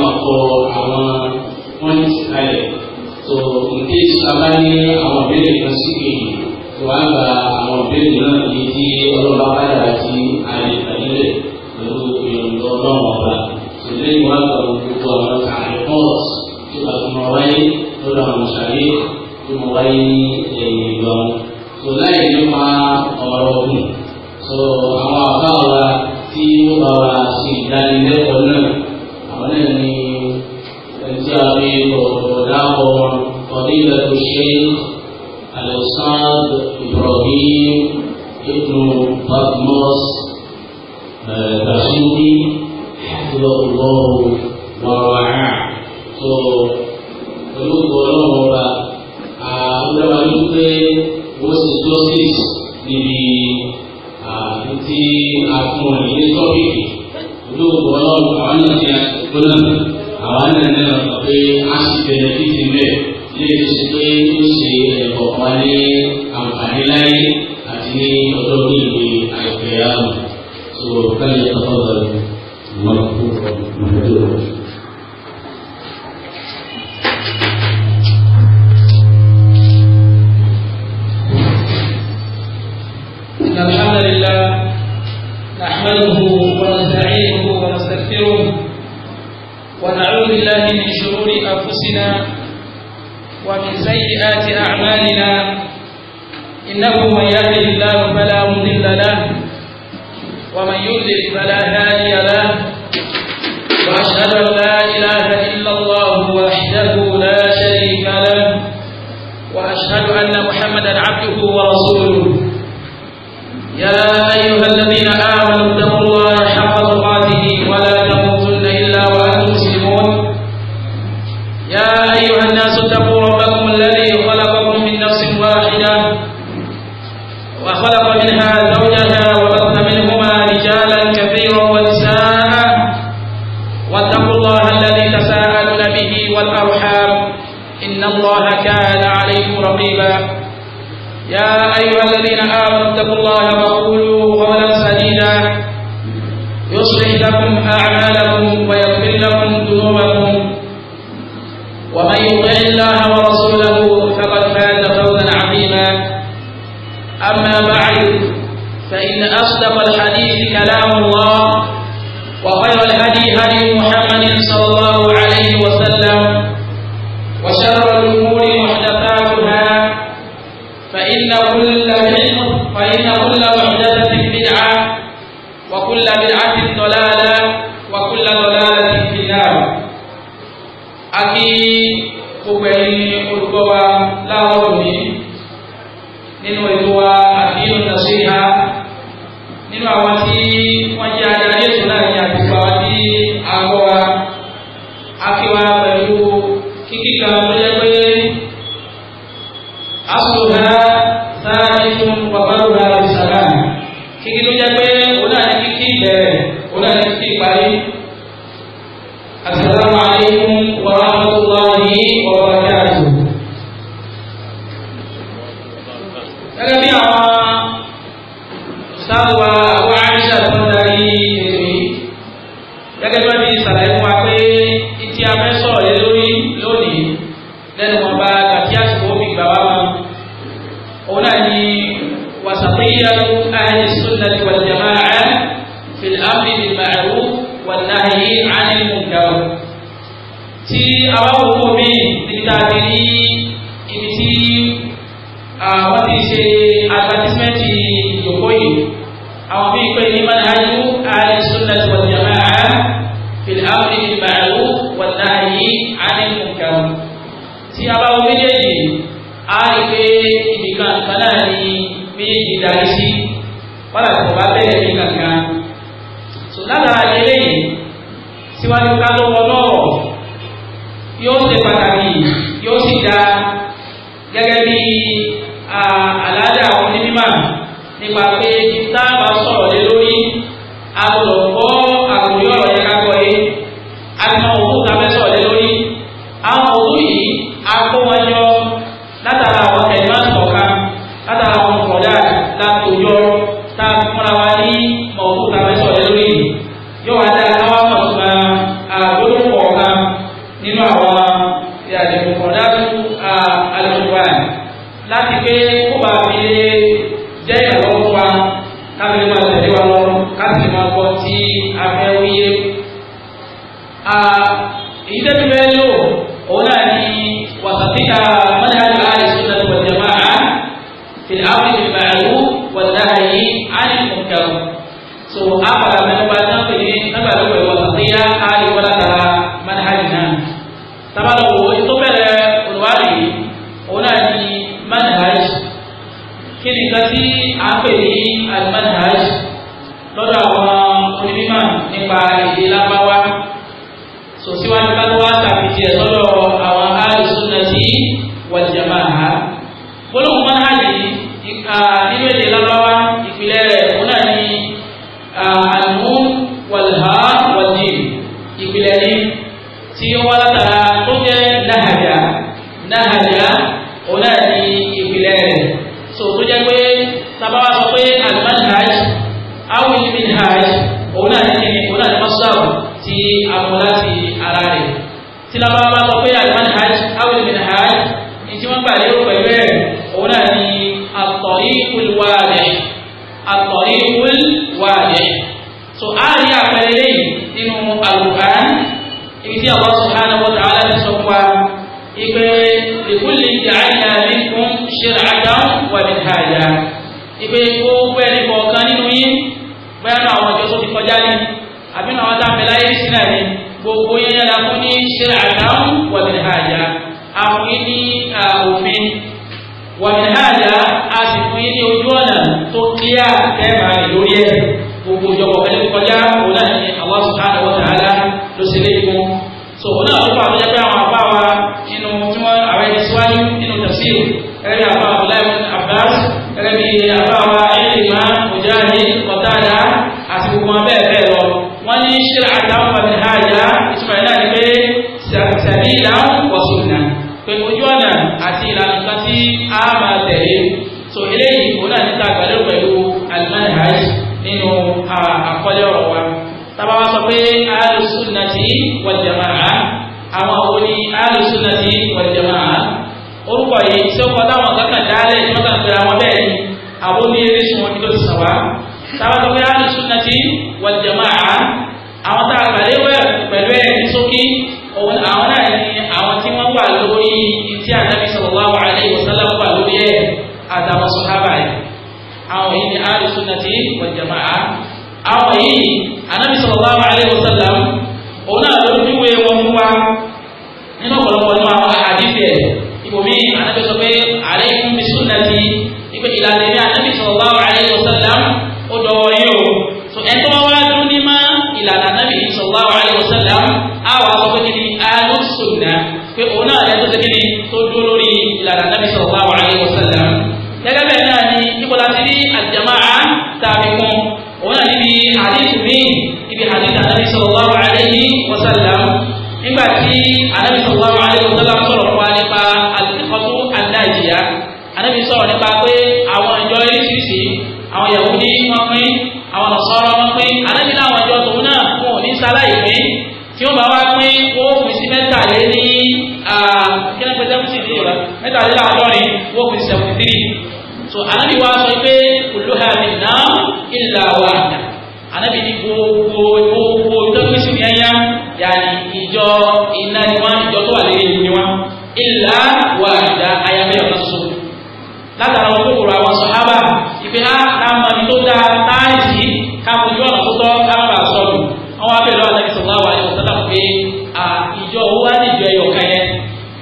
máa kọ àwọn wọ́n ní ìsìnkalẹ̀ tó nké sábà ní àwọn ìbéèrè kan sí kejì tó wá gba àwọn ìbéèrè náà ní ti ọlọ́ba padà sí àyè ìtàlẹ́lẹ̀ pẹ̀lú ìyọ̀ǹda ọlọ́run ọba ìdílé ìwà gba gbogbo àwọn àìkọ́ọ̀s tó bá tó máa wáyé lọ́dọ̀ àwọn ìṣàlẹ̀ tó máa wáyé ní ẹ̀yìn ìlọrin tó láì ní máa ọ̀rọ̀ ọ̀gùn tó àwọn àbá wa tí ó bá wa sí ìdánilẹ́kọ̀ọ́ náà àwọn náà الشيخ الأستاذ إبراهيم ابن بطمس بشندي حفظه الله ورعاه so pẹ̀lú ọlọ́run ọba àgbẹ̀wá ní pé wọ́n ṣe justice níbi àti àfihàn ilé tọ́pìkì pẹ̀lú ọlọ́run àwọn náà ní àtúntò náà àwọn náà ní ọ̀pẹ àṣìṣe ẹ̀dí ti mẹ́ẹ̀ ní èsì pé ó ṣe ẹ̀kọ́ kan ní àǹfààní láyé àti ní ọjọ́ ìgbé àìpẹ́ àrùn. sọ̀rọ̀ kálí sọ̀rọ̀ lé lórí lónìí lẹ́nu wọn bá kàtí àsìkò omi ìgbà wa mọ́ òun náà ni wasatiyya ahli sunnati wal jamaa'ah fil amri bil ma'ruf wan nahyi 'anil munkar tí àwọn òkú mi níbi tá a ti rí ti ṣe advertisement ìjòkó yìí àwọn bíi pé ní manhaju ahli sunnati wal jamaa'ah fil amri bil ma'ruf wàláyé ánìkùnkàn tí a bá wọ méjèèjì á rí pé ibìkan kan náà ni méjèèjì darí sí wàlá tó bá bẹ̀rẹ̀ ní kankan tó lágbára lélẹ́yìn síwájú ká ló wọ náà yóò ṣe pàtàkì yóò sì dá gẹ́gẹ́ bí àlàáda àwọn onímọ̀ nípa pé tá a sọ̀rọ̀. dáadáa ipe gbogbo ẹni kọ̀ọ̀kan nínú yín bóyá náà àwọn ọjọ́ tó ti kọjá ní àbí náà wọ́n tá àmì láyé sí náà ní gbogbo yín yára fún ní ṣe àdáhùn wọ̀bìn àjà àwọn yín ní òfin wọ̀bìn àjà a sì fún yín ní ojú ọ̀nà tó kíá tẹ́ẹ̀mà lórí ẹ̀ gbogbo ìjọba ọ̀fẹ́ ló kọjá òun náà sunnati wal jamaa orúkọ yìí ṣé ó kọjá àwọn kankan dálẹ̀ tí wọ́n àwọn bẹ́ẹ̀ ni àbó ní eré sùn wọn kí ló ti sàn wá táwọn tó pé ahlu sunnati wal jamaa àwọn tá a gbàlẹ́ wẹ̀ pẹ̀lú ẹ̀ ní sókí òun àwọn náà ni àwọn tí wọ́n wà lórí tí Ànábì sallallahu alaihi wasallam wà lórí ẹ̀ àtàwọn sọ̀hábà yìí àwọn yìí ni ahlu sunnati wal jamaa àwọn yìí Ànábì sallallahu alaihi wasallam òun náà lórí wíwé ọ̀pọ̀lọpọ̀ nínú àwọn àdìsí ẹ̀ ibòmí anábì sọ pé alaykum bi sunnati nípa ìlànà ẹ̀mí anábì sallallahu alayhi wa sallam ó dọ̀wọ́ yìí o tó ẹ̀ tó wá dún ní má ìlànà anábì sallallahu alayhi wa sallam á wà sọ pé kíni ahlu sunna pé òun náà lẹ́tọ́ sí kíni tó dúró lórí ìlànà anábì sallallahu alayhi wa sallam gẹ́gẹ́ bẹ́ẹ̀ náà ni ìbọ̀lá ti ní àjàmáà tàbí kún òun náà níbi hadith mi ibi hadith anábì sallallahu alayhi wa sallam nígbà tí anabi sallallahu alaihi wasallam sọ̀rọ̀ fún wa nípa àtìkọ́tù àdáyìíyá anabi sọ̀rọ̀ nípa pé àwọn ìjọ eréṣiríṣi àwọn Yahudi wọ́n pín àwọn Nasara wọ́n pín anabi náà àwọn ìjọ tòun náà wọn ò ní sáláì pín tí wọ́n bá wá pín wọ́n pín sí mẹ́tàlẹ́ ní kíni pé sẹ́fúnsì ní ìrọ̀lá mẹ́tàlẹ́ láàdọ́rin wọ́n pín sẹ́fúnsì tírì so anabi wa sọ pé kulluha minna illa wahida anabi ní gbogbo gbogbo ìtọ́jú sí ní ẹ̀yà yàrá ìjọ iná ni wọ́n ìjọ tó wà lórí ìlú ni wọ́n ìlà wà ìdá ayabẹ́ ọ̀nà sọ. látara wọn kòkòrò àwọn sọ̀hábà ìpè á láàmà ní tó dáa táàyè káàkiri ọ̀nà tó tọ́ káàbà sọ̀rọ̀ àwọn abẹ́rẹ́ aláìsí sọ̀lá wà ní ọ̀sán náà pé ìjọ owó wá ní ìjọ ẹ̀yọ̀ kan yẹn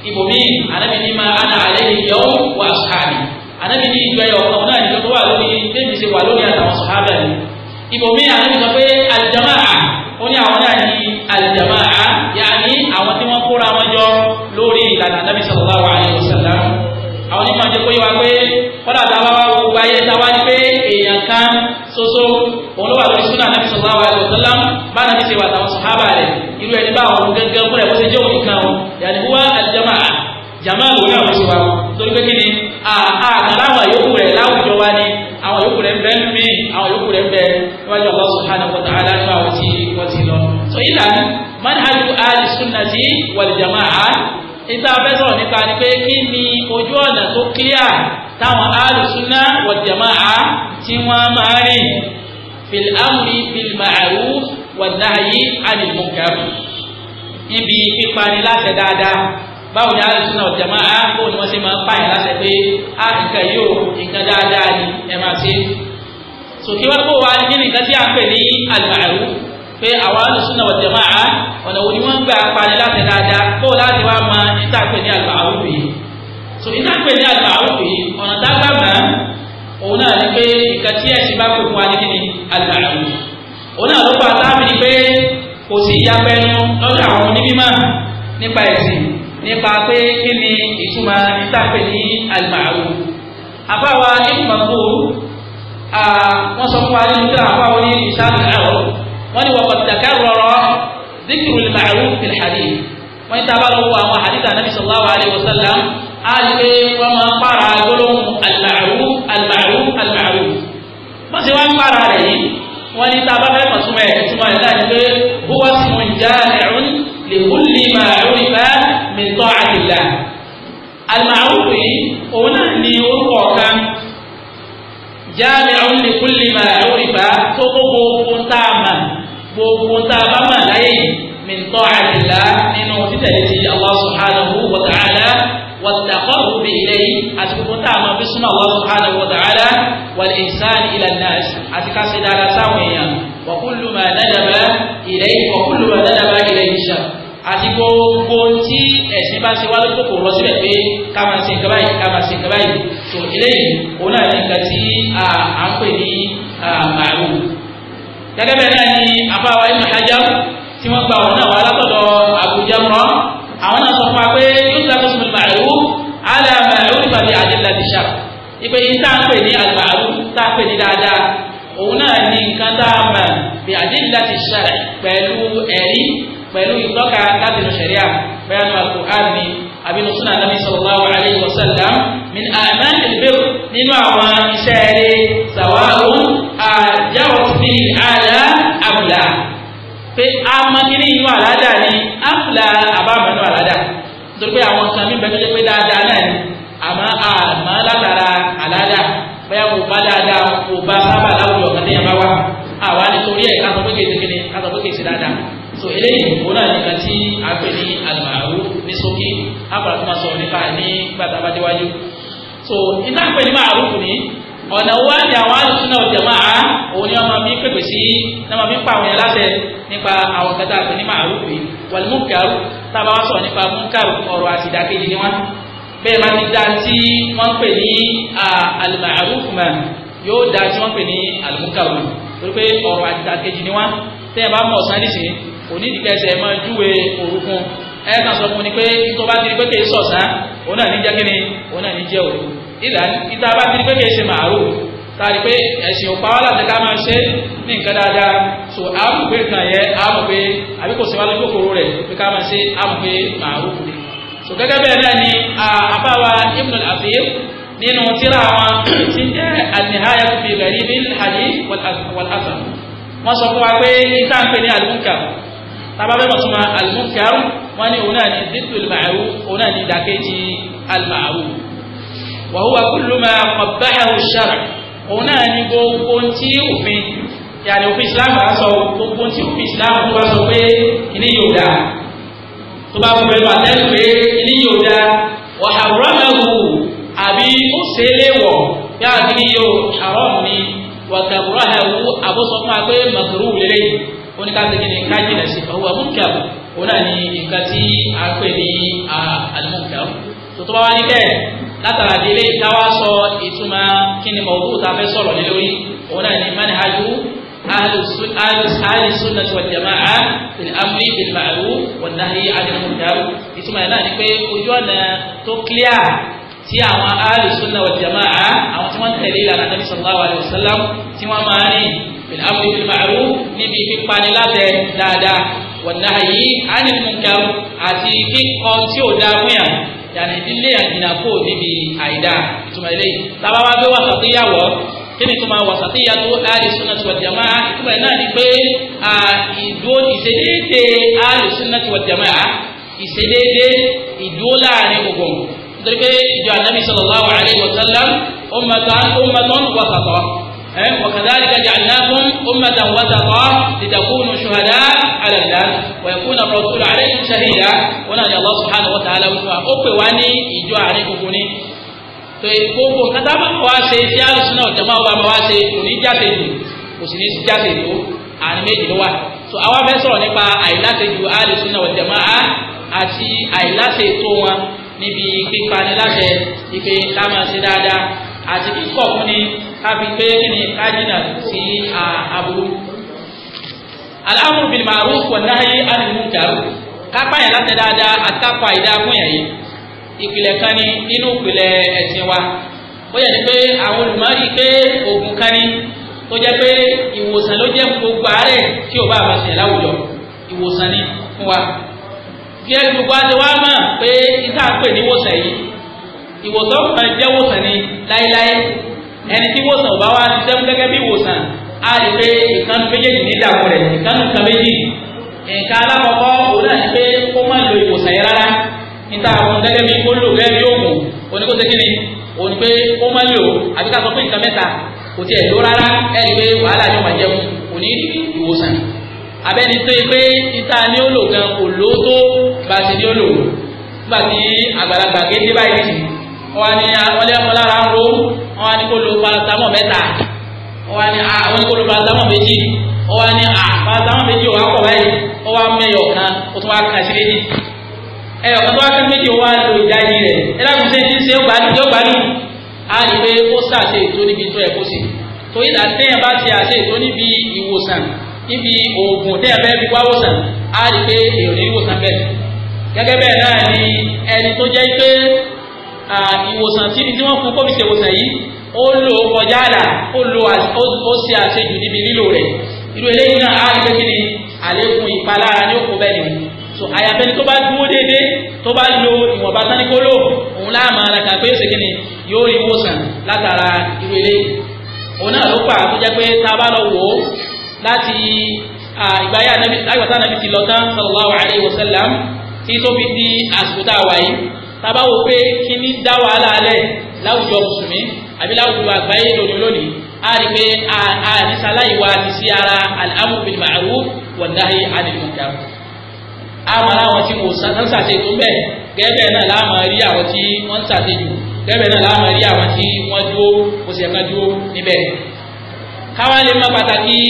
ibòmí anábìíní máa ana àlẹ́ ìjọ wà sàmì anábìíní ìjọ ẹ̀yọ̀ kan náà ìjọ tó wà lórí débi ṣe wà lórí àtàwọn sọ̀hábà yìí ibòmí anábìíní sọ pé alìjàmáà ó ní àwọn náà ní alìjàmáà sallallahu alayhi wa sallam àwọn onímọ̀ àti kóyè wa pé kọ́dà tá a bá wá wo gbogbo ayé tá a wá ní pé èèyàn kan ṣoṣo òun ló wà lórí súnà nàbì sallallahu alayhi wa sallam bá nàbì ṣe wà táwọn sàhábà rẹ̀ irú ẹni bá àwọn gẹ́gẹ́ fúnra ẹ̀ bó ṣe jẹ́ òun kan o yàtí wá àjẹmà jàmá lòun náà wọ́n ṣe wa torí pé kí ni àkàláwà yòókù rẹ̀ láwùjọ wa ni àwọn yòókù rẹ̀ ń bẹ mí àwọn yòókù rẹ̀ ń bẹ níwájú Allah subhanahu wa ta'ala nínú àwọn tí wọ́n ti lọ. sọ yìí lànà manhaju ahli jama'a níta fẹ́ sọ̀rọ̀ nípa ni pé kí ni ojú ọ̀nà tó kíá táwọn alùsùnà wal tí wọ́n máa rìn fil amri bil ma'ruf wan nahyi 'anil munkar níbi pípani láṣẹ dáadáa báwo ni alùsùnà wal jama'a kó ni wọ́n ṣe máa ń pààyàn láṣẹ pé a nǹkan yóò nǹkan dáadáa ni ẹ máa ṣe. sòkè wọn kó wa ní nǹkan tí a pè ní al-ma'ruf pé àwọn alùsùnà wal jamaa ọ̀nà wo wọ́n ń gbà pani láti dáadáa bó láti wá ma ìtàpè ní àgbà àwùjọ yìí so ìtàpè ní àgbà àwùjọ yìí ọ̀nà dágbà mọ́ òun náà ni pé nǹkan tí ẹ̀sìn bá kó fún wa ní àgbà àwùjọ òun náà ló pa táàmì ni pé kò sí ìyapẹnu lọ́dọ̀ àwọn onímọ̀ nípa ẹ̀sìn nípa pé kí ni ìtumọ̀ ìtàpè ní àgbà àwùjọ àbáwa ìtumọ̀ wọ́n ní wọ́pọ̀ tàkà rọrọ zikiru lè màrú fil hadith wọ́n ní tábà lọ́wọ́ àwọn hadith anabi sallallahu alayhi wa sallam á lè pé wọ́n máa para gbólóhùn al-ma'ruf al-ma'ruf al-ma'ruf wọ́n ti wá ń para rẹ̀ yìí wọ́n ní tábà fẹ́ mọ̀túmọ̀ ẹ̀ túmọ̀ ẹ̀ pé huwa ismun jami'un li kulli ma 'urifa min ta'atillah yìí òun náà ní orúkọ kan jami'un li kulli gbogbo tá a bá mà láyé yìí min ta'ati llah nínú títẹ̀lé ti Allah subhanahu wa ta'ala wa taqarrub ilayhi àti gbogbo tá a máa fi súnmọ́ Allah subhanahu wa ta'ala wal ihsan ila an-nas àti ká dára sáwọn èèyàn wa kullu ma nadaba ilayhi wa kullu ma nadaba ilayhi shar àti gbogbo tí ẹ̀sìn bá ṣe wá lóko kò rọ síbẹ̀ pé ká máa ṣe gẹ́gẹ́ bẹ́ẹ̀ náà ni àfáwa ibn Hajar tí wọ́n gba ọ̀rọ̀ náà wà látọ̀dọ̀ Abu Jamra àwọn náà sọ fún wa pé yóò ti lákòóso màlúù alàmà òrìfà bíi àdìlà ti ṣà ìpè yìí tá à ń pè ní àlùbàlù tá à ń pè ní dáadáa òun náà ni nǹkan tá a mà bíi àdìlà ti ṣà pẹ̀lú ẹ̀rí pẹ̀lú ìtọ́ka láti nù ṣẹ̀ríà bẹ́ẹ̀ ni àlùkò àbínú súnà nàbí sallallahu alayhi wa sallam min àmàlì bẹ́ẹ̀ nínú àwọn iṣẹ́ rẹ̀ sàwárùn àjáwọ̀ fi àlá àbùlà pé amakiri inú àládà ni àbùlà àbámanú àládà nítorí pé àwọn kan mi bẹ́ẹ̀ tó lé pé dáadáa náà ni àmọ́ àmọ́ látara àládà bẹ́ẹ̀ kò bá dáadáa kò bá sábà láwùjọ kan téèyàn bá wà àwa nítorí ẹ̀ ká sọ pé kèsì kìíní ká sọ pé kèsì dáadáa so eléyìí òun náà nìkan tí a pè ní àlùmáàrú àgbà tó máa sọ̀rọ̀ nípa ní gbàtà bá déwájú. so iná pè ní máa rúkù ní ọ̀nà wa ni àwọn àlùsùn náà jẹ̀ máa òun ni wọ́n máa fi pèpè sí náà máa fi ń pa àwọn yẹn láṣẹ nípa àwọn kẹta àgbẹ̀ ní máa rúkù yìí wal munkaru tábà wá sọ̀rọ̀ nípa munkaru ọ̀rọ̀ àti ìdàkejì ni wọ́n bẹ́ẹ̀ máa ti da tí wọ́n pè ní al-ma'ruf mà yóò da tí wọ́n pè ní al-munkaru torí pé ọ̀rọ̀ àti ìdàkejì ni wọ́n tẹ́yìn bá mọ̀ ọ̀sán nísìnyí òní ìdíkẹ́sẹ̀ máa júwe òru ẹ kàn sọ fún ni pé tó bá ti rí pé kì í sọ̀sán òun náà ní jẹ́ kí ni òun náà ní jẹ́ òru ìlà ìta bá ti rí pé kì í ṣe màálù tàbí pé ẹ̀sìn òpá wà láti ká máa ṣe ní nǹkan dáadáa so àmọ̀ pé nǹkan yẹ àmọ̀ pé àbí kò sí wá lójú kòkòrò rẹ̀ pé ká máa ṣe àmọ̀ pé màálù kù so gẹ́gẹ́ bẹ́ẹ̀ náà ni àbáwa Ibn al-Athir nínú tíra wọn ti jẹ́ al-Nihaya fi Gharib al-Hadith wal-Athar wọ́n sọ fún wa pé ìtàǹpẹ̀ ní àlùkà tábàbẹ́ mọ̀ súnmọ́ al-munkar wọ́n ní òun náà ní dídú al-ma'ruf òun náà ní ìdàkejì al-ma'ruf wa huwa kullu ma qabbahahu ash-shar' òun náà ní gbogbo tí òfin yàrá òfin islam bá sọ gbogbo tí òfin islam tó bá sọ pé ilé yóò dáa tó bá fún ẹnu àtẹ́lù pé ilé yóò dáa wa haramahu àbí ó ṣe é léwọ̀ bí a haram ni wa kakrahahu àbó sọ fún wa pé ó ní ká ṣe kíni ká jìnà sí ọwọ́ munkar ó náà a ń pè ní al-munkar tó tó bá wá ní bẹ́ẹ̀ látara délé táwa sọ ìtumọ̀ kíni mawdu tá a fẹ́ sọ̀rọ̀ lé lórí òun náà jama'a fil amri bil ma'ruf wan nahyi 'anil munkar ìtumọ̀ yẹn náà ni pé ojú ọ̀nà tó clear tí àwọn ahlu sunna wal jamaa àwọn tí wọ́n tẹ̀lé ìlànà nabi sallallahu alayhi wa sallam tí wọ́n máa ní bil amri bil ma'ruf níbi pípani láti dáadáa wan nahyi anil munkar àti kíkọ tí ò dáa fún yàn yàrá ilé àjìnà kò níbi àìdá ìtumọ̀ eléyìí tábà wá gbé wàsàtíyàwó kí ni ìtumọ̀ wàsàtíyàtò ahlu sunna wal jamaa ìtumọ̀ náà ni pé ìdúró ìṣedéédé ahlu sunna wal jamaa ìṣedéédé ìdúró láàrin gbogbo torí pé ìjọ anabi sallallahu alayhi wa sallam ummatan ummatan wasata ẹ wa kadhalika ja'alnakum ummatan wasata litakunu shuhada ala nas wa yakuna ar-rasulu alaykum shahida wọn náà ni Allah subhanahu wa ta'ala wọn ó pè wá ní ìjọ àárín gbogbo ni tó gbogbo nǹkan tá a máa wá ṣe tí alùsùnà ọ̀jọ̀mọ́ wa máa wá ṣe kò ní jáde jù kò sì ní jáde tó àárín méjì ló wà so àwa fẹ́ sọ̀rọ̀ nípa àìláṣejù alùsùnà ọ̀jọ̀mọ́ àti àìláṣe tó wọn níbi pípani láṣẹ ìpè káma ṣe dáadáa àti kíkọ̀ fún ni káfi pé kí ni kájínà sí aburú. al-amru bil ma'ruf wan-nahyi 'anil munkar kápá yẹn láṣẹ dáadáa àtàkọ àìdá fún yẹn yìí ìpìlẹ̀ kan ní inú ìpìlẹ̀ ẹ̀sìn wa ó yẹ ni pé àwọn olùmọ̀rí pé oògùn kan ní tó jẹ́ pé ìwòsàn ló jẹ́ gbogbo àárẹ̀ tí ò bá àbàṣẹ̀ láwùjọ ìwòsàn ni fún wa bí ẹni gbogbo àti wá mọ̀ pé ìta ń pè ní wòsàn yìí ìwòsàn kò máa jẹ́ wòsàn ní láéláé ẹni tí wòsàn ò bá wá ti sẹ́kù gẹ́gẹ́ bí wòsàn á rí pé ìkànnì méjèèjì ní ìdààmú rẹ̀ ìkànnì kan méjì nǹkan alákọ̀ọ́kọ́ òun náà ti pé kó má lo ìwòsàn yẹn rárá níta àwọn gẹ́gẹ́ bí kó lò gẹ́gẹ́ bí òògùn oníkóso kí ni òun pé kó má lò àbíkà sọ pé nǹkan mẹ́ta kò tiẹ̀ lò rárá ẹni pé wàhálà yóò máa jẹun kò ní ìwòsàn yìí abẹ́ni tó yẹ pé níta ni ó lò gan kò ló tó bàtí ni ó lò nígbà tí àgbàlagbà gédé báyìí jì wọ́n ní ọlẹ́mọ lára ń ro wọ́n ní kó lo paracetamol mẹ́ta wọ́n ní àwọn ah, kó lo paracetamol méjì wọ́n ní ah, paracetamol méjì wọ́n á pọ̀ báyìí wọ́n á mẹ́yọ̀ kan ó tún wá kà sí méjì ẹ ọ̀kan tó wá fẹ́ méjì wá lo ìdajì rẹ̀ ẹ dákun ṣe ti ṣe ó gbádùn tó gbádùn á rí i pé ó ṣàṣe ètò níbi tó ẹ̀ kó sí torí ìdá téèyàn bá ti àṣe ètò níbi ìwòsàn ibi oògùn tẹ́ ẹ fẹ́ fi wá wòsàn á rí pé èrò ní wòsàn bẹ́ẹ̀ gẹ́gẹ́ bẹ́ẹ̀ náà ni ẹni tó jẹ́ pé ìwòsàn tí ni tí wọ́n fún kóbi ṣèwòsàn yìí ó lò ó kọjá àlà ó lò ó ṣe àṣejù níbi lílò rẹ̀ irú eléyìí náà á rí pé kí ni àlékún ìpalára ni ó bẹ́ẹ̀ nìyí so àyàfẹ́ni tó bá dúró déédéé tó bá lo ìwọ̀nba sáníkóló òun láàmà alaka pé yóò ṣe kíni yóò rí wòsàn látara irú eléyìí òun náà ló pa àtúnjẹ pé tá a bá lọ wò ó láti ìgbáyà àgbàtà nàbí ti lọ tán sallallahu alayhi wa sallam tí tó fi di àsìkò tá a wáyé tábà wò pé kí ni dá wàhálà alẹ́ láwùjọ mùsùlùmí àbí láwùjọ àgbáyé lónìí lónìí a rí pé a ní sáláì wa ti sí ara al-amru bil ma'ruf wan nahyi 'anil munkar àmọ́ láwọn tí wọ́n sàn sàṣe tó bẹ́ẹ̀ náà láàmà rí àwọn tí wọ́n sàṣe jù náà láàmà rí àwọn tí wọ́n dúró kò sì ẹ̀ka dúró níbẹ̀ káwá lè má pàtàkì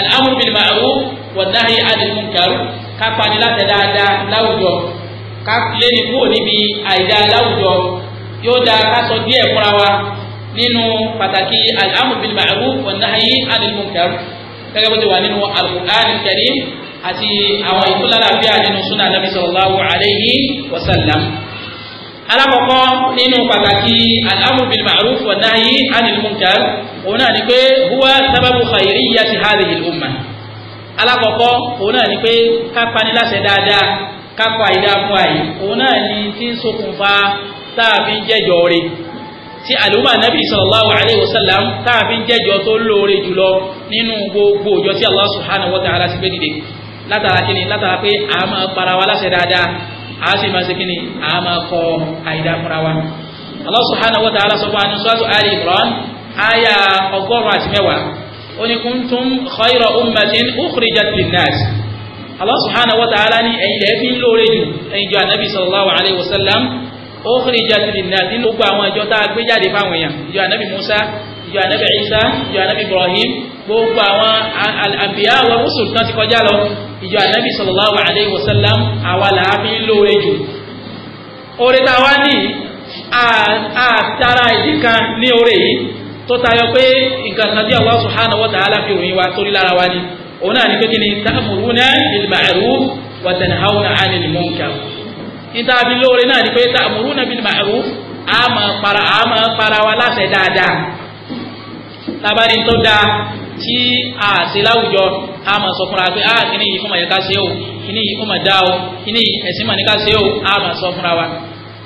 al-amru bil ma'ruf wan-nahyi 'anil munkar kápá ni láti dáadáa láwùjọ kápilé ni kúrò níbi àìdá láwùjọ yóò dáa ká sọ díẹ̀ fúnra wa nínú pàtàkì al-amru bil ma'ruf wan-nahyi 'anil munkar gẹ́gẹ́ bó ti wà nínú al-Qur'an al-Karim àti àwọn ìtúlálàbíà nínú súnà nàbí sallallahu alayhi wa sallam alákọ̀ọ́kọ́ nínú pàtàkì al-amru bil ma'ruf wan-nahyi 'anil munkar òun náà ni pé huwa sábàbù khairiyyati hadhihi al-umma alákọ̀ọ́kọ́ òun náà ni pé kápá ni láṣẹ dáadáa kápá ìdààmú àyè òun náà ni tí ń ṣokùnfà táàfin jẹ́jọ rẹ̀ tí àlùmọ́ ànábì sallallahu alayhi wa sallam táàfin jẹ́jọ tó lóore jùlọ nínú gbogbo òjọ tí Allah subhanahu wa ta'ala sí pé dìde látara kíni látara pé a máa para dáadáa a sì máa ṣe kíni a máa kọ àìdààmúra Allah subhanahu wa ta'ala sọ fún àníṣọ́ àlè Imran aya ọgọ́rùn-ún àti mẹ́wàá ó ní kuntum khayra ummatin ukhrijat linnas Allah subhanahu wa ta'ala ní ẹ̀yin lẹ́ẹ̀ fi ń lóore jù ẹ̀yin jọ ànábì sallallahu alayhi wa sallam ukhrijat linnas nínú gbogbo àwọn ìjọ tá a gbé jáde fáwọn èèyàn ìjọ ànábì Musa ìjọ ànábì Isa ìjọ ànábì Ibrahim gbogbo àwọn al-anbiya wa rusul tán ti kọjá lọ ìjọ ànábì sallallahu alayhi wa sallam àwa làá lóore jù oore tá a wá ní àtàrà ìdí kan ní oore yìí tó tayọ pé nǹkan kan tí Allah subhanahu wa ta'ala fi ròyìn wa torí lára wa ni òun náà ní pé kí ni ta'muruna bil ma'ruf wa tanhawna 'anil munkar níta bí lóore náà ni pé ta'muruna bil ma'ruf a máa para wa láṣẹ dáadáa tábàrí tó dáa tí a ṣe láwùjọ a máa sọ fúnra pé a ah, kìíní yìí fún màyẹ́ká ṣe o kìíní yìí fún màdá o kìíní ẹ̀sìn màníká ṣe o a máa sọ fúnra wa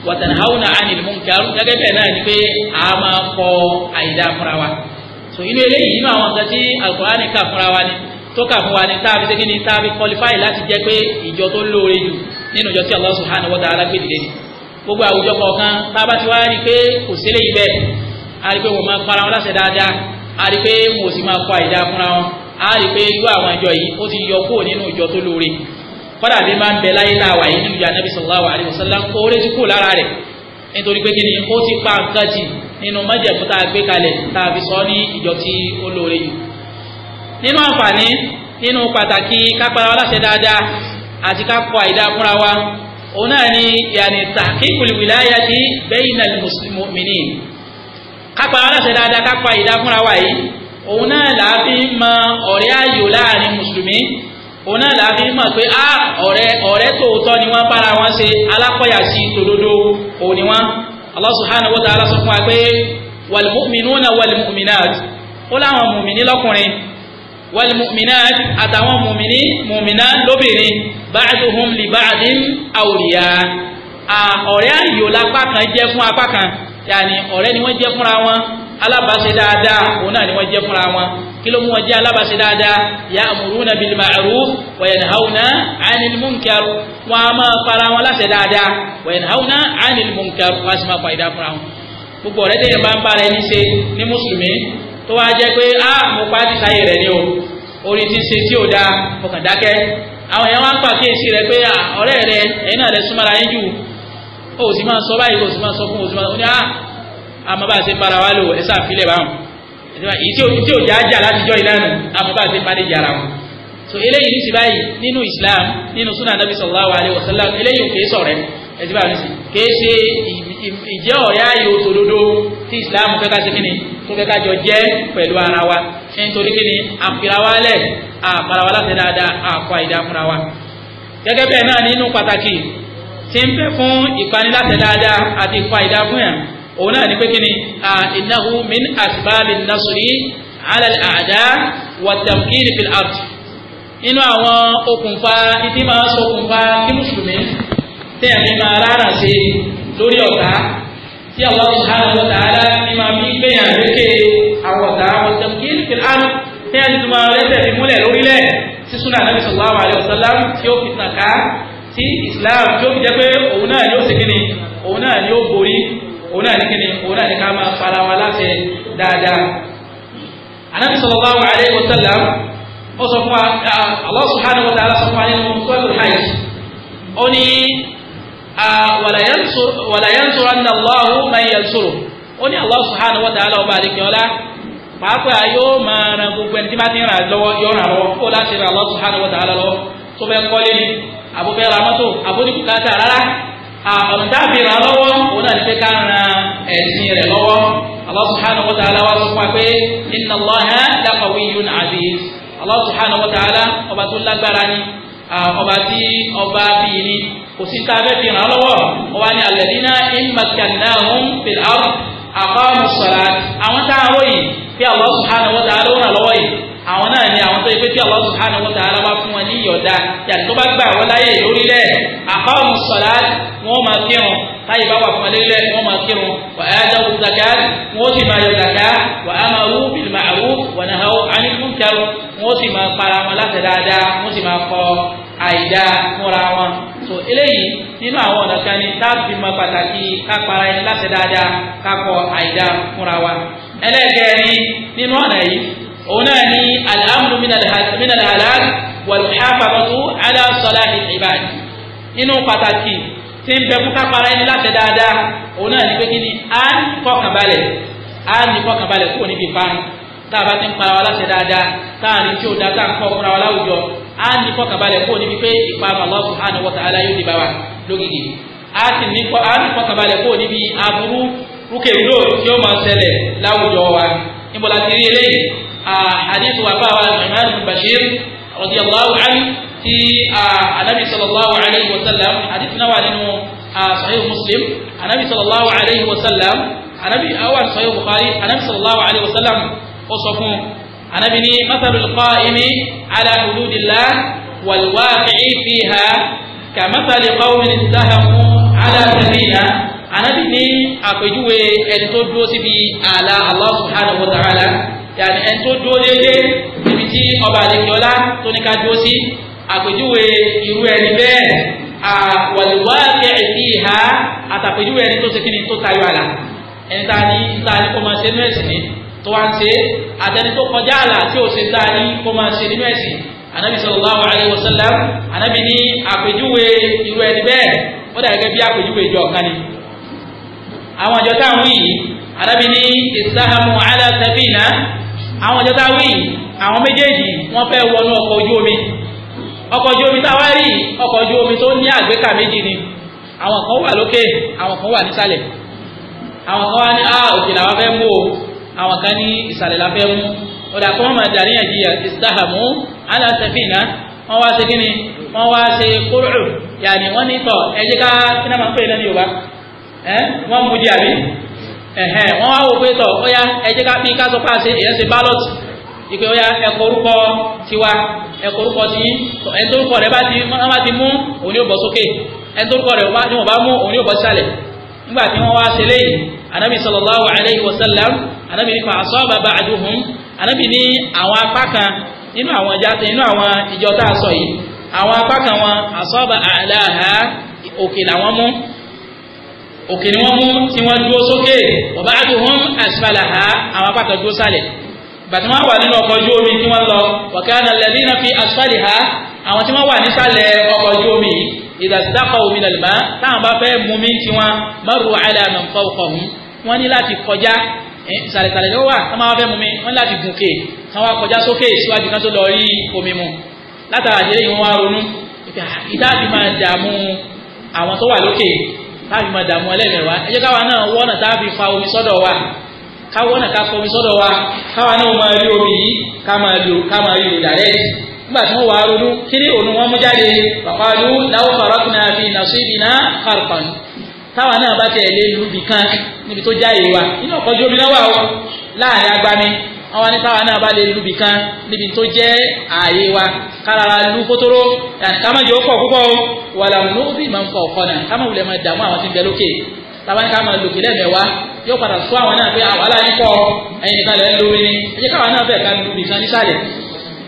wàtànàhàwùnà ànil munkar gẹ́gẹ́ bẹ́ẹ̀ náà ni pé a máa kọ àyídá fúnra wa so inú eléyìí inú àwọn nǹkan tí alukurani kà fúnra wa ni tó kà fún wa ni táàbí ṣe kíni táàbí qualify láti jẹ́ pé ìjọ tó lóore jù nínú ìjọ tí Allah subhanahu wa ta'ala gbé dìde ni gbogbo àwùjọ kọ̀ọ̀kan tábà tí wá rí pé kò sí eléyìí bẹ́ẹ̀ a rí pé wọ́n máa para wọn láṣẹ dáadáa a rí pé wọ́n sì máa kọ àyídá fúnra wọn a rí pé irú àwọn ìjọ yìí ó ti yọ kúrò nínú ìjọ tó lóore kọ́dà bí máa ń bẹ láyé láwà yìí nínú ìjà nàbí sallallahu alaihi wasallam oore ti kú lára rẹ̀ nítorí pé kí ni ó ti pa nǹkan jì nínú májẹ̀mú tá a gbé kalẹ̀ tá a fi sọ ní ìjọ tí ó lóore yìí. nínú àǹfààní nínú pàtàkì kápára aláṣẹ dáadáa àti kápọ̀ àìdá fúnra wa òun náà ni yàní tahqiqul wilayati bainal mu'minin kápára aláṣẹ dáadáa kápọ̀ àìdá fúnra wa yìí òun náà làá fi mọ ọ̀rẹ́ ààyò láàrin mùsùlùmí òun náà là á fi mọ̀ pé á ah, ọ̀rẹ́ ọ̀rẹ́ tòótọ́ ni wọ́n bára wọn ṣe alákọ̀yà sí tòdodo òun ni wọ́n Allah subhanahu wa ta'ala sọ fún wa pé wàlmùmínúnà wàlmùmínàt ó láwọn mùmíní lọ́kùnrin wàlmùmínàt àtàwọn mùmíní mùmíná lóbìnrin ba'duhum li ba'din awliya ọ̀rẹ́ àyò lápá kan jẹ́ fún apá kan yàní ni wọ́n jẹ́ fúnra wọn alábàáṣe dáadáa òun ni wọ́n jẹ́ fúnra wọn kí ló mú wọn jẹ́ alábàṣe dáadáa ya'muruna bil ma'ruf wa yanhauna 'anil munkar wọn a máa fara wọn láṣẹ dáadáa wa yanhauna 'anil munkar wọn a sì máa pa ìdá fúnra wọn. gbogbo ọ̀rẹ́ tẹ̀yẹ̀ máa ń bára ẹni ṣe ní mùsùlùmí tó wá jẹ́ pé a ah, mo pa ti sáyé rẹ̀ ni o orí ti ṣe tí ò dáa ọkàn dákẹ́ àwọn èèyàn wá pàkíyèsí rẹ pé ah, ọ̀rẹ́ rẹ ẹ̀yin náà rẹ súnmọ́ra yín jù ó sì máa sọ báyìí ó sì máa sọ fún ó sì máa sọ fún ní ah, àmọ́ bá a ṣe ń bára wa lò ẹ̀ sáà fílẹ̀ báwọn èyí tí ò já jà látijọ́ ìlànà àbúbá ti parí jàrá wọn so eléyìí ní ti báyìí nínú Islam nínú sunnah nabi sallallahu alayhi wa sallam eléyìí ò kéé sọ̀rẹ́ ẹtí báyìí sí kéé ṣe ìjẹ́ ọ̀yá yóò tòdodo tí Islam fẹ́ ká ṣe kíni tó fẹ́ ká jọ jẹ́ pẹ̀lú ara wa nítorí kíni àfirawálẹ̀ àparawa láti dáadáa àkọ àìdáfúnra wa gẹ́gẹ́ bẹ́ẹ̀ náà nínú pàtàkì tí ń fẹ́ fún ìpaniláṣẹ dáadáa àti ìkọ àìdáfúnyà òun náà ní pé kíni innahu min asbabin nasri ala al-a'da wa tamkin fil ard inú àwọn okùnfà ìdí máa ṣokùnfà kí mùsùlùmí tí a fi máa rárá sí lórí ọ̀tá tí Allah subhanahu wa ta'ala ní máa fi gbéyàn lékè àwọn ọ̀tá wa tamkin fil ard tí a ti tún máa rẹ́sẹ̀ fi múlẹ̀ lórílẹ̀ tí súnà Nabi sallallahu alaihi wasallam tí ó fi tàn ká tí Islam òun náà ní kíni òun náà ní ká máa fara wa láti anabi sallallahu alayhi wa sallam ó sọ fún wa Allah subhanahu wa ta'ala sọ fún wa nínú sọ́ọ̀lù hajj ó ní wala yansuranna Allahu man yansuruhu ó ní Allah subhanahu wa ta'ala ọba àdìkẹ́ọ́lá pàápàá yóò máa ran gbogbo ẹni tí bá ti ń ràn lọ́wọ́ yóò ràn lọ́wọ́ kó láti ràn Allah subhanahu wa ta'ala lọ́wọ́ tó fẹ́ kọ́lé ni àbúfẹ́ ra mọ́tò àbúdìbùkátà rárá àtàbíra lọ́wọ́ òun náà ní pé ká ran ẹ̀sìn rẹ̀ lọ́wọ́ Allah subhanahu wa ta'ala wá sọ fún wa pé inna Allaha laqawiyyun aziz Allah subhanahu wa ta'ala ọba tó lágbára ni ọba tí ọba bíi ni kò sí tá a fi ràn án lọ́wọ́ ọba ní alladhina in makkannahum fil ard aqamu ssalat àwọn táwọn yìí bí Allah subhanahu wa ta'ala ó lọ́wọ́ yìí àwọn náà ni àwọn tó yẹ pé tí Allah subhanahu wa ta'ala bá fún wọn ní ìyọ̀dá yàtọ̀ tó bá gbà wọ́n láyè lórílẹ̀ àkọ́ọ̀mù sọ̀lá wọn máa kírun táyì bá wà fún ẹlẹ́lẹ́ wọn máa kírun wà á dáwọ́ zaka wọn ó sì máa yọ zaka wà á máa wú bil ma'ruf wà náà ó á ní kúńkẹ́rù wọn ó sì máa para wọn láti dáadáa wọn ó sì máa kọ àìdá fúnra wọn so eléyìí nínú àwọn ọ̀nà kan ni táàbì máa pàtàkì ká para ẹni láti dáadáa ká kọ àìdá fúnra wa ẹlẹ́gẹ̀ẹ́rin nínú ọ̀nà yìí òun náà ní al-amru min al-halal wal-muhafazatu ala salahi al-ibad nínú pàtàkì tí ń bẹ fún kápára ẹni láti dáadáa òun náà ní pé kí ni á ń fọkàn balẹ̀ á ń fọkàn balẹ̀ kúrò níbi ìparun tá a bá ti ń para wa láti dáadáa tá a ní tí ò dáa tá a ń kọ́ fúnra wa láwùjọ á ní fọkànbalẹ̀ kúrò níbi wa ta'ala yóò di bá wa lógìkì á sì ní fọkànbalẹ̀ kúrò níbi aburú rúkèrúdò tí ó máa ṣẹlẹ̀ láwùjọ wa níbo la ti rí Ah, hadith wa fáwọn Nu'man bin Bashir radiyallahu anhu ti ah, anabi sallallahu alayhi wa sallam hadith náà wà nínú ah, sahih muslim anabi sallallahu alayhi wa sallam anabi awọn sahih bukhari anabi sallallahu alayhi wa sallam ó sọ fún anabi ni mathalul qa'imi ala hududillah wal waqi'i fiha kàmátàlì kọ́wọ́mìnì sáhàmù aláàbẹ̀mìnà anábì ní àpèjúwe ẹni tó dúró síbi ààlà Allah subhanahu wa ta'ala yàtọ̀ ẹni tó dúró déédéé níbi tí ọba àlejòlá tó ní ká dúró sí àpèjúwe irú ẹni bẹ́ẹ̀ àwàlúwà kẹ̀kẹ́ ìhà àtàpèjúwe ẹni tó ṣe kí tó tayọ àlà ẹni tá a ní tá a ní kó máa ṣe nínú ẹ̀sìn ni tó wá ń ṣe àtẹni tó kọjá àlà tí ò ṣe tá a ní kó máa ṣe nínú ẹ̀sìn anabi sallallahu alayhi wa sallam anabi ní àpèjúwe irú ẹni bẹ́ẹ̀ ó dà gẹ́gẹ́ bí àpèjúwe ìjọ kan ni àwọn àjọ táwọn yìí anabi ní ìsáhàmù alásàbìnà àwọn ìjọ tá a wí àwọn méjèèjì wọ́n fẹ́ wọnú ọkọ̀ ojú omi ọkọ̀ ojú omi tá a wá rí ọkọ̀ ojú omi tó ní àgbékà méjì ni àwọn kan wà lókè àwọn kan wà nísàlẹ̀ àwọn kan wà ní a ah, òkè làwọn fẹ́ mú o àwọn kan ní ìsàlẹ̀ la fẹ́ mú ọ̀dà kan wọ́n máa dàníyàn jìyà ìsàhàmù aláṣẹ́fìnà wọ́n wá ṣe kíni wọ́n wá ṣe kúrò yàní wọ́n ní tọ̀ ẹ ká kí náà máa ń pè é lẹ́nu Yorùbá ẹ wọ́n mú di àbí ẹ̀hẹ̀n wọ́n wá wò pé tọ̀ ó yá ẹjẹ́ ká bí ká pàṣẹ èèyàn ṣe ballot ìpè ó yá orúkọ tiwa ẹ̀kọ́ orúkọ ti ẹni tó ba rẹ̀ bá ti wọ́n bá ti mú òun yóò bọ̀ sókè ẹni tó ni wọn bá mú nígbà tí wá ṣe anabi sallallahu alayhi wa sallam anabi nípa asaba ba'duhum anabi ní àwọn apá kan nínú àwọn ìjọ tá a sọ òkè ni wọ́n mú tí wọ́n dúró sókè ọba àti wọn àṣìfàlà ha àwọn apáta dúró sálẹ̀ bàtí wọ́n wà nínú ọkọ̀ ojú omi tí wọ́n lọ wọ̀kẹ́ nàlẹ́bí náà fi àṣìfàlì ha àwọn tí wọ́n wà nísàlẹ̀ ọkọ̀ ojú omi ìdàsídàkọ̀ omi nàlùmá táwọn bá fẹ́ mú mi tí wọ́n mọ́rù àdàmà ń fọ́ ọkọ̀ hun wọ́n ní láti kọjá ìsàlẹ̀sàlẹ̀ ló wà táwọn bá fẹ́ mú mi wọ́n ní láti gùnkè táwọn bá kọjá sókè síwájú kan tó lọ rí omi mu látara àdéhùn wọn wá ronú ah, ìdáàbí táàbì máa dààmú ẹlẹ́mẹ̀ wa ẹ jẹ́ káwa náà wọ́nà táàbì fa omi sọ́dọ̀ wa káwọ́nà ká fọmi sọ́dọ̀ wa káwa náà máa rí omi yìí ká máa lò ká máa rí lò dàrẹ́ nígbà tí wọ́n wà á ronú kiri òun wọn mú jáde pàpàlú láwọ́ farakuna fi nàṣú ibi náà farpan táwa náà bá tẹ̀ lé lùbì kan níbi tó jáde wa inú ọkọ̀ omi náà wà ó láàrin agbami wọ́n wá ní táwa náà bá lè lu bì níbi tó jẹ́ ààyè wa kárára lu kótóró kámájọ pọ̀ púpọ̀ o wà láwọn olóòbí máa ń fa ọ̀kọ́ náà kámáwulẹ̀ máa dààmú àwọn tí ń bẹ lókè tábàní ká máa lòkè lẹ́ẹ̀mẹ́wàá yóò padà sọ àwọn náà pé àwàlá yín kọ́ ẹ̀yin nìkan lẹ́ ń lo orin ẹ náà fẹ́ ká lu bì kan nísàlẹ̀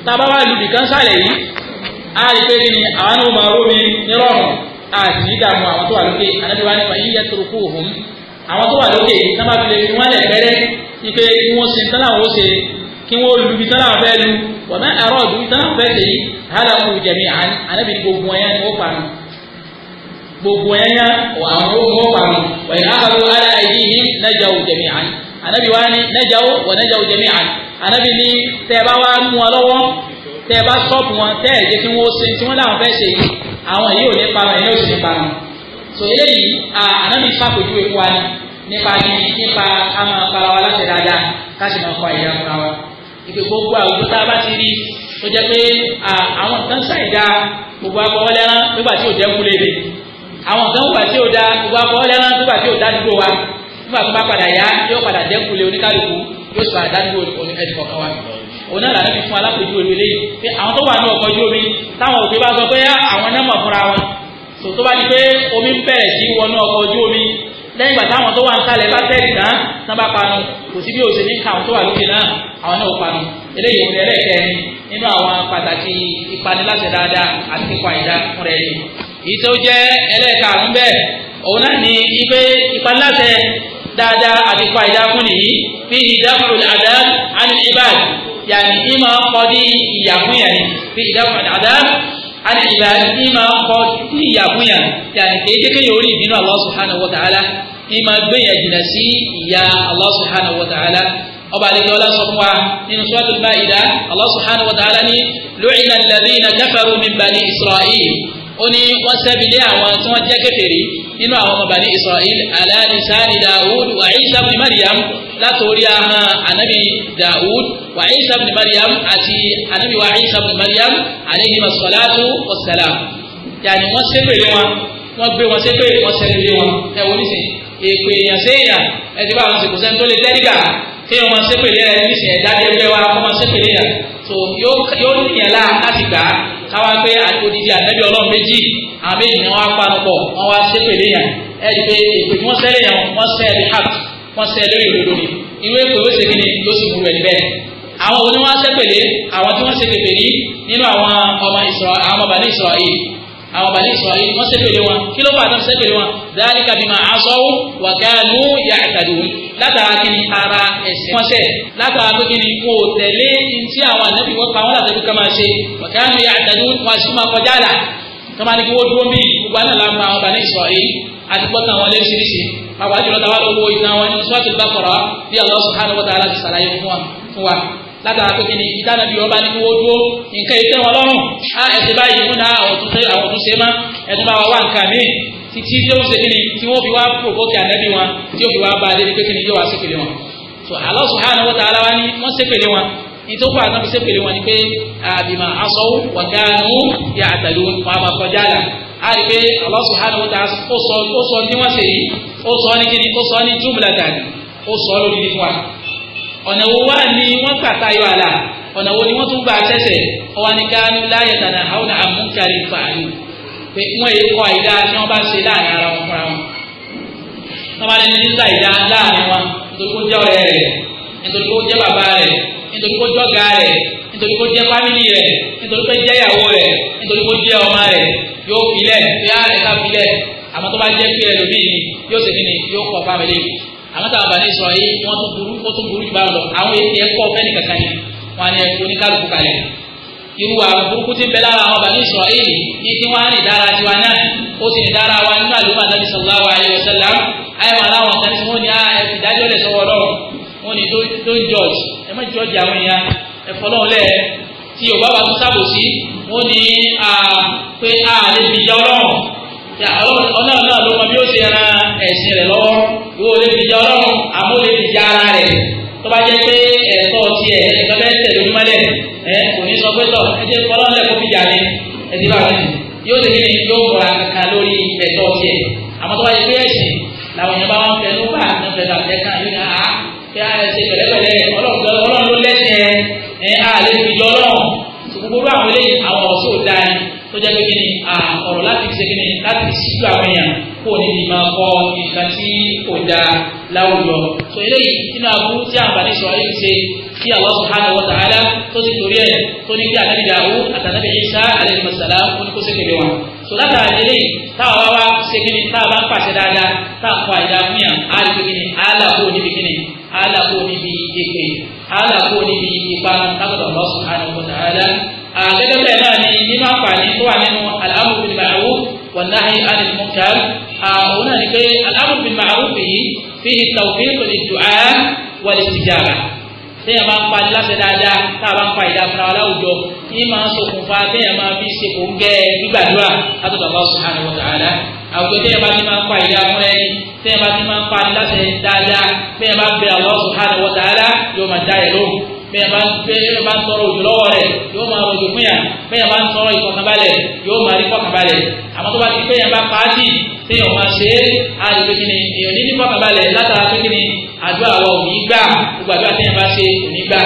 tábà wá lu bì sàlẹ̀ yìí á pé kí ni àwọn náà máa rómi nírọ̀rùn àti nídààmú àwọn tó wà lókè àwọn tó wà lókè sábà fi lè fi wọ́n lẹ̀ fẹ́rẹ́ ipe kí wọ́n sin tán láwọn ó ṣe kí wọ́n lu ibi tán láwọn fẹ́ lu wọ́n mẹ́ ẹ̀rọ ọ̀dùn ibi tán láwọn fẹ́ ṣe yìí hàlà kù jẹ̀mí ànábì gbogbo ẹ̀yà ni ó pa mi gbogbo ẹ̀yà àwọn ó pa mi wọ́n yìí ákàlù ala aydihim najaw jẹ̀mí àná ànábì wa ni najaw wa najaw jẹ̀mí àná ànábì ni tẹ́ bá wá mú wọn lọ́wọ́ tẹ́ bá sọ́ọ̀pù wọn tẹ́ ẹ̀jẹ̀ kí wọ́n sin tí wọ́n láwọn fẹ́ ṣe àwọn yìí ò ní pa wọn ẹ̀yìn so eléyìí ànábì sàpèjúwe fún wa ni nípa ni nípa ká máa para wa láṣẹ dáadáa ká sì máa kọ àyè àfúnra wa ìpè gbogbo àwùjọ tá a bá ti rí tó jẹ́ pé àwọn kan ṣàìdá gbogbo agbọwọlẹ rán nígbà tí ò jẹ kú léde àwọn kan wà tí ò da gbogbo agbọwọlẹ rán nígbà tí ò dá dúró wa nígbà tó bá padà yá yóò padà dẹ́kù lé oníkálukú yóò sọ àdádúgbò ẹnìkọ̀ọ̀kan wa òun náà lànà fi fún alápèjú olú eléyìí pé àwọn tó wà ní ọkọ̀ ojú omi táwọn òbí bá sọ pé àwọn náà mọ̀ fúnra wọn tò tó bá di pé omi ń bẹ̀rẹ̀ sí wọnú ọkọ̀ ojú omi lẹ́yìn ìgbà táwọn tó wà ń sálẹ̀ bá tẹ́lì náà tán bá panu kò sí bí o ṣe ní ká àwọn tó wà lókè náà àwọn náà ò panu eléyìí òun ẹlẹ́ẹ̀kẹrin nínú àwọn pàtàkì ìpaniláṣẹ dáadáa àti kíkọ àìdá fún rẹ yìí. èyí tó jẹ́ ẹlẹ́ẹ̀karùn-ún bẹ́ẹ̀ òun náà ní ipe ìpaniláṣẹ dáadáa àti kíkọ àìdá fún nìyí fi ìdáhùn àdá àni ìbáàdì yàní ìmọ̀ kọ́ alìlà ní máa ń kọ sí ìyàkúnyà yàrá kéde kéèyàn orí ìbínú Allah subhanahu wa ta'ala ní máa gbé yẹn jìnnà sí ìyá Allah subhanahu wa ta'ala ọba àlejò ọlá sọ fún wa nínú suratul Ma'idah Allah subhanahu wa ta'ala ní lu'ina alladhina kafaru min bani Isra'il ó ní wọ́n sẹ́bilé àwọn tí wọ́n jẹ́ kèfèrí nínú àwọn ọmọ Bani Isra'il ala lisani Dawud wa Isa ibn Maryam látòrí ahọ́n anabi Dawud wa Isa ibn Maryam àti anabi wa Isa ibn Maryam alayhi masalatu wassalam yàní wọ́n sẹ́bẹ̀lé wọn wọ́n gbé wọn sẹ́bẹ̀ wọ́n sẹ́bẹ̀lé wọn ẹ wọ́n ní sìn èpè èèyàn séèyàn ẹ ti bá àwọn sèkò sẹ́ni tó lè tẹ́rígà kí wọ́n sẹ́bẹ̀lé ẹ ní sìn ẹ̀dá káwá pé àtòdìdí ànábì ọlọ́run méjì àwọn méjì ni wọ́n á panu pọ̀ wọ́n wá sépèlé yẹn ẹ ẹ pé èpè tí wọ́n sẹ́lẹ̀ yẹn wọ́n sẹ́ ẹ̀rí hàp wọ́n sẹ́ lórí òdodo ni irú èpè ó ṣe kíni ló sì wúrò ẹ̀ níbẹ̀. àwọn oníwọ́n sẹ́pèlé àwọn tí wọ́n ṣe pèpè ní nínú àwọn ọmọ ìsọ̀rọ̀ àwọn ọmọ àwọn bàlẹ́ ìsọ̀rọ̀ yìí wọ́n sẹ́pẹ̀lẹ̀ wọn kí ló bá náà sẹ́pẹ̀lẹ̀ wọn dáríkà bí máa aṣọ́wó wà káànú yà àtàdù látara kí ni ara ẹ̀sìn wọn sẹ̀ látara pé kí ni kò tẹ̀lé tí àwọn ànábì wọn pa wọn látàbí ká máa ṣe wà káànú yà àtàdù wọn sì máa kọjá là kọ́má ní kí wọ́n dúró mí gbogbo àná la ma àwọn bàlẹ́ ìsọ̀rọ̀ yìí àti gbọ́ta àwọn lẹ́sìrìsì pàpàjùlọ tàwa lọ́wọ́ ìtàn wọn ní sọ́ọ̀tì bá kọ̀rọ̀ bí Allah subhanahu wa ta'ala ti sàlàyé fún wa látara pé kí ni ibi táwọn ibi ọba nínú owó dúró nǹkan ètò wọn lọ́rùn á ẹsẹ̀ báyìí fún náà àwọn tó ṣe àwọn tó ṣe má ẹ̀tún bá wa wá nǹkan míì títí tí ó ṣe kí ni tí wọ́n fi wá provoke ànẹ́bí wọn tí ó fi wá bá a dé pé kí ni yóò wá ṣépele wọn. so Allah subhanahu wa ta'ala wa ni wọ́n ṣépele wọn nítorí wọn àtàwọn ṣépele wọn ni pé àbìmọ̀ aṣọ wọ̀gánú yà àtàlù wọn àmọ̀ kọjá àlà á rí pé Allah subhanahu wa ta'ala ó sọ ní wọ́n ṣe yìí ó sọ ní kí ni ó ó sọ ní fún ọ̀nà wo wá ní wọ́n gbà tayọ àlà ọ̀nà wo ni wọ́n tún gbà tẹ́sẹ̀ ọwọ́ ni káánú láyẹ̀ tànà àwọn àmúkàrí fàánù pé wọ́n yìí kọ́ àìdá tí wọ́n bá ṣe láàrin ara wọn fúnra wọn. wọ́n bá lẹ́ni níta ìdá láàrin wọn nítorí kó jẹ́ ọ̀rẹ́ rẹ̀ nítorí kó jẹ́ bàbá rẹ̀ nítorí kó jọ́gà rẹ̀ nítorí kó jẹ́ fámìlì rẹ̀ nítorí kó jẹ́ ìyàwó rẹ̀ nítorí kó jẹ́ ọmọ rẹ̀ yóò filẹ̀ yóò àrẹ̀ filẹ̀ àmọ́ tó bá jẹ́ pé ẹlòmíì ni yóò ṣe kí yóò kọ́ fámìlì àwọn táwọn bàbá ìsọ̀rọ̀ yìí wọ́n tún burú ó tún burú jù bá lọ àwọn èyí ẹ̀kọ́ fẹ́ni kankan ni wọ́n á ní ẹ̀kọ́ oníkálukú kalẹ̀ irú àwọn burúkú ti bẹ lára àwọn bàbá ìsọ̀rọ̀ yìí ní tí wọ́n á ní dára tiwa náà ó sì ní dára wa nínú àlùmọ́ àtàbí sallallahu alaihi wasallam ayé màá láwọn kan tí wọ́n ní ah, ìdájọ́ lẹ̀ sọ́wọ́ lọ́rùn wọ́n ní don't judge ẹ má judge àwọn èèyàn ẹ fọlọ́run lẹ̀ tí yorùbá wa tún sábòsí wọ́n ní ah, pé a ah, lè fi ìyá ọlọ́run ọlọ́run náà ló mọ bí ó ṣe ran ẹ̀sìn rẹ̀ lọ́wọ́ wo lè fi jẹ ọlọ́run àmọ́ lè fi jẹ ara rẹ̀ tó bá jẹ́ pé ẹ̀tọ́ tiẹ̀ ẹ̀tọ́ bẹ́ẹ̀ tẹ̀lé ń mọ́lẹ̀ ẹ̀ kò ní sọ pé tọ̀ ẹ̀jẹ̀ ọlọ́run lẹ̀ kó fi jà ní ẹ̀dí bá wọn yóò ṣe kíni yóò kọ́ra kankan lórí ẹ̀tọ́ tiẹ̀ àmọ́ tó bá jẹ́ pé ẹ̀sìn làwọn èèyàn bá wọn fẹ́ ló bá àtúntò fẹ́ tà fẹ́ kàn yóò ní pé a ṣe pẹ̀lẹ́pẹ̀lẹ́ ọlọ́run ló lẹ́sìn rọrùn láti fi ṣèkínní láti fi ṣíjú àwọn èèyàn kó o níbi máa kọ nǹkan tí kò dáa láwùjọ. sọ eléyìí nínú aburú tí àǹfààní sọ ayé ṣe kí Allah subhanahu wa ta'ala tó ti torí ẹ̀ tó ní kí ànábì Dawud àtànábì Isa alayhi salam ó ní kó ṣèkèlè wọn. sọ látara eléyìí táwa wá ṣèkínní táwa bá ń pàṣẹ dáadáa táà gẹ́gẹ́ bẹ́ẹ̀ náà ni nínú àǹfààní tó wà nínú al-amru bil ma'ruf wan nahyi 'anil munkar òun náà ni pé al-amru bil ma'ruf yìí fi tawfiq lid-du'a wal-istijaba téèyàn máa ń pa láṣẹ dáadáa tá a bá ń pa ìdá fúnra láwùjọ yìí máa ń ṣokùnfà téèyàn máa fi ṣe kò ń gẹ gbígbàdúrà látọ̀dọ̀ Allah subhanahu wa ta'ala àwùjọ téèyàn bá ti máa ń pa ìdá fúnra ẹni téèyàn bá ti máa ń pa láṣẹ dáadáa téèyàn bá ń bẹ Allah subhanahu wa ta'ala yóò máa dá ẹ̀ lóhùn bẹ́ẹ̀ bá bẹ́ẹ̀ bá tọrọ òjò lọ́wọ́ rẹ̀ yóò máa rọ̀jò fún yà bẹ́ẹ̀ bá tọrọ ìfọ̀kànbalẹ̀ yóò máa rí fọ̀kànbalẹ̀ àmọ́ tó bá ti bẹ́ẹ̀ bá pàásì tí yóò máa ṣe é àti pé kí ni èèyàn ní ní fọ̀kànbalẹ̀ látara pé kí ni àdúrà wa ò ní gbà gbogbo àdúrà tí yẹn bá ṣe ò gbà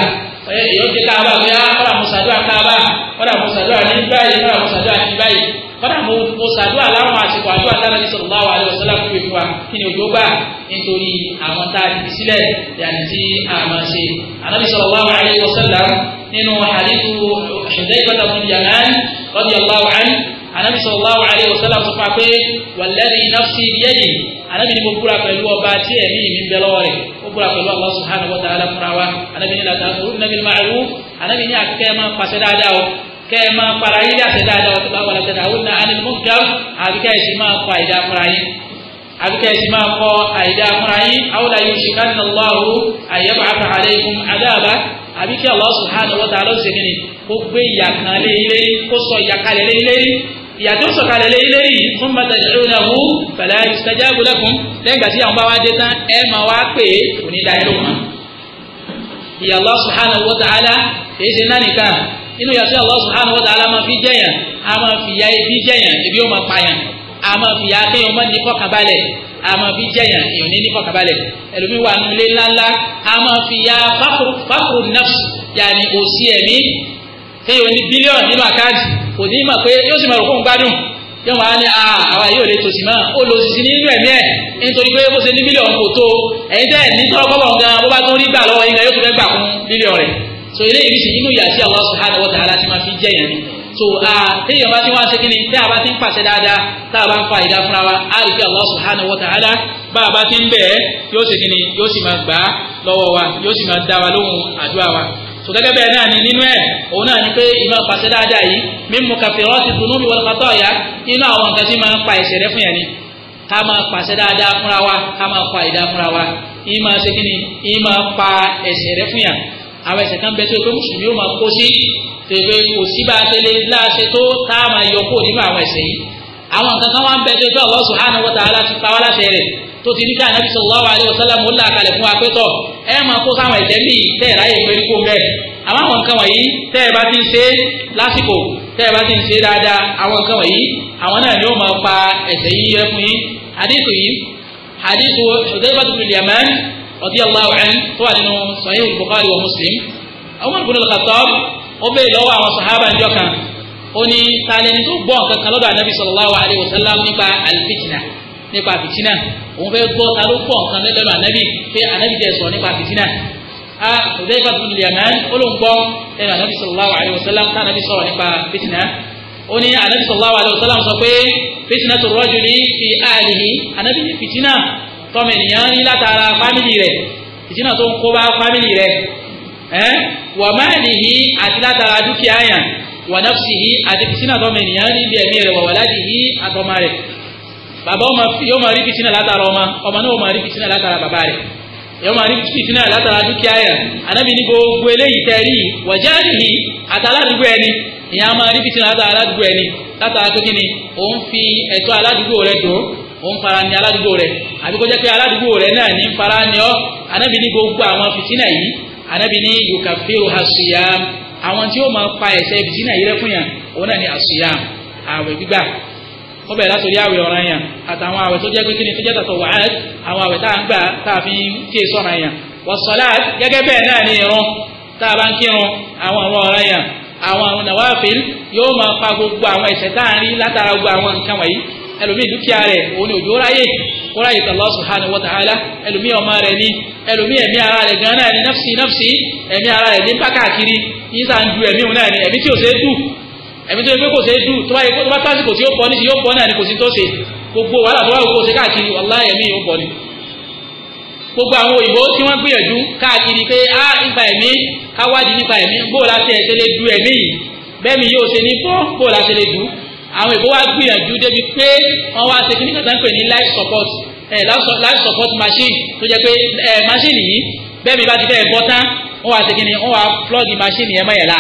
èèyàn ti káàbà bóyá ọ̀rà mùsàdúrà káàbà ọ̀rà mùsàdúrà ní báyìí ọ̀rà mùsàdúrà ní báyìí kọ́dà mo mo ṣàdúrà láwọn àsìkò àdúrà tára ní sallallahu alaihi wasallam fún ìfúwa kí ni òjò gbà nítorí àwọn tá a ti sílẹ̀ yàtí tí a máa ṣe. Ànábì sallallahu alaihi wasallam nínú hadithu Hudhaifah bin Yaman radiyallahu anhu Ànábì sallallahu alaihi wasallam sọ fún wa pé walladhi nafsi biyadihi Ànábì ni mo búra pẹ̀lú ọba tí ẹ̀mí mi bẹ lọ́wọ́ rẹ̀ ó búra pẹ̀lú Allah subhanahu wa ta'ala fúnra wa Ànábì ni la ta'murunna bil ma'ruf Ànábì ni àkẹ́kẹ́ máa pàṣẹ dáadáa o kẹ́ ẹ máa para yín láti dáadáa wọ́n tó bá wà láti dáadáa wọ́n náà ánìmọ́ gàù àbíkẹ́ ẹ̀ sì máa kọ àìdá fúnra yín àbíkẹ́ ẹ̀ sì máa kọ àìdá fúnra yín àwòlá yóò ṣe káàdì náà lọ́wọ́ àyẹ̀bọ̀ àfàhàlẹ́ ikùn àdáàbá àbíkẹ́ Allah subhanahu wa ta'ala ṣe kìnnì kó gbé ìyà kan lé ilé kó sọ ìyà kalẹ̀ lé ìyà tó sọ kalẹ̀ lé fún mọ́tàdínlẹ́wò Allah subhanahu wa ta'ala kì inú yàtọ̀ Allah subhanahu wa ta'ala máa fi jẹ̀yàn a máa fi ya ebi jẹ̀yàn ebi ó máa pààyàn a máa fi ya akéèyàn máa ní kọ́kàbalẹ̀ a máa fi jẹ̀yàn èèyàn ní ní ẹlòmíì wà nulẹ̀ ńláńlá a máa fi ya fakuru fakuru nafsi yàní òsì ẹ̀mí kéèyàn ní bílíọ̀nù nínú àkáǹtì kò ní mà pé yóò sì máa rò fóun gbádùn yóò máa ní a àwa yóò lè tòsí máa ó lọ sí nínú ẹ̀mí ẹ̀ nítorí pé bó ṣe ní bílíọ̀nù kò tó ẹ̀yin tẹ́ ẹ̀ ní tọ́lọ́kọ́ bọ̀ gan bó bá tún rí gbà lọ́wọ́ yín gan yóò tún fẹ́ gbà fún bílíọ̀nù rẹ̀ so eléyìí ní sèyí inú yà sí Allah subhanahu wa ta'ala ti máa fi jẹ́ yẹn so téèyàn bá ti wá ṣe kí ni tẹ́ a bá ti ń pàṣẹ dáadáa tá a bá ń fa ìdá fúnra wa á rí pé Allah subhanahu wa ta'ala bá a bá ti ń bẹ̀ ẹ́ yóò ṣe kí ni yóò sì máa gbà á lọ́wọ́ wa yóò sì máa dá wa lóhùn àdúrà wa so gẹ́gẹ́ bẹ́ẹ̀ náà ni nínú ẹ̀ òun náà ni pé ìmọ̀ pàṣẹ dáadáa yìí mímu kàfẹ́rọ́ ti dùnú mi wal khataya inú àwọn nǹkan tí máa ń pa ẹ̀ṣẹ̀ rẹ fún yẹn ni ká máa pàṣẹ dáadáa fúnra wa ká máa pa ìdá fúnra wa ìmọ̀ ṣe kí ni ìmọ̀ pa ẹ̀ṣẹ̀ rẹ fún yẹn àwọn ẹ̀ṣẹ̀ kan bẹ tó yẹ pé mùsùlùmí ó máa kó sí tó yẹ pé kò sí bá a ṣe lè láṣẹ tó tá a máa yọ kúrò nínú àwọn ẹ̀ṣẹ̀ yìí àwọn nǹkan kan wá ń bẹ tó yẹ pé Allah subhanahu wa ta'ala ti pa wá láṣẹ rẹ̀ tó ti ní ká ànábì sallallahu alaihi wasallam ó là kalẹ̀ fún wa pé tọ̀ ẹ máa kó sáwọn ẹ̀ṣẹ̀ míì tẹ́ ráyè pé kó bẹ́ẹ̀ radiyallahu anhu tó wà nínú sahih bukhari wa muslim umar ibn al-khattab ó béèrè lọ́wọ́ àwọn sahaba ìjọ kan ó ní taalẹ́ni tó gbọ́ nǹkan kan lọ́dọ̀ anabi sallallahu alayhi wa sallam nípa al-fitna nípa fìtínà òun fẹ́ gbọ́ ta ló gbọ́ nǹkan lẹ́nu ànábì pé ànábì tẹ̀ sọ nípa fìtínà a Hudhayfa ibn al-Yaman ó ló ń gbọ́ lẹ́nu ànábì sallallahu alayhi wa sallam tá ànábì sọ̀rọ̀ nípa fìtínà ó ní sallallahu alayhi wa sallam sọ pé fitnatu rajuli fi ahlihi ànábì ní tọ́mọ ènìyàn ní látara fámìlì rẹ̀ ìjìnà tó ń kó bá fámìlì rẹ̀ ẹ́ wà máa nìyí àti látara dúkìá yàn wà nafsihi àti fìtínà tọ́mọ ènìyàn ní ibi ẹ̀mí rẹ̀ wà wà láti yí àtọ́mọ rẹ̀ bàbá yóò máa rí fìtínà látara ọmọ ọmọ náà máa rí fìtínà látara bàbá rẹ̀ yóò máa rí fìtínà látara dúkìá yàn anábì ní gbogbo eléyìí tẹ́rí rí fìtínà ó ń fara ní aládùúgbò rẹ̀ àbí kó jẹ́ pé aládùúgbò rẹ̀ náà ní ń fara ní ọ́ anábì ní gbogbo àwọn fìtínà yìí anábì ní yukafiru hasuya àwọn tí ó máa pa ẹ̀ṣẹ̀ fìtínà yìí rẹ́ fún yàn òun náà ní hasuya àwẹ̀ gbígbà ó bẹ̀rẹ̀ látòrí àwẹ̀ ọ̀ràn yàn àtàwọn àwẹ̀ tó jẹ́ pé kíni tó jẹ́ tàtọ̀ wàá àwọn àwẹ̀ tá à ń gbà tá a fi ń tí ẹlòmí dúkìá rẹ̀ òun ni òjò ráyè kó ráyè tàlá subhanahu wa ta'ala ẹlòmí ọmọ rẹ̀ ni ẹlòmí ẹ̀mí ara rẹ̀ gan náà ni nafsi nafsi ẹ̀mí ara rẹ̀ ní pákàkiri yín sá ń du ẹ̀mí òun náà ni ẹ̀mí tí ò ṣe é dù ẹ̀mí tó yẹ pé kò ṣe é dù tó bá yẹ kó tó bá tásìkò tí ó pọ̀ níṣì yóò pọ̀ náà ni kò sí tó ṣe gbogbo wàhálà tó bá wù kó ṣe káàkiri gbogbo àwọn òyìnbó tí wọ́n gbìyànjú káàkiri pé á nípa ẹ̀mí káwádìí nípa ẹ̀mí bóòlá ti ẹ̀ lè du ẹ̀mí yìí bẹ́ẹ̀ yóò ṣe ní bọ́ bóòlá ṣe lè du àwọn èkó wá gbìyànjú débi pé wọ́n wá ṣe kíní kàtà ń pè ní life support Eh, life support machine tó jẹ́ pé Eh, machine yìí bẹ́ẹ̀ mi bá ti bẹ́ẹ̀ bọ́ tán wọ́n wá ṣe kíní wọ́n wá plug machine yẹn mọ́ yẹn la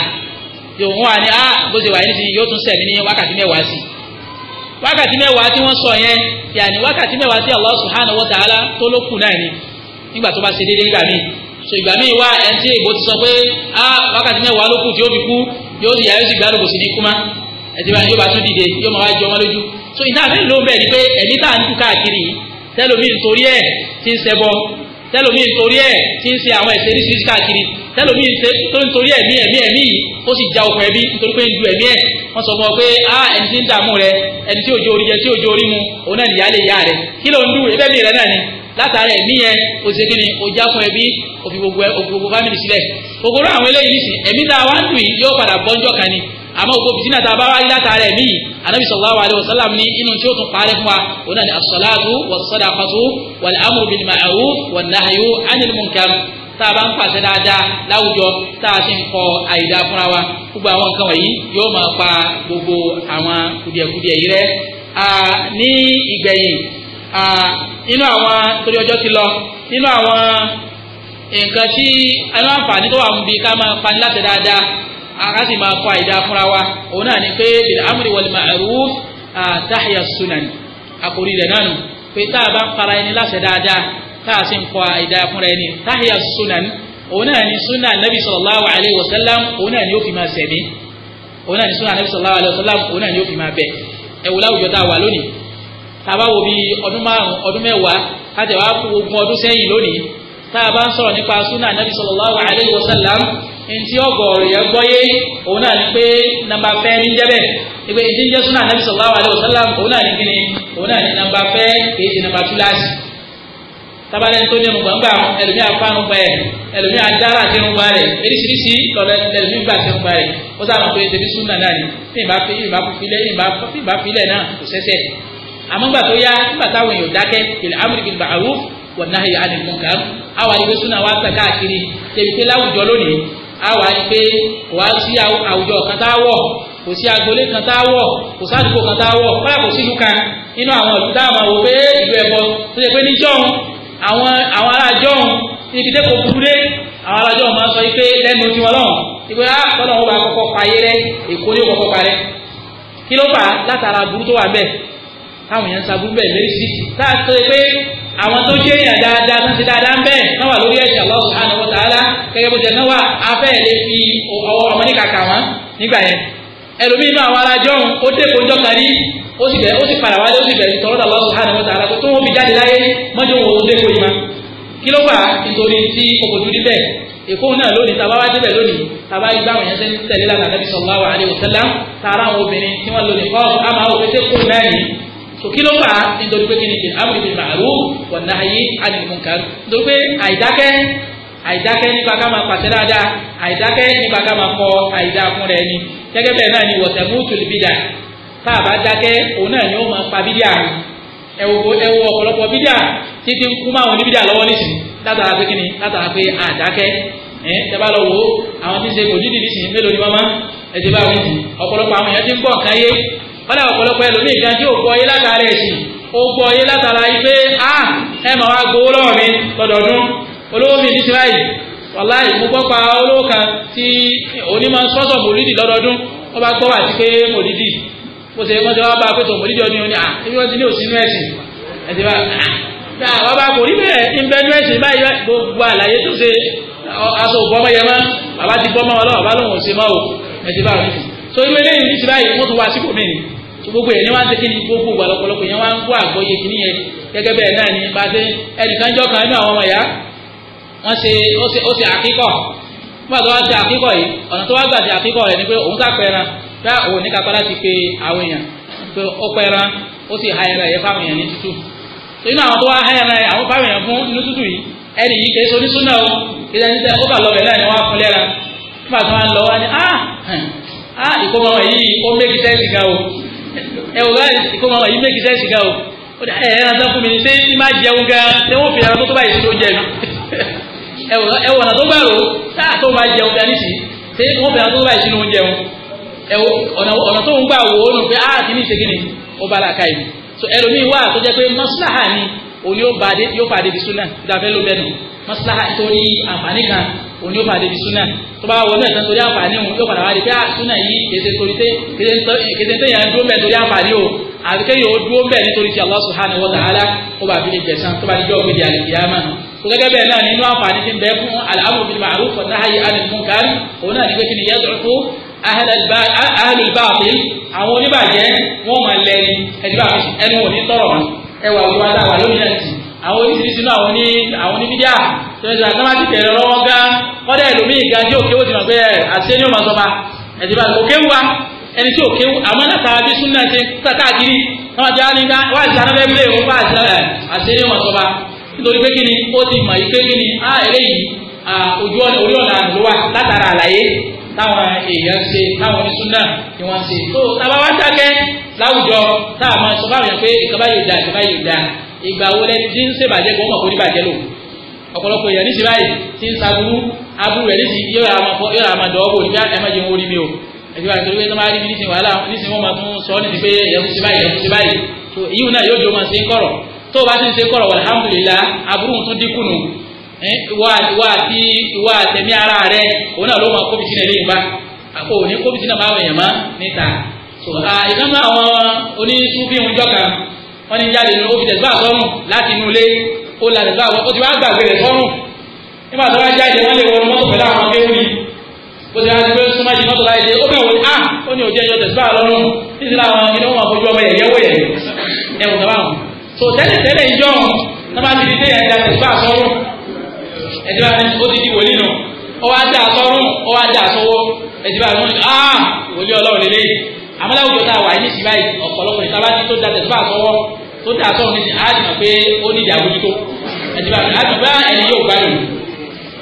yòò wọ́n wá ní ah bó ṣe wà yín nísìnyí yóò tún sẹ̀mí ní wákàtí mẹ́wàá sí wákàtí mẹ́wàá tí wọ́n sọ yẹn yàní wákàtí mẹ́wàá tí Allah subhanahu wa ta'ala tó ló kù náà ni nígbà tó bá ṣe déédéé nígbà míì so ìgbà míì wá ẹni tí èbó ti sọ pé ah wákàtí mẹ́wàá ló kù tí ó fi kú yóò sì yà yóò sì gbádùn kò sí ní kú má ẹtì bá yóò bá tún dìde yóò máa wá jọ wọn lójú so ìta àfẹ́ ló ń bẹ̀ ni pé ẹ̀mí tá à ń dù káàkiri tẹ́lómi nítorí ẹ̀ ti ń ṣẹbọ tẹ́lómi nítorí ẹ̀ ti ń ṣe àwọn ẹ̀ṣẹ̀ oríṣiríṣi káàkiri tẹ́lómi nítorí ẹ̀mí ẹ̀mí ẹ̀mí yìí ó sì ja okùn ẹbí nítorí pé ń du ẹ̀mí ẹ̀ wọ́n sọ fún ọ pé a ẹni tí ń dààmú rẹ ẹni tí òjò orí jẹ tí òjò orí mu òun náà nìyá lè yá rẹ kí ló ń dù ẹbẹ́ mi rẹ náà ni látara ẹ̀mí yẹn o ṣe kíni o já fún ẹbí o fi gbogbo family sílẹ̀ gbogbo àwọn eléyìí nísìnyí ẹ̀mí tá a wá ń dù yìí yóò padà bọ́njọ́ kan ni àmọ́ ògbó fìtínà tá a bá wá rí látara ẹ̀mí yìí anabi sallallahu alayhi wa sallam ní inú tí ó tún parẹ́ fún wa òun náà ni as-salatu was-sadaqatu wal-amru bil-ma'ruf wan-nahyu 'anil munkar tá a bá ń pàṣẹ dáadáa láwùjọ tá a sì ń kọ àìdá fúnra wa gbogbo àwọn nǹkan wọ̀nyí yóò máa pa gbogbo àwọn kùdìẹ̀kùdìẹ̀ yìí rẹ́ ní ìgbẹ̀yìn nínú àwọn torí ọjọ́ ti lọ nínú àwọn nǹkan tí inú àǹfààní tó wà ń bi ká máa pani láti dáadáa a sì máa kọ àìdá fúnra wa òun náà ni pé bil amri wal ma'ruf tahya sunan àkórí rẹ̀ náà nù pé tá a bá ń para ẹni láṣẹ dáadáa tá a sì ń kọ àìdá fúnra ẹni tahya sunan òun náà ni sunan nabi sallallahu alayhi wa sallam òun náà ni ó fi máa sẹ̀mí òun náà ni sunan nabi sallallahu alayhi wa sallam òun náà ni ó fi máa bẹ ẹ̀wù láwùjọ tá a wà lónìí tá a bá wo bí ọdún márùn-ún ọdún mẹ́wàá ká tẹ̀ wá kú ogún tá a bá ń sọ̀rọ̀ nípa súnà nàbì sallallahu alayhi wa sallam ntí ọgọ̀ọ̀rọ̀ yẹn gbọ́yé òun náà ní pé nàmbà fẹ́ ní jẹ́bẹ̀ ìgbé ìdí ń jẹ́ súnà nàbì sallallahu alayhi wa sallam òun náà ní kíni òun náà ní nàmbà fẹ́ kìí ṣe nàmbà túláàsì tabalẹ̀ tó ní ọgbàngbà ẹlòmí àfáànù gbà ẹ̀ ẹlòmí àdára àtinú gbà rẹ̀ eríṣiríṣi lọ́dọ̀ ẹlòmí gbà àtinú gbà rẹ̀ ó sábà pé ṣe bí náà ni bí wọ̀nàhì àdìmúkà àwa ni pé súnà wa tàn káàkiri débi pé láwùjọ lónìí àwa ni pé wà á sí àwùjọ kan tá a wọ̀ kò sí agbolé kan tá a wọ̀ kò sí àdúgbò kan tá a wọ̀ kọ́lá kò sílùú kan nínú àwọn ìlú tá a máa wò pé ìlú ẹ̀bọ tó ṣe pé ní jọ́hún àwọn àwọn alájọ́hún níbi tẹ́kọ̀ọ́ burú dé àwọn alájọ́hún máa ń sọ pé lẹ́nu tí wọ́n lọ́hùn ìgbé á ah, tọ́lọ́hún bá kọ́kọ́ pa ayé rẹ èkó ní kọ́kọ́ pa kí ló fà látara burú tó wà bẹ́ẹ̀ táwọn èèyàn ń saburú bẹ́ẹ̀ lóríṣiríṣi táà tó yẹ pé àwọn tó jẹ́ èèyàn dáadáa tó ń ṣe dáadáa ń bẹ́ẹ̀ náà wà lórí ẹ̀ṣẹ̀ Allah subhanahu wa ta'ala gẹ́gẹ́ bó ṣe náà wà afẹ́ lè fi ọwọ́ ọmọ ní kàkà wọn nígbà yẹn ẹlòmíín náà àwọn alájọ́ òun ó dẹ́kun jọ́ kan rí ó sì bẹ̀rẹ̀ ó sì padà wálé ó sì bẹ̀rẹ̀ tọ́lọ́dà Allah subhanahu wa ta'ala tó wọ́n fi jáde láyé mọ́jọ́ wọn ó dẹ́kun yìí ma kí ló wà nítorí tí kòkòtù rí bẹ́ẹ̀ èkó náà lónìí tá wá débẹ̀ lónìí tá a bá yẹn ṣe ń tẹ̀lé lánàá Nabi sallallahu alaihi wasallam tààrà àwọn obìnrin tí wọ́n lò ní àmà òfin tẹ́kùn náà yìí so kí ló fà á nítorí pé kíni ìdè amúlẹ̀ ìdè màrú wọ̀n náà yé alìmùkàrú nítorí pé àìdákẹ́ àìdákẹ́ nípa ká máa pàṣẹ dáadáa àìdákẹ́ nípa ká máa kọ àìdá fún rẹ ni gẹ́gẹ́ bẹ́ẹ̀ náà ni wọ̀tẹ̀mú tùlùbídà tá a bá dákẹ́ òun náà ni ó máa pa bídíà rẹ ẹwọ ẹwọ ọ̀pọ̀lọpọ̀ bídíà títí ń kú máwọn oníbídíà lọ́wọ́ nísìnyí látara pé kíni látara pé àdákẹ́ ẹ tẹ́bá lọ wò ó àwọn ni wọ́n má ẹ ti bá wọn jì ọ̀pọ̀lọpọ̀ àwọn èèyàn ti ń wọ́n lẹ́wọ̀ ọ̀pọ̀lọpọ̀ ẹlòmíì gan tí ó gbọ́ yé látara ẹ̀sìn ó gbọ́ yé látara ife a ẹ mà wá gbowó lọ́wọ́ mi lọ́dọọdún olówó mi ní síláì wàláì mo gbọ́ pa olówó kan tí onímọ̀ sọ́sọ̀ mòlídì lọ́dọọdún wọ́n bá gbọ́ wà sí pé mòlídì mo ṣe wọ́n ti wá bá a pé tó mòlídì ọdún yìí ni à ebi wọ́n ti ní òsínú ẹ̀sìn ẹ̀sìn bá a wọ́n bá kò rí bẹ́ẹ̀ ìbẹ́nu ẹ̀sìn báyìí gbogbo àlàyé tó ṣe aṣọ òbọ́mọ yẹn mọ́ bàbá ti bọ́ ọlọ́wọ́ bá lóun ò ṣe mọ́ o ẹ̀sìn bá a so ìmẹ́lẹ́yìn ní ti báyìí wọ́n tún wá sípò mí ni gbogbo yẹn ni wọ́n á ṣe gbogbo ìgbà lọ́pọ̀lọpọ̀ yẹn wọ́n á ń gbọ́ àgbọ́yé náà ni ẹnìkan jọ kan àwọn ọmọ ṣe ó ṣe nígbà tó wá ṣe yìí ọ̀nà tó wá gbà ṣe ni pé òun òun ní pe àwọn èèyàn pé ó ó ha ẹran yẹn fáwọn èèyàn ní tútù inú àwọn tó wá ha ẹran àwọn fáwọn èèyàn fún tútù yìí ẹni yìí kì í o kì í ó lọ bẹ̀ náà ni wọ́n á fún lẹ́ra nígbà tó ah, ah, wá ẹ̀wọ̀n gan ìkómọ àwọn yìí méjì sẹ́ẹ̀sì gan o ẹ̀ẹ́n adá fún mi ní ṣé ní má jẹun gan ṣé wọ́n fi ara tó tó báyìí sí ló jẹ mi ẹ̀wọ̀n ọ̀nà tó gbà rò sáà tó má jẹun gan níṣì ṣé wọ́n fi ara tó tó báyìí sí ló ń jẹun ọ̀nà tó ń gbà wò ó nù pé á ah, kì í ní ìṣe kí ni ó bá la ka yìí so ẹlòmíì wà tó jẹ pé mọ́síláhà ni òní ó bá yóò fà débi súnà ìdáfẹ́ ló bẹ̀rù mọ́sálà tó ní àǹfààní kan òní ó fà débi súnà tó bá wọ mẹ́ẹ̀tàn torí àǹfààní òun yóò padà wá di pé ah, súnà yìí kéde torí tẹ kéde tẹ yẹn dúró mẹ́ẹ̀ torí àǹfààní o àti kéde yóò dúró mẹ́ẹ̀ nítorí ti Allah subhanahu wa ta'ala ó bá fi lè jẹ̀sán tó bá di jọ́ ògbédi àlèkìyàmá gẹ́gẹ́ bẹ́ẹ̀ náà nínú àǹfààní ti ń bẹ fún al-amru bil ma'ruf wa nahyi 'anil munkar òun náà ní pé kí ni fún ahlul baatil àwọn oníbàjẹ́ wọ́n máa lẹ́ni ẹni ẹwà òjò wa dáwà lórí náà ti àwọn oníṣiríṣi náà àwọn ní àwọn oníbídíà tẹ̀sí àtàmátì kẹrẹ lọ́wọ́ gá kọ́dà ẹlòmíì ga tí òkè ó ti mọ̀ pé àṣẹ ni ó máa sọba ẹ̀sìn bá òkè ń wa ẹni tí òkè àwọn látara bí súnà ṣe káàkiri náà jẹ́ àní wá àṣà náà bẹ́ẹ̀ lé o bá àṣẹ ni ó máa sọba nítorí pé kíni ó ti mọ̀ yìí pé kíni á eléyìí ojú ọ̀nà orí ọ̀nà àdúrà látara àlàyé táwọn èèyàn ṣe táwọn oníṣúná ni wọ́n ṣe tó tábà wá dákẹ́ láwùjọ táà máa sọ fáwọn èèyàn pé ìkàbá yóò da ìkàbá yóò da ìgbà wo lẹni tí ń ṣèbàjẹ́ kó mọ̀ kó níbàjẹ́ lò ọ̀pọ̀lọpọ̀ èèyàn níṣẹ́ báyìí tí ń saburú aburú rẹ̀ níṣì yóò rà máa dọ̀ ọ́ bò níbi ah, ẹ̀ má jẹun orí mi o ẹ̀jẹ̀ báyìí torí pé tó máa rí níṣìí wàhálà níṣìí wọ́n máa tún sọ níbi pé ẹ̀yẹ̀ ṣe báyìí ẹ̀yẹ̀ ṣe báyìí so ìyíwọ̀n náà yóò jọ máa ṣe ń kọ̀rọ̀ tó o bá ti ń ṣe kọ̀rọ̀ alhamdulillah aburú tún dínkù nù ìwà àtẹ̀mí ara rẹ òun náà ló máa kóbi sínú ẹ̀rí ìgbà àpò òní kóbi sínú àwọn èèyàn mọ́ níta ìkan náà àwọn oníṣúbí ìwúnjọ́ kan wọ́n ní jáde ní òfin tẹ̀síwá sọ́run láti inú ilé ó la tẹ̀síwá àwọn ó ti wá gbàgbé rẹ̀ sọ́run nígbà tó wá jáde wọ́n lè wọ mọ́tò pẹ̀lú àwọn akéwì bó ti wá ti pé súnmọ́ yìí mọ́tò láyé ó bẹ̀ wò ní à ó ní òjẹ́ yọ tẹ̀síwá lọ́rùn títí ẹtí bá ó ti di wòlíì nù ó wá dà sọ́rùn ó wá dà sọ́wọ́ ẹtí bá wọn á wòlíì ọlọ́run lélẹ̀ amúláwùjọ tá a wà ní síbáyì ọ̀pọ̀lọpọ̀ ìsábà tí tó da tẹ̀sí bá sọ́wọ́ tó dà sọ́run ní ti á dìmọ̀ pé ó ní ìdàgbójútó ẹtí bá a dùn bá ẹni yóò gbádùn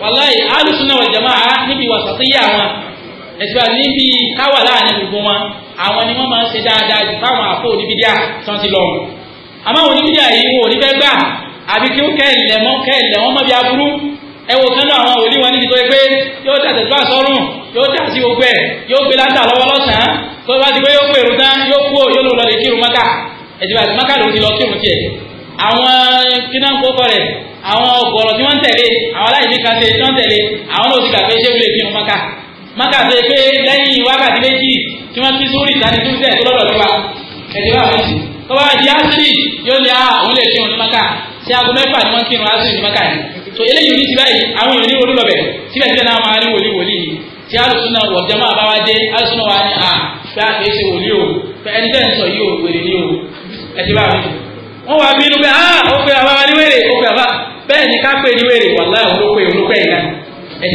wàláyé alùsùn náà wal jamaa níbi wàsàtìyà wọn ẹtí bá níbi káwà láàrin gbogbo wọn àwọn ni wọ́n máa ń ṣe dáadáa jù fáwọn àpò oníbídíà tán ti lọ àmọ́ oníbídíà yìí wọn ò ní fẹ́ gbà àbí kí ó kẹ́ ẹ̀lẹ́mọ́ kẹ́ ẹ̀lẹ́mọ́ mọ́bí aburú ẹwọ kan náà àwọn wòlíì wọn níbi tó yẹ pé yóò dà tẹ̀síwá sọ́rùn yóò dà sí gbogbo ẹ̀ yóò gbé látà lọ́wọ́ lọ́sàn-án tó bá ti pé yóò pèrò tán yóò kú yóò lò lọ́ọ́ lè kírun mọ́kà ẹ̀jẹ̀ bá ti mọ́kà ló ti lọ kírun tiẹ̀ àwọn eh, kíná ń kókọ rẹ̀ àwọn ọ̀gọ̀rọ̀ tí wọ́n tẹ̀lé àwọn aláìsí kan tẹ̀lé tí wọ́n tẹ̀lé àwọn náà ti kà pé ṣé wúlò kírun mọ́kà mọ́kà tó yẹ pé lẹ́yìn wákàtí méjì tí wọ́n ti sórí ìtàní tó tó lọ́dọ̀ ah, ni wọ́n kírun so eléyìí ní ti báyìí àwọn èèyàn ní orí lọ́bẹ̀ síbẹ̀síbẹ̀ náà máa ní wòlíì wòlíì yìí tí alùsùnà wọ̀jẹ̀ máa bá wa dé alùsùnà wa ní à fẹ́ àfẹ́ ṣe wòlíì o fẹ́ ẹni tẹ́ ń sọ yìí o wèrè ni o ẹ ti bá mi. wọ́n wá bínú pé ah ó pe àbá wa wèrè ó pe àbá bẹ́ẹ̀ ni ká pè ní wèrè wàlá òun ló pè òun ló pè yìí náà ẹ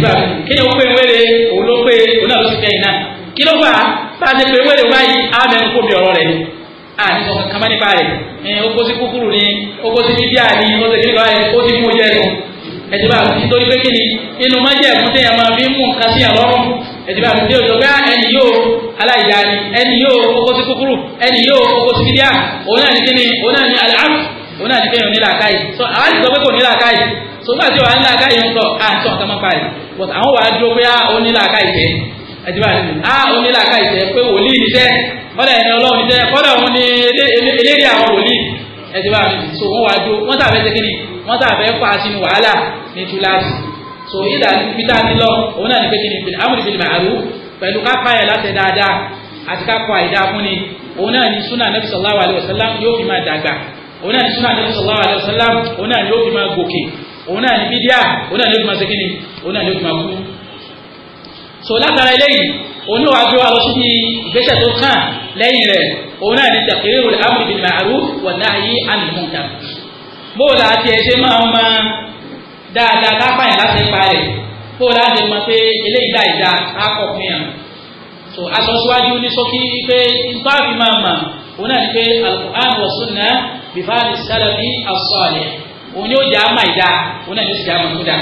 ti ni ó pè wèrè òun ló pè òun náà ló ti fẹ́ yìí náà kí ló fà bá a ti pè wèrè báyìí á mẹ́nu ni àti sọ kankan bá nípa rẹ̀ ó kó sí kúkúrú ni ó kó sí bíbíà ni ẹtì bá ti torí pé kíni inú májẹ̀mú téèyàn máa fi mú nǹkan sí àlọ́rùn ẹtì bá ti torí pé ah, ẹni yóò aláìyá ni ẹni yóò kókó sí kúkúrú ẹni yóò kókó sí bídíà òun náà ní kíni òun náà ní aláàbù òun náà ní kéèyàn ní làákàyè so àwọn àti sọ pé kò ní làákàyè so nígbà tí wàá ní làákàyè ń sọ à ah, ń sọ nǹkan máa parí but àwọn wàá dúró pé ah, ó ní làákàyè jẹ ẹtì bá ti á ó ní làákàyè jẹ pé wòlíì níṣẹ́ kọ́dà ẹni ọlọ́run níṣẹ́ kọ́dà òun ní eléré àwọn wòlíì ẹtì bá mi so wọ́n wá jó wọ́n tàbẹ́ ṣe kíni wọ́n tàbẹ́ pa sínú wàhálà ní túláàsì so ìdá níbi tá a ní lọ òun náà ní pé kíni bìnnì amúlì bìnnì màálù pẹ̀lú kápá yẹn láti dáadáa àti kápá ìdá fún ni òun náà ní súnà nàbì sallallahu alaihi wasallam yóò fi máa dàgbà òun náà ní súnà nàbì sallallahu alaihi wasallam òun náà yóò fi máa gòkè òun náà ní bídíà òun náà yóò so látara eléyìí òun yóò wá gbé wa lọ síbi ìgbésẹ̀ tó kàn lẹ́yìn rẹ̀ òun náà ní taqriru al-amri bil ma'ruf wa nahyi 'anil munkar. bóòlù àti ẹ̀ṣẹ̀ máa ń máa dáadáa lápáyà láti pa rẹ̀ bóòlù àti mọ̀ pé eléyìí láì dáa á kọ̀ fún yàn. so aṣọ síwájú ní sọ́kí pé nípa fi máa mà òun náà ní pé al-Qur'an wa sunnah bi fahmi salafi as-salih òun yóò jẹ́ àmà ìdá òun náà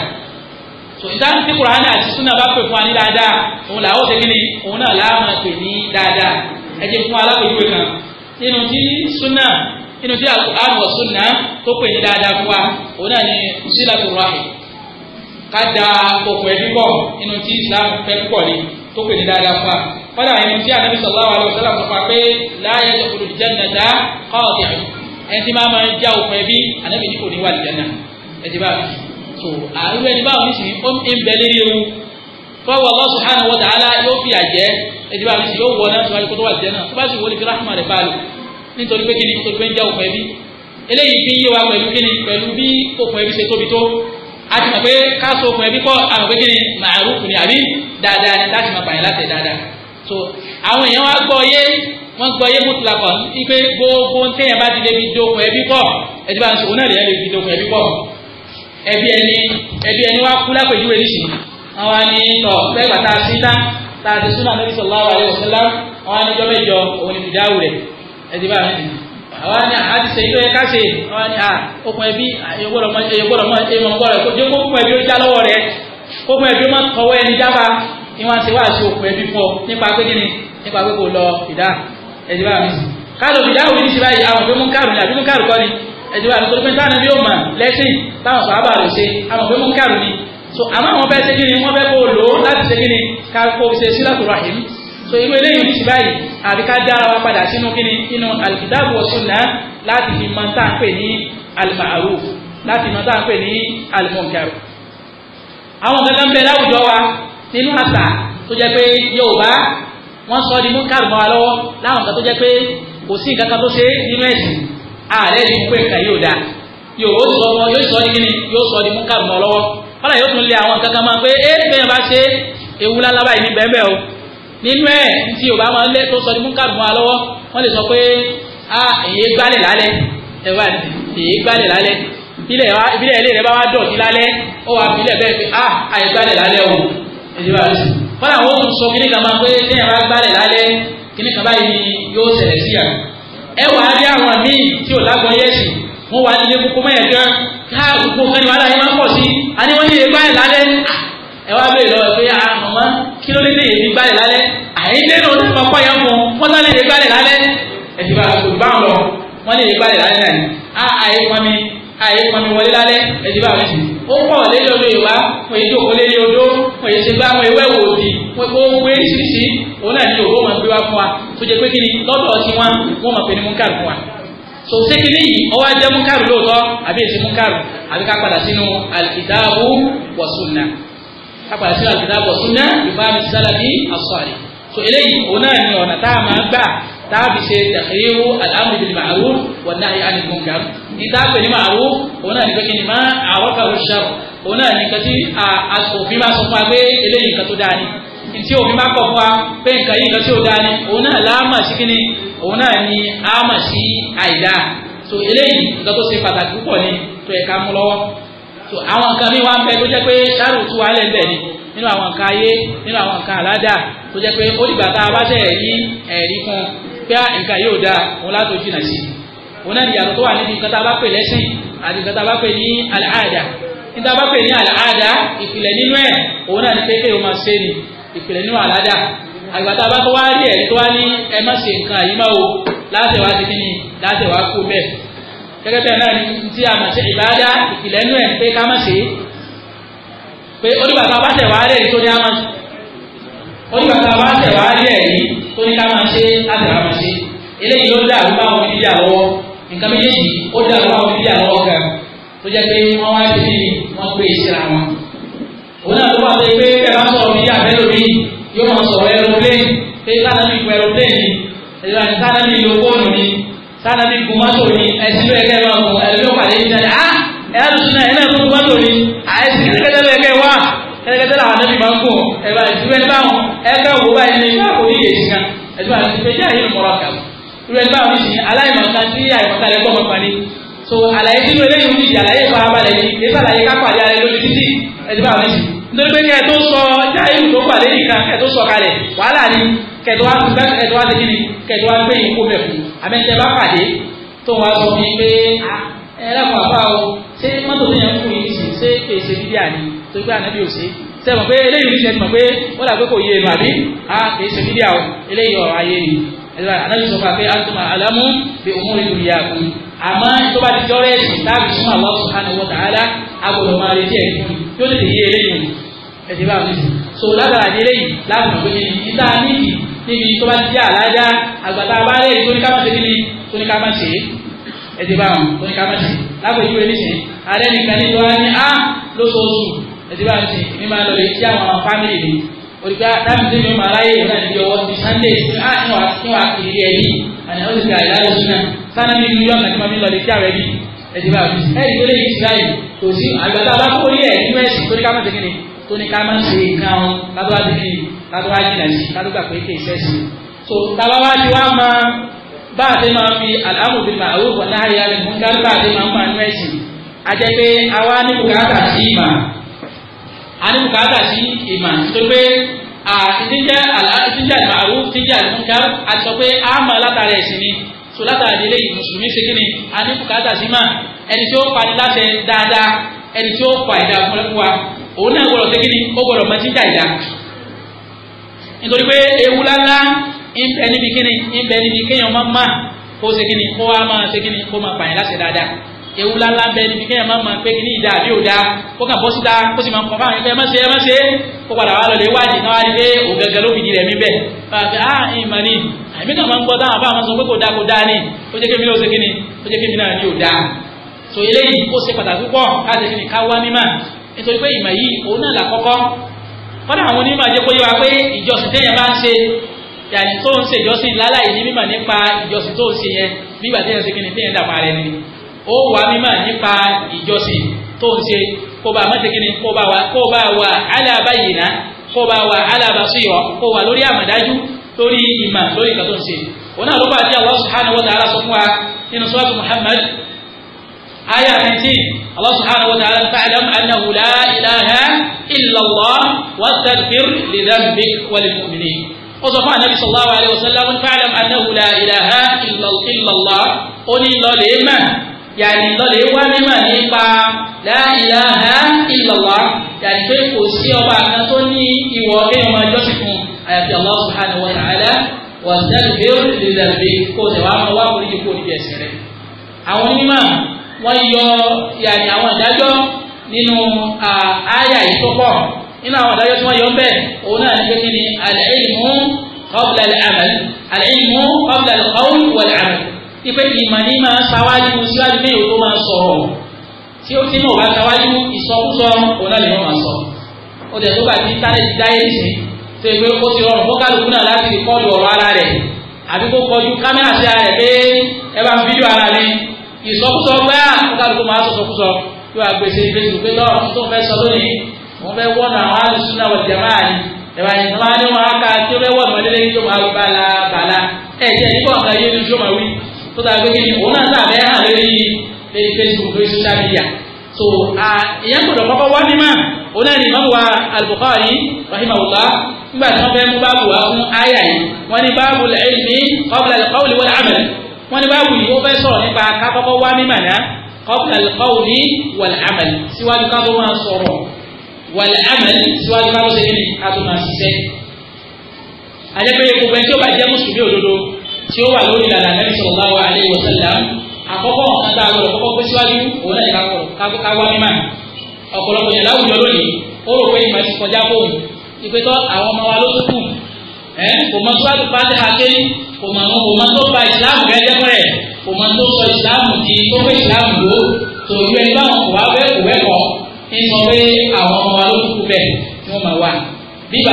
sòtítàn tí kùránì àti súnà bá pè fún wa ní dáadáa òun làwọn ṣe kíni òun náà láàmà pè ní dáadáa ẹ jẹ́ fún alábòjúwe kan nínú tí súnà nínú tí àlùkùránì wọ súnà tó pè ní dáadáa fún wa òun náà ní sílátù rahim ká da okùn ẹbí pọ̀ nínú tí islam fẹ́ pọ̀ ni tó pè ní dáadáa fún wa kọ́dà ẹni tí anabi sallallahu alaihi wasallam sọ fún pé la yadkhulu al-jannata qati'un ẹni tí máa máa já okùn ẹbí anabi ní kò ní wà al so àrùn ẹni báwo ní sìn ó ń bẹ lérí irun fọwọ́ Allah subhanahu wa ta'ala yóò fi àjẹ́ ẹni báwo ní sìn yóò wọ náà síwájú kó tó wà jẹ́ náà tó bá sì wọlé fi rahma rẹ̀ báàlù nítorí pé kíni nítorí pé ń já òkun ẹbí eléyìí fi ń yé wa pẹ̀lú kíni pẹ̀lú bí òkun ẹbí se tóbi tó a ti mọ̀ pé káàsó òkun ẹbí kọ́ àwọn pé kíni màrúkù ni àbí dáadáa ni láti máa bàyìn láti dáadáa so àwọn èèyàn wa gbọ́ yé wọ́n gbọ́ yé mọ́tò lakọ̀ ní pé gbogbo ń tẹ̀yìn bá ti lè fi dókun ẹbí pọ̀ ẹ ti bá ń sọ òun náà lè fi dókun ẹbí pọ̀ ẹbí ẹni ẹbí ẹni wá kú lápèjúwe níṣì àwọn àni tọ̀ lẹ́gbà tá a sí tá a ti súnà Nabi sallallahu alaihi wasallam àwọn àni jọ mẹ́jọ òun ni fìdáwù rẹ̀ ẹ̀dí bá mi àwọn àni àti sèyí tó yẹ ká ṣe àwọn àni à okùn ẹbí ẹ̀yọ̀gbọ́dọ̀ mọ ẹ̀yọ̀gbọ́dọ̀ mọ ẹ̀yọ̀gbọ́dọ̀ kó jẹ́ kókùn ẹbí ó já lọ́wọ́ rẹ̀ kókùn ẹbí ó má tọwọ́ ẹni jábá ìwọ̀n àti wá àti okùn ẹbí fún nípa pé kí ni nípa pé kò lọ fìdá ẹ̀dí bá mi. káàdùn fìdá òbí ti báyìí àwọn òbí mú káàdùn ní àbí mú káàdùn kọ́ ẹ̀jẹ̀ wa nítorí pé táwọn ẹbí ò mà lẹ́sìn táwọn sọ àbá rẹ̀ ṣe àwọn òfin mú kàrù ni so àmọ́ àwọn bẹ́ẹ̀ ṣe kí ni wọ́n bẹ́ẹ̀ kó lò ó láti ṣe kí ni ká kó ṣe sílẹ̀kùn rahim so irú eléyìí ní ti báyìí àbí ká dára wa padà sínú kí ni inú alkitabu wa sunnah láti fi mọ tá à ń pè ní al-ma'ruf láti mọ tá à ń pè ní al-munkar àwọn kankan ń bẹ láwùjọ wa nínú àṣà tó jẹ́ pé Yorùbá wọ́n sọ di munkar mọ́ wa lọ́wọ́ láwọn kan tó jẹ́ pé kò sí nǹkan kan tó ṣe nínú ẹ̀sìn ààrẹ ní pé ẹ̀ka yóò dáa yóò sọ ọmọ yóò sọ ní kíni yóò sọ ní múkà mọ́ lọ́wọ́ kọ́lá yóò tún lé àwọn kankan máa pé é bẹ́ẹ̀ bá ṣe ewu lálábà yìí ní bẹ́ẹ̀ o nínú ẹ̀ tí yorùbá máa lé tó sọ ní múkà mọ́ lọ́wọ́ wọ́n lè sọ pé a èyí gbálẹ̀ lálẹ́ ẹ wá èyí gbálẹ̀ lálẹ́ ilẹ̀ ilé rẹ bá wá dọ̀tí lálẹ́ ó wà fi ilẹ̀ bẹ́ẹ̀ pé a àyè gbálẹ̀ lálẹ́ o ẹ̀dí bá ṣe kọ́lá wọn tún sọ kíní kan máa pé ẹ wà á rí àwọn míì tí ò lágbọ́n yẹ́sì wọ́n wà nílé kókó mẹ́yẹ̀ gan ká gbogbo kan ní wàhálà yẹn máa ń pọ̀ sí a ní wọ́n ní èyí báyìí lálẹ́ ah, ẹ wá bèèrè lọ pé a ah, màmá kí ló lé ní èyí báyìí lálẹ́ àyíndé náà ní ọmọ pọ̀ yẹn fún wọn lálẹ́ èyí báyìí lálẹ́ ẹ̀sìn bá kò bá wọn lọ wọn ní èyí báyìí lálẹ́ náà ni a àyè pọnmi àyè pọnmi wọlé lálẹ́ ẹ̀sìn bá wọn sì ó pọ̀ lé lọ́dọ̀ Yorùbá wọn èyí jókòó lé lé odó wọn èyí ṣe gbá wọn ewé wò ó di wọn gbé oríṣiríṣi òun náà ní òwò máa gbé wá fún wa tó jẹ́ pé kí ni lọ́dọ̀ tí wọ́n wọ́n máa pè ní múnkàrù fún wa so ṣé kí ni yìí ọwọ́ ajẹ́ múnkàrù lóòótọ́ àbí èsì múnkàrù àbí ká padà sínú alkitabu wa sunna ká padà sínú alkitabu wa sunna sálàbí asọ́ọ̀rì so eléyìí òun náà ni ọ̀nà tá a máa gbà tá a fi ṣe tẹ̀kẹ́rù al-amri bil ma'ruf wan nahyi 'anil ní tá a pè ní ma'ruf òun náà ni pé kí ni máa àwọ́kàwé ṣàrò òun náà ni kí a máa sọ fún wa pé eléyìí tí òfin bá kọ̀ fún wa pé nǹkan yìí nǹkan tí ò ni òun náà láàmà sí kíni òun náà ni àmà sí àìdá so eléyìí nǹkan tó ṣe pàtàkì púpọ̀ ni tó ẹ̀ka mú lọ́wọ́ so àwọn nǹkan mi wá ń bẹ tó jẹ́ pé ṣáàrù tú wa lẹ́ńbẹ̀ ni nínú àwọn nǹkan ayé nínú àwọn nǹkan àládà tó jẹ́ pé ó dìgbà tá a bá ṣe ẹ̀rí ẹ̀rí fún pé nǹkan yóò dáa òun látò jìnnà sí òun náà nìyàtọ̀ tó wà níbi nǹkan tá a bá pè lẹ́sìn àti nǹkan tá a bá pè ní àlàáda nǹkan tá a bá pè ní àlàáda ìpìlẹ̀ nínú ẹ̀ òun náà ni pé kéèyàn máa ṣe ni ìpìlẹ̀ nínú àládà àgbàtà bá tó wá rí ẹ̀ tó wá ní ẹ má ṣe nǹkan àyímá o látẹ̀wá ti kíni látẹ̀wá kú bẹ́ẹ̀ gẹ́gẹ́ bẹ́ẹ̀ náà ni tí a mọ̀ sí ìbáadá ìpìlẹ̀ nínú ẹ̀ pé ká má ṣe pé onígbàtà bá tẹ̀ wá rí ẹ̀ tó ní á má ṣe onígbàtà bá tẹ̀ wá rí ẹ̀ yìí tó ní ká má ṣe látẹ̀wá má ṣe eléyìí ló dá àwọn báwọn bíbí àlọ́wọ́ nǹkan méjèèjì ó dá àwọn báwọn bíbí àlọ́wọ́ kan tó jẹ́ pé wọ́n wá ti òun náà tó bá tẹ pé ẹ bá sọ̀rọ̀ mi yá abẹ́lò mi yóò máa sọ̀rọ̀ aeroplane ṣé sáadà mi gun ni ẹ̀rọ àti sáadà fóònù ni sáadà mi gun mọ́tò ni ẹ̀sìn ló ẹ̀kẹ́ máa gun ẹ̀rọ pàdé ní ṣáadà ah ẹ̀ á lùsùn náà ẹ̀ náà tó gun mọ́tò ni àìsí kẹ́tẹ́kẹ́tẹ́ ló ẹ̀kẹ́ wá kẹ́tẹ́kẹ́tẹ́ làwọn anábì máa ń gùn ẹ̀rọ àti ìwé táwọn ẹ̀kẹ́ wò báyìí ní káàkó ní yèsì kan ẹ̀dùn àti ìfẹ́ jẹ́ àyè so àlàyé nínú eléyìí ń bí àlàyé ìfarabalẹ̀ ni èyí sàlàyé kápá àdé alẹ́ lórí títì ẹ̀dùn àti ìfẹ́ nítorí pé ní ẹ̀ tó sọ jáìlù tó pàdé nìkan ẹ̀ tó sọ kalẹ̀ wàhálà ni kẹ̀tọ́ wá gbẹ kẹ̀tọ́ wá lẹ́yìn kẹ̀tọ́ wá gbé yín kó mẹ̀ fún àmẹ́tẹ́ bá pàdé tó wá sọ fún yín pé ẹlẹ́kùn àbá o ṣé mọ́tò tó yẹn fún yín sì ṣé kèsè bíbí àní tó gbé ànábì òṣè sẹ́wọ̀n pé eléyìí ti ṣe mọ̀ pé ó dà pé kò yé ẹnu e, àbí a kèsè bíbí àwọn eléyìí ọ̀rọ̀ ayé ni ẹ̀rọ ànábì sọ pé àtúmọ̀ àlámú bí òmù rẹ̀ lórí àkú àmọ́ tó bá ti jọ́rẹ́ ẹ̀sìn táàbì súnmọ́ Allah subhanahu wa ta'ala agbọ̀dọ̀ máa retí ẹ̀ yóò lè yé eléyìí ẹ̀sìn bá mi sùn so lábàrá di eléyìí láàmú pé kí ni ìta níbi níbi tó bá ti jẹ́ àlájá àgbàtà abáyé tó ní ká má ṣe kí ni tó ní ká má ṣe ẹ̀sìn bá wọn tó ní ká má ṣe lápèjúwe nísìn nìkan ní tó ní á lóṣooṣù ẹ̀sìn bá mi sìn ní olùkọ́ dábìtì mi máa ráyè ìwé náà níbi ọwọ́ ti sunday á ah, ní wàá ní wàá kiri ilé ẹbí àná ó sì fi àyè láyé sùn náà sanni mi ní yọ̀ọ̀nà tí mo fi lọ lè kí àwọn ẹbí ẹdí bá mi ẹ̀rí tó lè yí sí báyìí kò sí àgbàdo abákòó ní ẹ̀ nínú ẹ̀sìn tó ní ká má ti kíni tó ní ká má ṣe nǹkan wọn kátó wá ti kíni kátó wá jìnnà sí kátó gbà pé kì í so tábà wá ti wá máa bá a ti máa fi al-amru bil ma'ruf wan nahyi 'anil munkar bá a ti máa ń pa nínú ẹ̀sìn àjẹpé àwa ní Ani sí ìmọ̀ tó pé ìdíjẹ́ ìdíjẹ́ àlùmọ̀rú ìdíjẹ́ àlùmọ̀ká àti sọ pé a mọ̀ látara ẹ̀sìn ni so látara délé mùsùlùmí ṣe kí ni anibukata sí mà ẹni tí ó pani láṣẹ dáadáa ẹni tí ó fa ìdá fún wa òun náà gbọdọ̀ ṣe kí ni ó gbọdọ̀ nítorí pé ewu lálá ìbẹ níbi kí ni ìbẹ níbi kéèyàn máa má kó ṣe kí ni kó wá máa ṣe kí ni kó máa pààyàn ewu lala bẹ níbi kẹ́yà máa ma pé ní ìdá àbí òdá kó kàn bọ́ síta kó sì máa kọ́ fáwọn ẹgbẹ́ mọ́ṣe mọ́ṣe kó padà wà lọ́lẹ̀ wádìí náà wá rí o òun gẹ́gẹ́ ló fìdí rẹ̀ mí bẹ́ẹ̀ bá a fẹ́ ah ìmọ̀ ni àmì kan máa ń gbọ́ táwọn àbá máa sọ pé kò dáa kò dáa ni ó jẹ́ kémi náà ó ṣe kíni ó jẹ́ kémi náà ní òdá se eléyìí ó ṣe pàtàkì púpọ̀ káàdé kíni ká wá mímọ̀ nítorí pé ìmọ̀ o na náà làkọ́kọ́ kọ́dà àwọn onímọ̀ jẹ́ kó yé wa pé ìjọsìn téèyàn bá ń ṣe yàrá tó ń ṣe ìjọsìn láláì ní mímọ̀ nípa ìjọsìn tó ń ṣe yẹn nígbà téèyàn ṣe kíni téèyàn dàpọ̀ ara ẹni ó wà mímọ̀ nípa ìjọsìn tó ń ṣe kó bá mọ́tẹ́kínní kó bá wà alábàyè náà kó bá wà alábàṣeyọ̀ kó wà lórí àmọ̀dájú lórí ìmọ̀ lórí ìkàtó ń ṣe òun náà ló bá àti Allah subhanahu wa ta'ala sọ fún wa nínú sọ́ọ̀tù Muhammad aya 19 Allah subhanahu wa ta'ala fa'lam annahu la ilaha illa Allah wastaghfir li dhanbik wa lil mu'minin ó sọ fún anabi sallallahu alayhi wa sallam fa'lam annahu la ilaha illa yàní lọ́lẹ̀ wá mímọ̀ nípa la ilaha illallah yàní pé kò sí ọba kan tó ní ìwọ kéèyàn máa jọ́sìn fún àyàfi Allah subhanahu wa ta'ala wà sẹ́nu bí ó lè lẹ́nu kó o sì wá máa wá kó níbi kó níbi ẹ̀sìn rẹ̀. àwọn onímọ̀ wọ́n yọ yàní àwọn ìdájọ́ nínú àyà ìtọ́pọ̀ nínú àwọn ìdájọ́ tí wọ́n yọ bẹ́ẹ̀ òun náà ní kí ipe ìmọ̀ni máa ṣáwájú síwájú mẹ́rin tó máa sọ̀rọ̀ tí ó ti mọ̀ bá ṣáwájú ìsọkúsọ òun náà lè máa sọ ó dẹ̀ tó bá ti tálẹ̀ ti dáyé sí tó yẹ pé ó ti rọrùn fókàlùkù náà láti rìkọ́ọ̀dù ọ̀rọ̀ ara rẹ̀ àbí kó kọjú kámẹ́rà sí ara rẹ̀ pé ẹ bá ń fídíò ara mi ìsọkúsọ pé à ah! fókàlùkù máa sọ sọkúsọ yóò àgbèsè ìgbésù pé lọ tó fẹ́ sọ lónìí wọ́n fẹ́ wọ́n náà wọ́n á lè súnà wọ̀ jẹ̀má yìí ẹ̀wà yìí wọ́n tó dáa pé kí ni òun náà sàbẹ̀ hàn lórí lórí facebook lórí social media so ìyẹn gbọ́dọ̀ kọ́kọ́ wá mímọ́ òun ona ni ìmọ̀mù wa al-Bukhari rahimahullah nígbà tí wọ́n fẹ́ mu báàbù wá fún àyà yìí wọ́n ní báàbù al-ilmi qabla al-qawli wal-amal wọ́n ní báàbù yìí ó fẹ́ sọ̀rọ̀ nípa kákọ́kọ́ ni mímọ́ náà qabla al-qawli wal-amal síwájú ká tó máa sọ̀rọ̀ wal-amal síwájú ká tó ṣe kí ni ká tó máa ṣiṣẹ́. àjẹpẹ́ gbogbo ẹni tí ó bá jẹ́ mùsùlùmí òdodo tí ó wà lórí ìlànà Ànábì sallallahu alaihi wasallam àkọ́kọ́ ọ̀kan tá a gbọ́dọ̀ kọ́kọ́ gbé síwájú òun náà yẹra kọ́kọ́ ká wá mímà ọ̀pọ̀lọpọ̀ yẹn láwùjọ lónìí ó rò pé ìmọ̀ ti kọjá fóun ìpẹ́tọ́ àwọn ọmọ wa ló tó kù ẹ̀ kò mọ síwájú pátá àké kò mọ àwọn kò mọ tó ba ìsìláàmù rẹ jẹ́ kò mọ tó sọ ìsìláàmù di tó fẹ́ ìsìláàmù lò tó yú ẹni báwọn kò wá fẹ́ kò wẹ́kọ̀ ń sọ pé àwọn ọmọ wa ló tó kù bẹ́ẹ̀ tí wọ́n máa wà bí ìgbà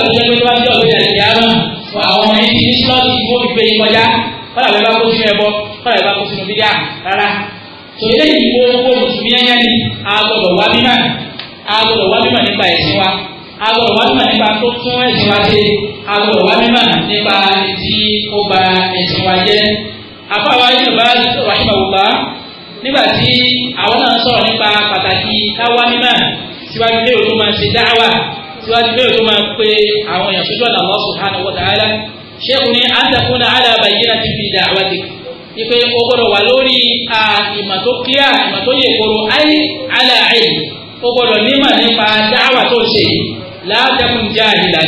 slọ́ọ̀dù tí wọ́n fi gbé yín kọjá kọ́lá bẹ́ẹ̀ bá kó sínú ẹbọ kọ́lá bẹ́ẹ̀ bá kó sínú bídíà rárá. tó eléyìí gbogbo mùsùlùmí ẹ̀yà ni a gbọ́dọ̀ wá bímọ a gbọ́dọ̀ wá bímọ nípa ẹ̀sìn wa a gbọ́dọ̀ wá bímọ nípa tó tún ẹ̀sìn wa ṣe a gbọ́dọ̀ wá bímọ nípa tí ó bà ẹ̀sìn wa jẹ́. àfọwọ́ ìjọba rahimahulá nígbà tí àwọn náà sọ̀rọ̀ nípa pàtàkì káwá mímọ́ síwájú lé òtún máa ṣe dáhàwá síwájú lé òtún máa pe àwọn èèyàn sójú ọ̀nà Allah subhanahu wa ta'ala sheikh ni an ta kuna ala bayyana ti fi da'awati ipe o gbọ́dọ̀ wà lórí a ìmọ̀ tó kíá ìmọ̀ tó yẹ koro ayé ala ayé o gbọ́dọ̀ nímọ̀ nípa da'awa tó ṣe láàbẹ̀kùn jẹ́ àhìlá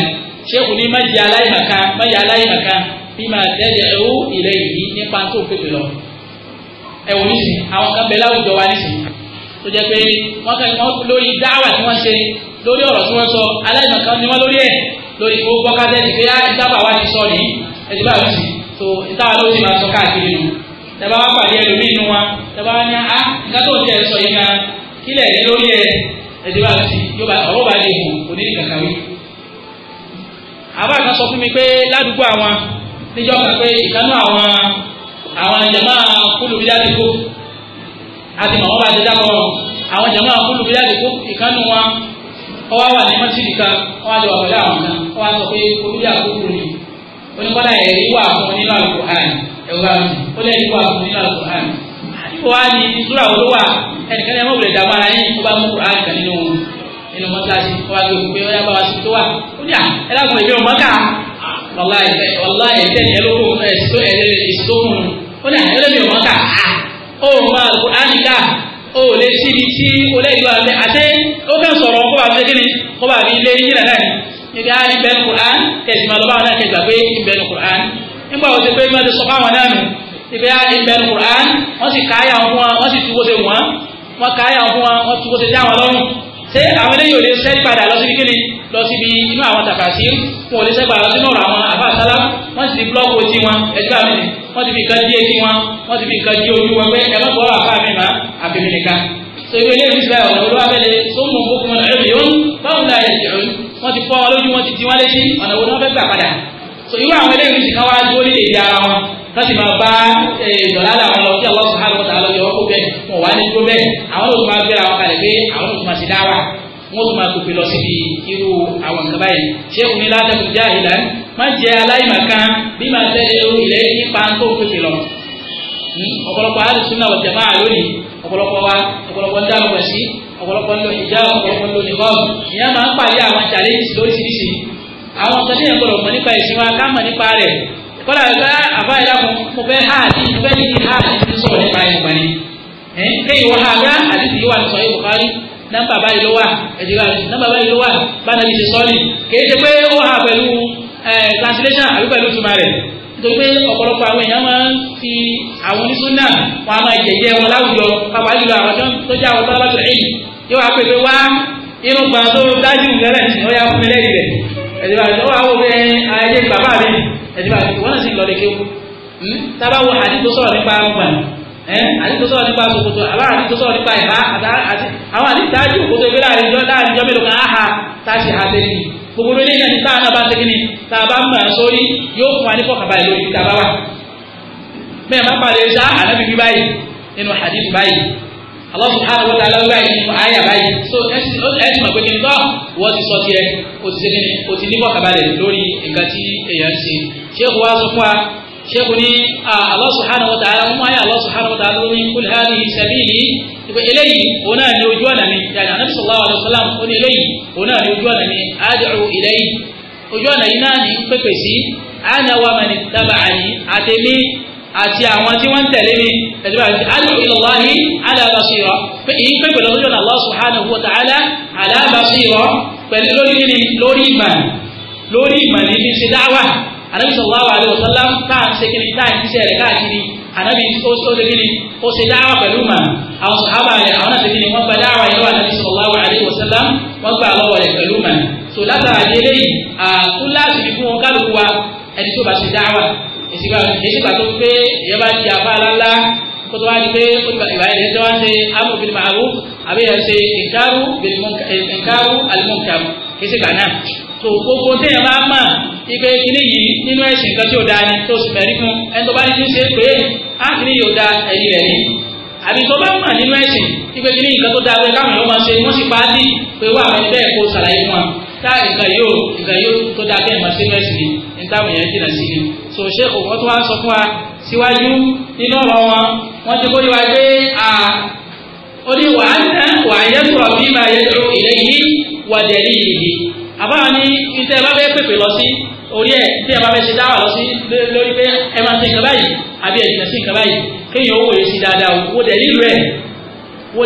sheikh ni má jẹ́ aláìmọ̀ká má jẹ́ aláìmọ̀ká bí máa tẹ́lẹ̀ ẹ̀rú ilẹ̀ yìí nípa tó pépè lọ. ẹ wò nísì àwọn kan bẹ láwùjọ wa nísì tó jẹ́ pé wọ́n kàn lórí da'awa tí wọ́n ṣe lórí ọ̀rọ̀ tí wọ́n sọ aláìmọ̀ká ni wọ́n lórí ẹ̀ lórí mo gbọ́ kásẹ́tì pé dábàá ah, wá ti sọ ní ẹtì bá mi sì tó táwa ló sì máa sọ káàkiri nù tẹ́bá wá pàdé ẹlòmíì nù wa tẹ́bá wá ní a ah, nǹkan tó tẹ̀ sọ yìí kan kílẹ̀ ní lórí ẹ ẹtì bá mi sì ọ̀rọ̀ bá lè wò kò ní ní kàkà wí. àbá kan sọ fún mi pé ládùúgbò àwọn níjọ́ kan pé ìkànnú àwọn àwọn ìjọba kúlùmídàdì àti màwọn bá ti dábọ̀ ọwọ́ wà ní mọ́sídìí kan ọwọ́ àjọ àpẹẹrẹ àwọn náà ọwọ́ àtọ̀ pé olúyà kúkúrú ni onígbọ́dá ẹ̀rí wà fún nínú àlùkò hàn ẹ̀rọ àmì ó lẹ́ẹ̀rí wà fún nínú àlùkò hàn àdìpọ̀ wa ni ìṣúra wo ló wà ẹnìkan ẹ̀ mọ̀wùlẹ̀ dàgbà ara yín tó bá mú kúrò hàn kan nínú nínú mọ́sálásí ọwọ́ àti òkú pé ọ̀yá bá sí tó wà ó ní à ẹ lágùn èmi ò mọ́ ká ọ̀la ẹ̀tẹ́ ẹ̀ lókun ẹ̀sìtókun ó bá fi kíni kó bá fi lé yín náà ní ibi àárín bẹ́ẹ̀ kùrán kẹsì máa lọ bá wọn náà kẹsì gbà pé ìbẹ̀rù kùrán nígbà wo ti pé bí wọ́n ti sọ fáwọn náà nù ibi àárín bẹ́ẹ̀ kùrán wọ́n sì káyà wọn wọ́n sì túwó ṣe wọ́n wọ́n káyà wọn wọ́n túwó ṣe já wọn lọ́rùn àwọn eléyìí ò lè sẹ́rí padà lọ síbi kíni lọ síbi inú àwọn tàkàṣí wọn ò lè sẹ́gbà lọ sínú ọ̀rọ̀ àwọn àbáṣálá wọ́n sì ti blọ́ọ̀kù ojú wọn ẹ̀jú àmì wọ́n ti fi nǹkan dí etí wọn wọ́n ti fi nǹkan dí ojú wọn pé ẹ̀mọ́gbọ́rọ̀ àbá sèwé ilé ìlú ìgbà ọ̀rọ̀ olúwa bẹ́lẹ̀ tó mọ̀ mọ́ fún ọ̀rẹ́ mi òun báwo la yẹ jẹun wọ́n ti fọ́ wọn lójú wọ́n ti di wọ́n létí ọ̀nà wo ni wọ́n fẹ́ gbà padà so irú àwọn ilé ìlú ìsìnká wa dúró nílé ìdí ara wọn wọ́n ti máa bá ìdọ̀lá làwọn lọ sí Allah subhanahu wa ta'ala yọ ọkọ bẹ́ẹ̀ wọn wà ní dúró bẹ́ẹ̀ àwọn ló máa gbéra wọn kalẹ̀ pé àwọn ló máa ti dá wa wọn ló máa tòkè lọ síbi irú àwọn nǹkan báyìí ṣé omi látẹkùn já ìlànà má jẹ aláìmọ̀kan bí máa tẹ́lẹ̀ ilé nípa tó pèsè lọ Hmm? ọ̀pọ̀lọpọ̀ alùsùn náà ọ̀jẹ̀ máa lónìí ọ̀pọ̀lọpọ̀ wa ọ̀pọ̀lọpọ̀ ń dá ọgbà sí ọ̀pọ̀lọpọ̀ ń lo ìjà ọ̀pọ̀lọpọ̀ ń lo nìbọ́ọ̀mù ìyẹn máa ń pàdé àwọn challenges lóríṣiríṣi àwọn kan níyẹn gbọdọ̀ mọ̀ nípa ìsìn wa ká mọ̀ nípa rẹ̀ kọ́lá ẹ̀ka àbáyé lákun mo fẹ́ ha àti mo fẹ́ níbi ha àti ti sọ̀rọ̀ nípa ẹ̀ mọ̀ ni kéyìn wọ́n ha gá àti ti wà sọ yóò kárí nọ́mbà báyìí ló wà ẹ̀dùn nọ́mbà báyìí ló wà bá nàbí ti sọ́ọ̀nì kéyìn ṣe pé ó ha pẹ̀lú translation àbí pẹ̀lú tuma rẹ̀ nítorí pé ọ̀pọ̀lọpọ̀ àwọn èèyàn máa ń fi àwọn onísúnà wọn a máa jẹ̀yẹ́ wọn láwùjọ pàápàá jùlọ àwọn tó jẹ́ àwọn tọ́lá bàtà ẹ̀yìn yóò wá pépé wá inú kan tó dájú gẹ́lẹ́ ní ọ̀yà fún mi lẹ́yìn rẹ̀ ẹ̀dìbà tó wà wọ́n fẹ́ ayé bàbá mi ẹ̀dìbà hmm? tó wọ́n sì lọ́ọ́ lékewu tábà wọ àdìtò sọ̀rọ̀ nípa ọgbọ̀n àdìtò sọ̀rọ̀ nípa sokoto àbá àdìtò sọ̀rọ̀ nípa ìbá àwọn àdìtò dájú òkòtò ìgbéláàrin jọ mélòó kan áhà tá a ṣe àtẹ́lẹ́yìn gbogbo ilé náà ní sáà náà bá ṣe kíni tá a bá mọ̀ ẹ́ sórí yóò fún wa ní fọkàbà ìlú ibi tá a bá wà. bẹ́ẹ̀ má pàdé ṣá ànábi báyìí nínú hadith báyìí Allah subhanahu wa ta'ala báyìí nínú àyà báyìí so ẹ ti mọ̀ pé kíni tọ́ wọ́n ti sọ tiẹ̀ o ti ṣe kíni o ti ní fọkàbà lórí nǹkan tí èèyàn ṣe ṣé kò wá sọ fún wa sheikh ni Allah subhanahu wa ta'ala wọn ayé Allah subhanahu wa ta'ala lórí kul hadhihi sabili ìpè eléyìí òun náà ní ojú ọ̀nà mi yàrá anabi sallallahu alayhi wa sallam ó ní eléyìí òun náà ní ojú ọ̀nà mi ad'u ilayhi ojú ọ̀nà yìí náà ní pépè sí ana wa man ittaba'ani àtẹ̀mí àti àwọn tí wọ́n ń tẹ̀lé mi ẹ̀dùn àti ad'u ala basira pé èyí pépè lọ́jọ́ ọ̀nà Allah subhanahu wa ta'ala ala basira pẹ̀lú lórí ìmọ̀ lórí ìmọ̀ ní fi ṣe dáwà anabi sallallahu alayhi wa sallam tá à ń ṣe kí ni tá à ń ṣiṣẹ́ rẹ̀ káàkiri anabi ó ṣe kí ni ó ṣe dáwà pẹ̀lú mà àwọn sàhábà rẹ̀ àwọn náà ṣe kí ni wọ́n gba dáwà yẹn lọ́wọ́ anabi sallallahu alayhi wa sallam wọ́n gba lọ́wọ́ rẹ̀ pẹ̀lú mà so látara di eléyìí àkúláàsì fi fún wọn kálukú wa ẹni tó bá ṣe dáwà èsìgbà tó pé ìyẹn bá di àbá aláńlá kótó wá di pé ìwà ẹ̀rẹ́ tó wá ṣe amú bil ma'ruf àbí ẹ̀ ṣe ìkárú àlùmọ̀ǹkàrú èsìgbà náà so gbogbo téèyàn bá máa ipe kini yìí nínú ẹ̀sìn kan tí ó dáa ni tó sì mẹ́rí fún ẹni tó bá ní kí ń ṣe pé á kiri yìí ó da ẹ̀yìn rẹ̀ ni àbí tó bá mọ̀ nínú ẹ̀sìn ipe kini nǹkan tó dáa pé káwọn èèyàn máa ṣe wọ́n sì pa á dì pé wọ́n àwọn bẹ́ẹ̀ kó ṣàlàyé fún wa táà nǹkan yóò nǹkan yóò tó dáa pé màá ṣe mẹ́sì ni ní táwọn èèyàn jìnnà sí ni so ṣé òwò tó wá sọ fún wa síwájú nínú ọ̀rọ̀ wọn wọ́n ti kó níwájú pé à ó ní orí ẹ̀ tí ẹ bá fẹ́ ṣe dáwà lọ sí lórí pé ẹ máa ṣe nǹkan báyìí àbí ẹ̀jìnà sí nǹkan báyìí kéèyàn ó wòye sí dáadáa wo dẹ̀ ìlú ẹ̀ wo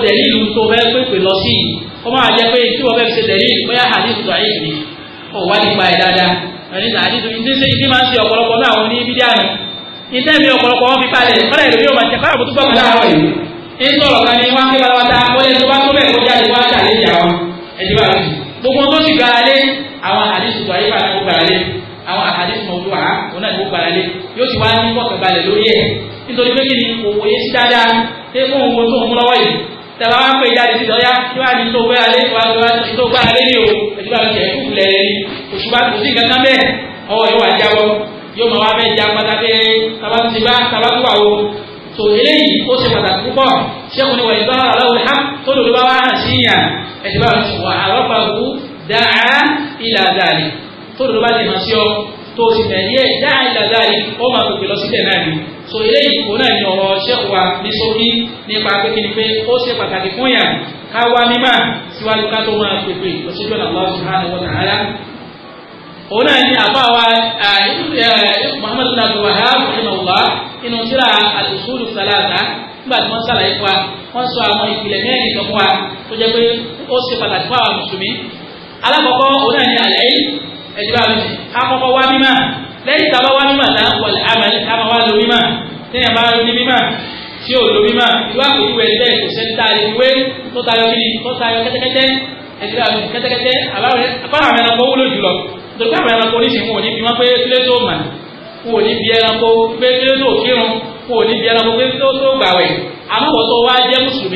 tó fẹ́ pèpè lọ sí yìí kó máa jẹ́ pé tí wọ́n fẹ́ fi ṣe bóyá àdìsù tó ẹ̀ dáadáa àdìsù máa ń ṣe ọ̀pọ̀lọpọ̀ náà àwọn mi ọ̀pọ̀lọpọ̀ wọn àwọn àhàdísì mọ̀ wá òun náà ló gbára lé yóò ti wá ní kọ̀kànbalẹ̀ lórí ẹ̀ nítorí pé kí ni òwò yé sí dáadáa ṣé fún òun tó ń mú lọ́wọ́ yìí tẹ̀wá wá pé jáde sí lọ́yà tí wàá ní tó gbára lé tó gbára lé ní o ẹ̀dúrà ló jẹ́ kú lẹ̀ ní òṣùpá kò sí nǹkan náà bẹ́ẹ̀ ọwọ́ yóò wá jábọ́ yóò máa wá bẹ́ẹ̀ já pátá pé tabatibá tabatibá o tò eléyìí ó ṣe pàtàkì púpọ̀ ṣẹ́kùn ni wà ní báwa aláwọ̀ lẹ́hàm tó lòdì bá hàn síyàn ẹ̀dúrà wà àlọ́pàá kú dáa ìlà dáa tó dòdò bá lè hàn sí ọ tó sì tẹ̀lé ẹ̀ dáa ìlàdáàrí ó máa pèpè lọ síbẹ̀ náà ni so eléyìí kò náà ní ọ̀rọ̀ ṣẹ́kù wa ní sókí nípa pé kí ni pé ó ṣe pàtàkì fún yà ká wá mímà síwájú ká tó máa pèpè lọ sí jọ́nà Allah subhanahu wa ta'ala òun náà ní àbá wa Muhammad bin Abdul Wahhab rahimahullah inú tíra al-usulu salasa nígbà tí wọ́n sàlàyé fún wa wọ́n sọ àwọn ìpìlẹ̀ mẹ́rin kan fún wa tó ẹ̀jẹ̀ bá mi sì akọ́kọ́ wá mímọ́ lẹ́yìn tá a bá wá mímọ́ là ń wọlé àmàlẹ́ tá a bá wá lo mímọ́ téèyàn bá ní mímọ́ tí ò lo mímọ́ irú àpèjúwe ẹ̀ bẹ́ẹ̀ kò sẹ́ni tá a lè wé tó tayọ kí ni tó tayọ kẹ́tẹ́kẹ́tẹ́ ẹ̀jẹ̀ bá mi sì kẹ́tẹ́kẹ́tẹ́ àbáwọn ẹranko wúlò jùlọ nítorí àwọn ẹranko oníṣìí wọn ò ní bí wọn pé kílé tó mà wọn ò ní bí ẹranko pé kílé tó kírun wọn ò ní bí ẹranko pé kílé tó gbàwẹ̀ àmọ́ wọ́n jẹ́ mùsùlùmí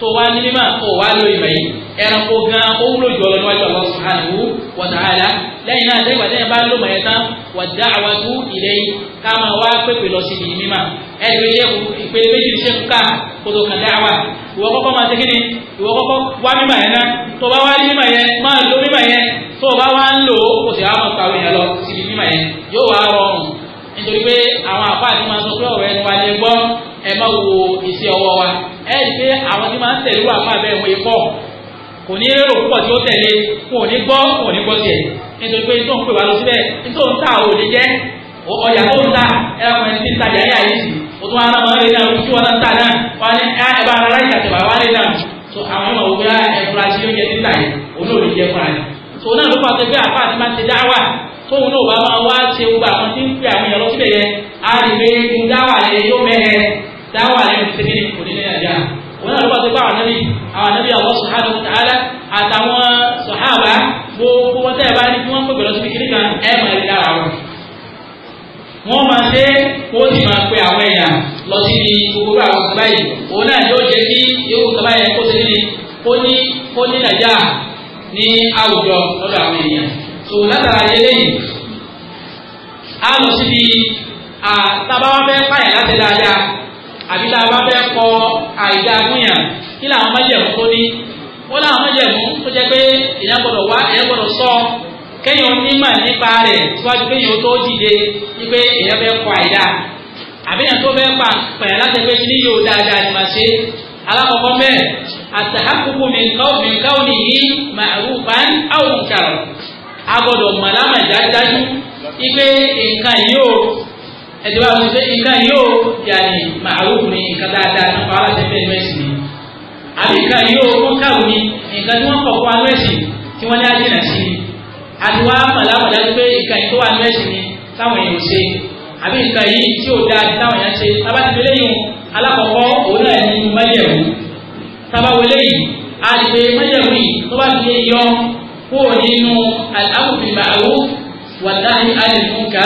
tó wá nílé mà kó wá lórí bẹ̀yì ẹranko gan ó wúlò jù ọ lọ níwájú Allah subhanahu wa ta'ala lẹ́yìn náà lẹ́yìn wàdí yẹn bá ló mọ̀ yẹn tán wà dá àwọn tó ilé yìí ká máa wá pépè lọ síbi yìí mímà ẹni wọ́n yẹ ìpele méjì ṣe ń ká kótó kan dá wa ìwọ kọ́kọ́ máa tẹ́kí ni ìwọ kọ́kọ́ wá mímà yẹn náà tó bá wá mímà yẹn máa lo mímà yẹn tó bá wá ń lò ó kò sì á máa pàrọ̀ ẹ rí i pé àwọn tí máa ń tẹ̀lé wà fún abẹ́ ìwé pọ̀ kò ní rérò púpọ̀ tí ó tẹ̀lé wọn ò ní gbọ́ wọn ò ní gbọ́ tiẹ̀ nítorí pé nítorí pé wà lọ síbẹ̀ nítorí ta ò lè jẹ́ ọjà tó ń ta ẹ̀rọ̀kùnrin ti ń tajà yà yìí o tún wá náà wọn lè náà tí wọn náà ń ta náà wọn ní ẹ bá ara láyé àtẹ̀wá wọn lè náà so àwọn ọmọ òwe ẹ̀fúra tí ó jẹ títà yìí òun ò lè jẹ fúnra rẹ̀ so náà ló fà pé àpá àti máa ti dá wà tóun náà bá máa wá ṣe gbogbo àwọn tí ń pè àwọn èèyàn lọ síbẹ̀ yẹn á lè gbé dáwà lè yóò mẹ́rẹ̀ẹ́ dáwà rẹ̀ ti ní onílé nàìjíríà wọn náà ló bá ti bá ànábì àwọn ànábì Allah subhanahu wa ta'ala àtàwọn sàhábà gbogbo wọn tẹ́lẹ̀ bá ní kí wọ́n pè pẹ̀lú síbi kìnìkan ẹ̀ máa rí lára wọn. wọ́n máa ṣe ó sì máa pe àwọn èèyàn lọ sí ibi gbogbo àwọn kaba yìí òun náà yóò jẹ́ kí ewu kaba yẹn kó ti ní kó ní kó ní àwùjọ lọ́dọ̀ àwọn èèyàn. so látara eléyìí a lọ síbi àtàbáwá fẹ́ pààyàn láti dáadáa àbí tá a bá fẹ́ kọ àìdá gúnyàn kí làwọn májẹ̀mú tó ní ó láwọn májẹ̀mú tó jẹ́ pé èèyàn gbọ́dọ̀ wá èèyàn gbọ́dọ̀ sọ kéèyàn nímọ̀ nípa rẹ̀ síwájú kéèyàn tó dìde wípé èèyàn fẹ́ kọ àìdá àbí èèyàn tó fẹ́ pa pẹ̀lú láti pé ní yóò dáadáa ni màá ṣe alákọ̀ọ́kọ́ bẹ́ẹ̀ àtàkùkù mìǹkáwó ni yìí màrúfan áwùnkàrọ̀ a gbọ́dọ̀ mọ̀ lámà dájúdájú wípé nǹkan yìí ó ẹ̀jẹ̀ bá wọn ṣe nǹkan yóò yàrá màálùú ni nǹkan dáadáa nípa aláṣẹ bẹ́ẹ̀ lọ́ẹ̀sì ni àbí nǹkan yóò wọ́n kàwé ni nǹkan tí wọ́n kọ̀ọ̀kan lọ́ẹ̀sì tí wọ́n ní àjìnà sí ni àti wọ́n á mọ̀lá mọ̀lá pé nǹkan tó wà lọ́ẹ̀sì ni táwọn èèyàn ṣe àbí nǹkan yìí tí ò dáa táwọn èèyàn ṣe tábàtì lẹ́yìn alákọ̀ọ́kọ́ òun náà ní májẹ̀mú tábàwọ̀ lẹ́yìn àti pé májẹ̀mú yìí tó bá fi yọ kúrò nínú al-amru bil wàláhì alìmúkà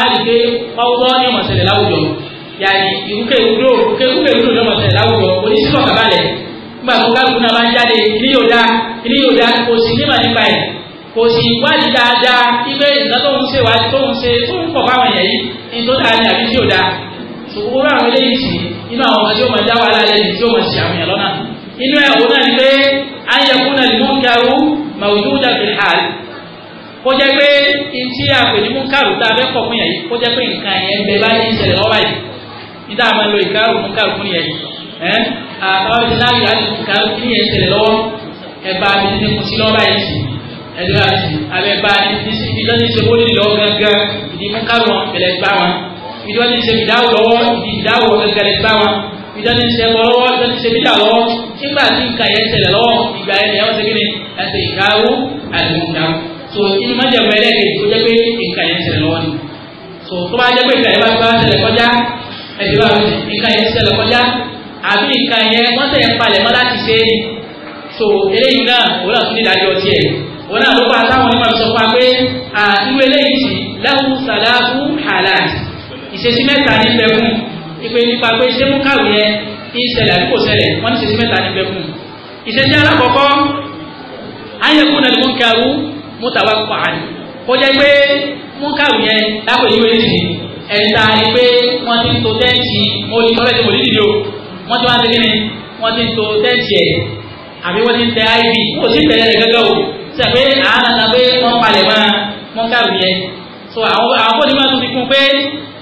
àrígbé ọgbọ́ ní ọmọ̀sẹ̀lẹ̀ láwùjọ yàní ìrúkèrúdò ìrúkèrúdò ní ọmọ̀sẹ̀lẹ̀ láwùjọ oníṣìṣọ́ kàbálẹ̀ nígbà tó kágun náà bá ń jáde ilé yòdá ilé yòdá kò sí nímọ̀ nípa ẹ̀ kò sí wádìí dáadáa ibẹ̀ ìdá tó ń ṣe wádìí tó ń ṣe tó ń pọ̀ báwọn èèyàn yìí ní tó dáa ní àbí tí yòdá ṣùgbọ́n àwọn eléyìí sì inú àwọn ọmọ tí ó máa dá wàhálà lẹ́yìn tí ó máa ṣe àwọn èèyàn lọ́nà inú ẹ̀ òun náà ni pé ayẹkùn náà ni mọ́ńkàrú màwùjú dàbí hàl kó jẹ́ pé ntí àpènímú kàrú tá a fẹ́ kọ̀ fún yẹn yìí kó jẹ́ pé nǹkan yẹn bẹ báyìí ń ṣẹlẹ̀ lọ́wọ́ yìí níta àmọ́ lo ìkárù mú kàrú fún yẹn yìí ẹ́ àtàwọn ti láyò láti kàrú kí yẹn ṣẹlẹ̀ lọ́wọ́ ẹ bá mi ní kùsí lọ́wọ́ yìí sí ẹ ti rà sí abẹ bá mi ní sí ibi lọ́sí ṣe wọlé lọ gángan ìdí mú kàrú wọn pẹ̀lẹ́ gbá wọn ìdí wọ́n ti ṣe ìdáwó lọ́wọ́ ìdí ìdáwó gángan gbá wọn ìdáni ṣe bọ lọ́wọ́ ìdáni ṣe bídà lọ́wọ́ nígbà tí nǹkan yẹn ṣẹlẹ̀ lọ́wọ́ ìgbà yẹn ni ẹ wọn ṣe kí ni ẹ ṣe ìkáwó àti ìdáwó so ní májàmú ẹlẹ́kẹ̀ẹ́ tó jẹ́ pé nǹkan yẹn ṣẹlẹ̀ lọ́wọ́ ni so tó bá jẹ́ pé nǹkan yẹn bá bá ṣẹlẹ̀ kọjá ẹ̀sìn bá nǹkan yẹn ṣẹlẹ̀ kọjá àbí nǹkan yẹn wọ́n tẹ̀ palẹ̀ mọ́ láti ṣe é so eléyìí náà òun náà tún ní ìdájọ́ tiẹ̀ òun náà ló bá táwọn onímọ̀ sọ fún wa pé irú eléyìí sì lẹ́hùn sàlàkù halal ìṣesí mẹ́ta ní bẹ́kùn ìpè nípa pé ṣé mú káwé yẹn ìṣẹ̀lẹ̀ àbí kò ṣẹlẹ̀ wọ́n ní ìṣesí mẹ́ta ní bẹ́kùn ìṣesí alákọ̀ọ́kọ́ ayẹ̀kùn náà mútàwá kọ́ àní kó jẹ́ pé múkàwù yẹn lápò ìwé nìyí ẹ̀ta ni pé wọ́n ti ń to tẹ́ǹtì mọ́lì ọ̀rẹ́ ti mọ̀lì dìde o wọ́n ti wá ti kíni wọ́n ti ń to tẹ́ǹtì ẹ̀ àbí wọ́n ti ń tẹ iv kò sí tẹ̀lé rẹ̀ gẹ́gẹ́ o sàpé àánàta pé wọ́n palẹ̀ mọ́ múkàwù yẹn so àwọn àwọn bóni máa tún fi kún pé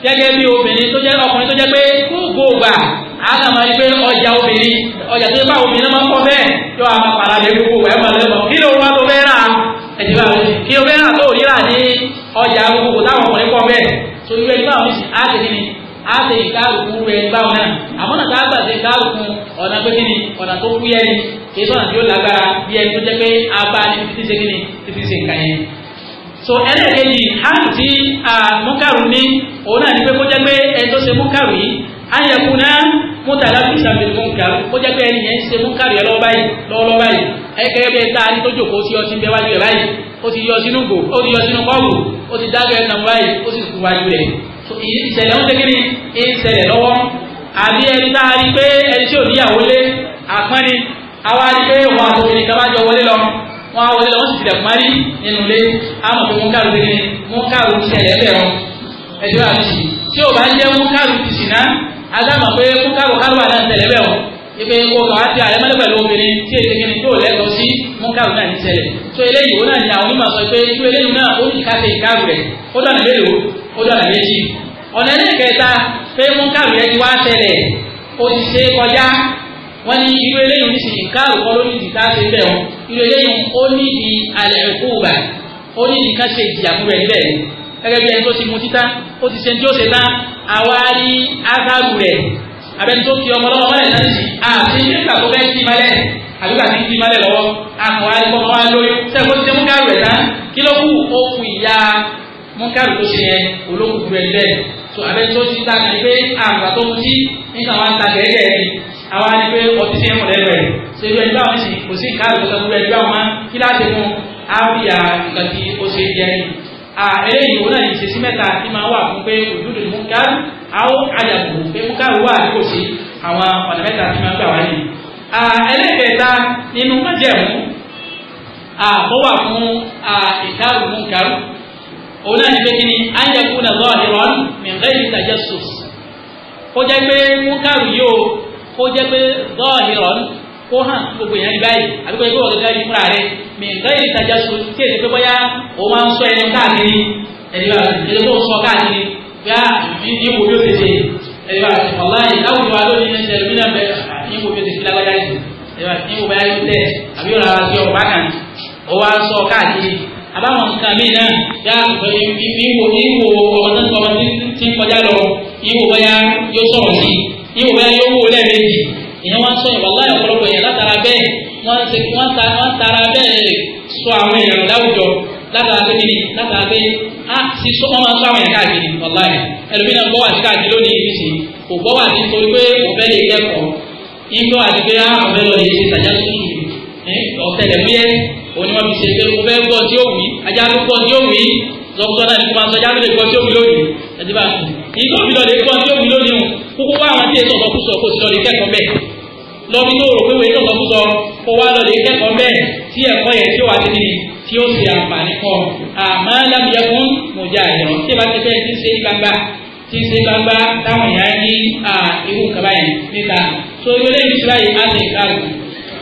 gẹ́gẹ́ bí obìnrin tó jẹ́ ọkùnrin tó jẹ́ pé gbogbo gbà àánàmọ́ ni pé ọjà obìnrin ọjà tó jẹ́ pé àwọn obìnrin náà máa ń kọ́ bẹ́ẹ̀ yọ àwọn àpàlà lè gbogbo ẹ̀ máa lè mọ̀ kí ló wá tó fẹ́ rà ẹ̀jẹ̀ bá rẹ̀ kí o fẹ́ rà tó ríra ní ọjà gbogbo táwọn ọkùnrin pọ̀ bẹ́ẹ̀ tó irú ẹni báwọn sì á ṣe kíni á ṣe ìkárùkù rẹ̀ báwọn náà àmọ́ nàta á gbàgbé ìkárùkù ọ̀nà pé kíni ọ̀nà tó kú yẹni kì í sọ̀nà tí ó lágbára bí ẹni tó jẹ́ pé a bá ní títí ṣe kíni títí ṣe nǹkan yẹn. so ẹlẹ́ẹ̀kejì hàn tí mọ́kàrù ní òun náà ní pé kó jẹ́ pé ẹni tó ṣe mọ́kàrù yìí ayẹ̀kúnná mútàlá fi sàbẹ̀ múnkà ó jẹ́ pé ẹni yẹn ń ṣe múnkàrí lọ́wọ́ báyìí lọ́wọ́ báyìí ẹgẹ́ bẹ́ẹ̀ tá a ní tó jòkó sí ọtí bẹ́ẹ̀ wájú rẹ̀ báyìí ó ti yọ sínú gò ó ti yọ sínú kọ́ọ̀bù ó ti dágẹ̀ nà báyìí ó sì kú wájú rẹ̀ ìṣẹ̀lẹ̀ ń tẹ́kẹ́ ní ìṣẹ̀lẹ̀ lọ́wọ́ àbí ẹni tá a rí pé ẹni tí lé àpọ́nni àwa rí pé wọn àtòkìnì kan bá jọ wọlé lọ wọn wọlé lọ wọn sì tilẹ̀ parí nínú ilé àmọ̀ pé múnkàrú tẹ́kẹ́ ní múnkàrú ìṣẹ̀lẹ̀ tí o bá jẹ́ múkàrù ti sìnà adámọ̀ pé múkàrù kárù wà náà tẹ̀lé bẹ́ẹ̀ o ipe o kàn wá ti ààrẹ mọ́lẹ́ pẹ̀lú obìnrin tí èdè kìíní tó lẹ́tọ̀ọ́ sí múkàrù náà ti tẹ̀lé tó eléyìí òun náà ni àwọn onímọ̀ sọ pé irú eléyìí náà ó ní káfíń ìkárù rẹ̀ ó dọ̀nà mélòó ó dọ̀nà méjì ọ̀nà ẹlẹ́kẹta pé múkàrù yẹn ti wá tẹ̀lé o ti ṣe kọjá wọ́n ní irú eléyìí ní sìn káàrù kọ́ lórí ìdí káàṣe bẹ́ẹ̀ wọn irú eléyìí ó ní di alẹ́ gẹ́gẹ́ bí ẹni tó ti mu títá ó ti ṣe ní tí ó ṣe tán àwa rí ákàrù rẹ̀ abẹ́ni tó fi ọmọ lọ́wọ́ mọ́lẹ̀ náà sí àti nígbà tó fẹ́ kí malẹ̀ àbígbà tí ń kí malẹ̀ lọ́wọ́ àwọn àìkọ́ wa lórí sẹ́kọ́ ti ṣe múkàrù rẹ̀ tán kí ló kù ó kù ìyá múkàrù tó ṣe yẹn olókùn ju ẹ̀ tó abẹ́ni tó ti ta ni pé àgbà tó mu tí nígbà wọn ta gẹ́gẹ́ rẹ̀ àwa ni pé ọtí ṣe ń mọ̀lẹ́ rẹ̀ ṣe ìlú àwọn sì kò sí ìkárù tó ṣe gbogbo ẹgbẹ́ àwọn kí láti mú àwíyá nǹkan tí ó ṣe jẹ́ eléyìí wọn náà ìṣesí mẹ́ta tí máa wà fún pé òdúdó ni munkar àwọn àjàbù pé munkar wà kò sí àwọn ọ̀nà mẹ́ta tí máa gbà wá yìí. ẹlẹ́kẹ̀ẹ́ta nínú májẹ̀mú ó wà fún ìkárù munkar òun náà ní pé kí ni àjẹkù náà lọ́wọ́ ní rọ́ọ̀nù mìíràn yìí tajassus. ó jẹ́ pé munkar yóò ó jẹ́ pé lọ́ọ̀ ní rọ́ọ̀nù kó hàn gbogbo èèyàn ní báyìí àbí kó yẹ kó wọ́n gẹ́gẹ́ yìí fúnra rẹ̀ mi nǹkan yìí ìtajà sùn tí èdè pé bóyá o máa ń sọ ẹni káàkiri ẹni bá ẹni tó ń sọ káàkiri bóyá ìwò yóò ti ṣe ẹni bá ọ̀la ìdáwùjọ wa lónìí ní ẹsẹ̀ ẹlòmínà bẹ ah, ìwò yóò ti fi lágbájá yìí ẹni bá ìwò bá yóò tẹ àbí yóò rárá sí ọ̀pá kan o wá sọ káàkiri àbáwọn nǹkan mi náà yá ìwò ìwò ọmọ tí ń kọjá lọ ìwò bóyá yóò sọ̀rọ̀ sí ìwò bóyá yóò wò lẹ́ẹ̀mejì ìyẹn wá ń sọ ìwà wọ́n ta wọ́n tara bẹ́ẹ̀ sọ àwọn èèyàn láwùjọ látara pé kíni látara pé a ti sọ wọ́n máa sọ àwọn èèyàn káàkiri ọ̀láyà ẹlòmínà gbọ́ wà sí káàkiri lónìí ìrísí kò gbọ́ wà sí torí pé òfẹ́ lè kẹ́kọ̀ọ́ ìgbọ́ àti pé a ah, ọ̀fẹ́ lọ lè ṣe tàjà sùúrù ọ̀tẹlẹ̀ múyẹ́ òní wọn fi ṣe pé mo fẹ́ gbọ́ tí ó wí ajá ló gbọ́ tí ó wí dókítà náà ní kó máa sọ ajá ló lè gbọ́ tí ó wí lónìí ẹ̀dí bá mi ìgbọ́ mi lọ lè gbọ́ tí ó wí lónìí kókó wá àwọn tí èso ọ̀sọ̀kúsọ kò sí lọ lè kẹ́kọ̀ọ́ bẹ́ẹ̀ lọ́bí tó rò pé wọ́n èso ọ̀sọ̀kúsọ kó wá lọ lè kẹ́kọ̀ọ́ bẹ́ẹ̀ tí ẹ̀kọ́ yẹn tí ó wà tẹ́lẹ̀ tí ó ṣe àǹfààní kọ́ àmọ́ lábìyẹ fún mọ̀já àyọ̀ tí ìbá ti fẹ́ ti ṣe gbangba ti ṣe gbangba táwọn èèyàn ní irú kaba yẹn níta so eléyìí ti báyìí á ti káàrù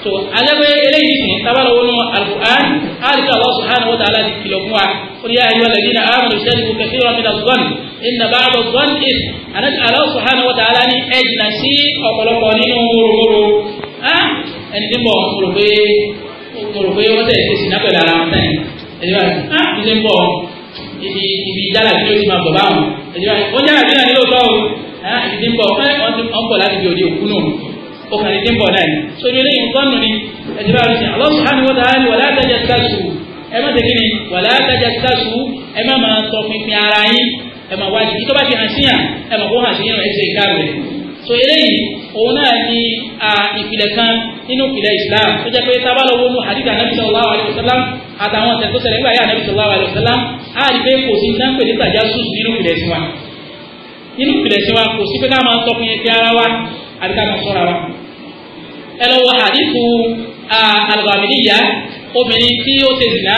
so alẹ́gbẹ́ eléyìí sìn tábàlọ́ wọnú alukur'an alika Allah subhanahu wa ta'ala ti kìlọ̀ fún wa قل يا أيها الذين آمنوا اجتنبوا كثيرا من الظن إن بعض الظن إثم أنا الله سبحانه وتعالى أجنسي أقول قولين ومرمروا ẹni tí ń bọ̀ mo rò pé mo rò pé wọ́n tẹ̀lé ṣèṣì náà pẹ̀lú ara wọn náà ẹ̀dí wa ah mo ti ń bọ̀ ibi ibi jálà bí o ti máa bọ̀ báwọn ẹ̀dí wa ó jálà bí náà ní o ah ibi tí ń bọ̀ ẹ ọ̀n bọ̀ láti di òde òkú náà o kàn ní náà ni sórí eléyìí nǹkan nù ni ẹ̀dí wa ti sàn ọlọ́sùn hàn wọ́n dáhàlì wà látàjà sásù ẹ má tẹ̀kí ni wà látàjà sásù ẹ má máa sọ pinpin ara yín ẹ má wájú tó bá ti hàn òun náà ni ìpìlẹ̀ kan nínú ìpìlẹ̀ islam tó jẹ́ pé tábàlọ́ wọnú hadith anabi sallallahu alayhi wa sallam àtàwọn ọ̀sẹ̀ tó ṣẹlẹ̀ nígbà yá anabi sallallahu alayhi wa sallam á rí pé kò sí ní sáńpẹ̀ ní tajassus nínú ìpìlẹ̀ sí wa nínú ìpìlẹ̀ sí wa kò sí pé ká máa tọkùn yẹn kí ara wa àti ká máa sọ́ra wa. ẹ lọ wọ hadith al-Ghamidiyya obìnrin tí ó ṣe zina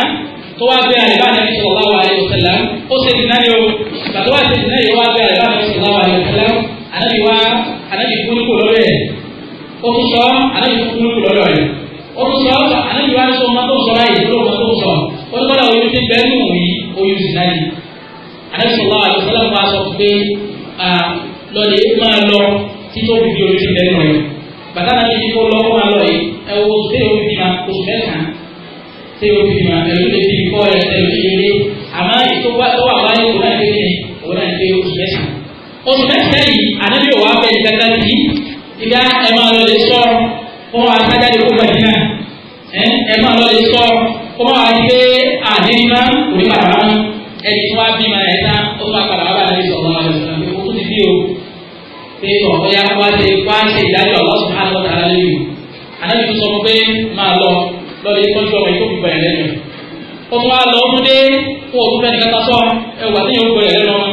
tó wá gbé àlè bá nàbí sallallahu alayhi wa ó ṣe anabi wa anabi kúrú kò lọ́dọ̀ rẹ̀ ó tún sọ anabi kúrú kò lọ́dọ̀ rẹ̀ ó tún sọ anabi wa sọ ọmọ tó sọ láyé ló ọmọ tó sọ ó tún bọ́lá oyún ti bẹ́ẹ̀ nù yí oyún sì náà yìí anabi sọ̀rọ̀ àti sọ́lá wa sọ pé lọ́dẹ̀ máa lọ títí ó fi di oyún ti bẹ́ẹ̀ nù yìí bàtà náà ti di kó lọ́ fún yìí ẹ wo ṣé o fi ma oṣù mẹ́ta ṣé o fi ma ẹ̀rú lè fi kọ́ ẹ̀ ẹ̀rú lè lé àmọ́ ètò wà wáyé òun náà ti fi òun náà ti fi oṣù mẹ́ta oṣù mẹ́ ànábì ò wá fẹ́ ní kankan sí ìdá ẹ máa lọ lè sọ fún wa sájáde kó bàjẹ́ náà ẹ máa lọ lè sọ fún wa pé àdéhùn máa kò ní bàbá mú ẹni tí wọ́n á bí màá ẹ̀ta ó máa padà wá bá ànábì sọ̀rọ̀ máa lọ sọ̀rọ̀ pé kókó ti bí o pé ọ̀pọ̀ ya wá ṣe wá ṣe ìdájọ́ Allah subhanahu wa ta'ala lórí o ànábì tó sọ fún pé máa lọ lọ́ọ̀lẹ́ tọ́jú ọmọ ìkó gbígbà ẹ̀rẹ́ nù ọmọ wa lọ ọdún dé fún ọdún fẹ́ni kátà sọ ẹwà tí yóò gbọ́ ẹ̀rẹ́ lọ́wọ́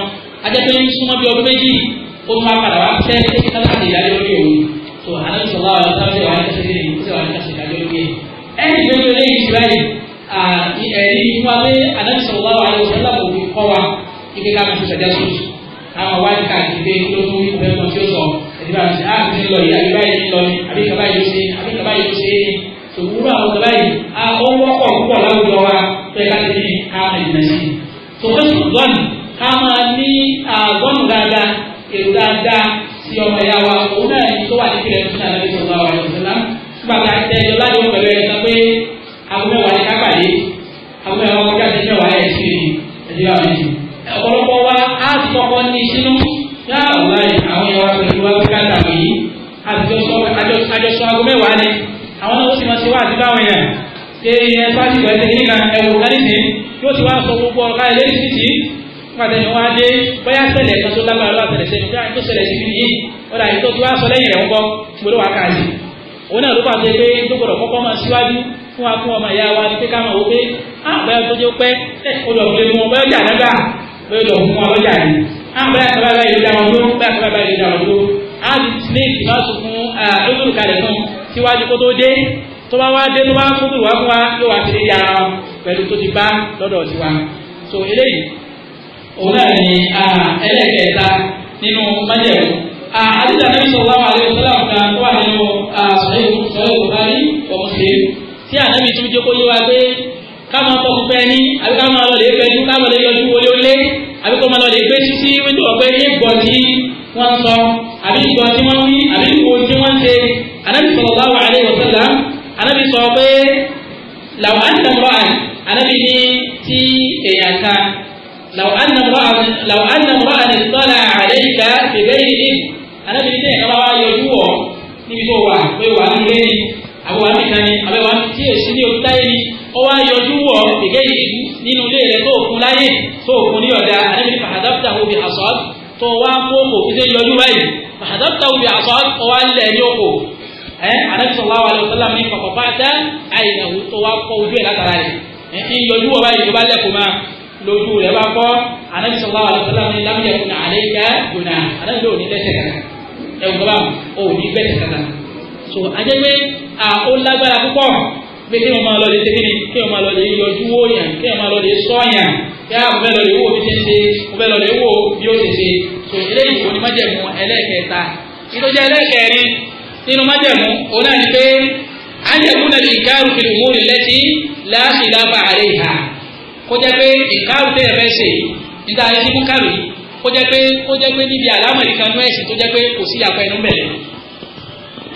ajẹ́pẹ́ súnmọ́ bí ọdún méjì ó tún wá padà wá fẹ́ láti ìdájọ́ lórí òun tó àdájọ́ sọ̀rọ̀ àwọn sábẹ́ wà ní kásìkè ní kó sì wà ní kásìkè ìdájọ́ lórí ẹ̀ ẹ̀yìn lórí eléyìí ti báyìí ẹ̀rí wá pé àdájọ́ sọ̀rọ̀ àwọn àdájọ́ sọ̀rọ̀ àwọn òbí kọ́ wa ibi ká fi sọ̀dá sóòtù àwọn wá ní káàkiri pé kí ló tún wí pẹ́ mọ́ tí ó sọ ẹ̀dí bá ah, ti áàpù ti lọ yìí àbí báyìí ti lọ ni àbí kaba yìí ṣe àbí kaba yìí ṣe sòwúrò àwọn kaba yìí a ó wọ́pọ̀ púpọ̀ láwùjọ wa pé ká ti ní ká ẹ̀dínà sí i. sòwúrò sòwúrò ká máa ní àgọ́nù dáadáa èrò dáadáa sí ọmọ ìyá wa òun náà ní tó wà ní kílẹ̀ fún sàlẹ̀ fún ọmọ àwọn ìṣẹ̀lá nígbà tá a tẹ ẹjọ́ láti wọ́n pẹ̀lú ẹ̀ sọ pé àwọn mẹ́wàá ní kápàdé àwọn mẹ́wàá kọjá ti mẹ́wàá ẹ̀ sí ẹ̀dí wa méjì ọ̀pọ̀lọpọ̀ wa á ti kọ́kọ́ ní sínú yàrá láì àwọn ìyá wa pẹ̀lú wa ká dàbí yìí àjọṣọ aago mẹ́wàá ni àwọn náà ó sì máa ṣe wá fàtẹ́yìn wá dé bóyá ṣẹlẹ̀ kan tó lágbára lọ́wọ́ àtẹ̀lẹ̀ sẹ́yìn bóyá tó ṣẹlẹ̀ sí yìí ó dà yìí tó tó wá sọ lẹ́yìn rẹ̀ ń bọ́ gbọ́dọ̀ wá káàdì òun náà ló bá jẹ pé tó gbọ́dọ̀ kọ́kọ́ máa síwájú fún wa fún ọmọ ìyá wa ni pé ká máa wo pé á ah, bóyá tó jẹ́ pẹ́ olùdókòlè mu bóyá jà náà gbà bóyá lọ fún wa lọ́jà ni á ah, bóyá tó bá bá yẹ dáwọn dúró bóyá tó bá bá yẹ dáwọn dúró á ti tilé ìtìmọ́sùn fún olùdókòlè kalẹ̀ fún síwájú kó tó dé tó bá wá dé tó bá fún wa fún wa yóò wá ti dé yàrá pẹ̀lú tó ti bá lọ́dọ̀ so eléyìí òun náà ní ẹlẹ́kẹ̀ẹ́ta nínú májẹ̀mú. àdìsá náà sọ wá wàlẹ́ òṣèlú kan tó wà nínú sọ̀rọ̀ ìbùkárí ọ̀mùsẹ̀ tí ànábì tún jẹ́ kó yé wa pé ká máa kọ́ fúnpẹ́ ní àbí ká máa lọ lè fẹ́ ká máa lè yọjú wọlé olé àbí kó máa lọ lè gbé títí wíńdò ọ̀pẹ́ ní ìgbọ̀ tí wọ́n sọ àbí ìgbọ̀ tí wọ́n wí àbí ìgbọ̀ tí wọ́n ṣe ànábì sallallahu alaihi wasallam ànábì sọ pé làwọn àti tàbí làwọn ànàmọ́ àdìsọ́lá àlẹ́yìká bèbè yìí anábìrin tẹ̀ kaba wa yọjú wọ̀ níbi tó wà pé wà á lé ní àwọn àmì kan ní àbẹ̀ wà tí èsì ní òkúta yìí ni ó wá yọjú wọ̀ bèbè yìí nínú ilé rẹ̀ tó kún láyé tó kún ní ọ̀dà anábìrin fàdàpítà òbí àṣọ tó wá kó òkúté yọjú báyìí fàdàpítà òbí àṣọ ó wá lẹ̀ ní òkò ẹ àdàpítà òbí àṣọ lójú rẹ̀ bá kọ́ anabi sallallahu alaihi wasallam ní lámìyà kùnà àlẹ́yà gbònà anabi ló ní lẹ́sẹ̀ kan ẹ̀wù gbọ́dọ̀ ò ní bẹ́sẹ̀ kan so ajẹ́gbẹ́ à ó lágbára púpọ̀ pé kí wọ́n máa lọ lè ṣe kí ni kí wọ́n máa lọ lè yọjú wóyàn kí wọ́n máa lọ lè sọ́yàn kí wọ́n fẹ́ lọ lè wò bí ṣe ń ṣe wọ́n fẹ́ lọ lè wò bí ó ṣe ṣe so eléyìí kò ní májẹ̀mú ẹlẹ́ẹ̀kẹta ìtọ́jú ẹlẹ́ẹ̀kẹrin nínú májẹ̀mú òun náà ni pé ayẹ̀kú náà lè ká rúfin lẹ́sìn láti lábàárẹ̀ ìhà kó jẹ́ pé ìkárù tẹ́ ẹ fẹ́ ṣe níta ẹ ti mú kárù yìí kó jẹ́ pé kó jẹ́ pé níbi àlámọ̀rí kan nú ẹ̀sìn tó jẹ́ pé kò sí yàpẹ̀nu bẹ̀rẹ̀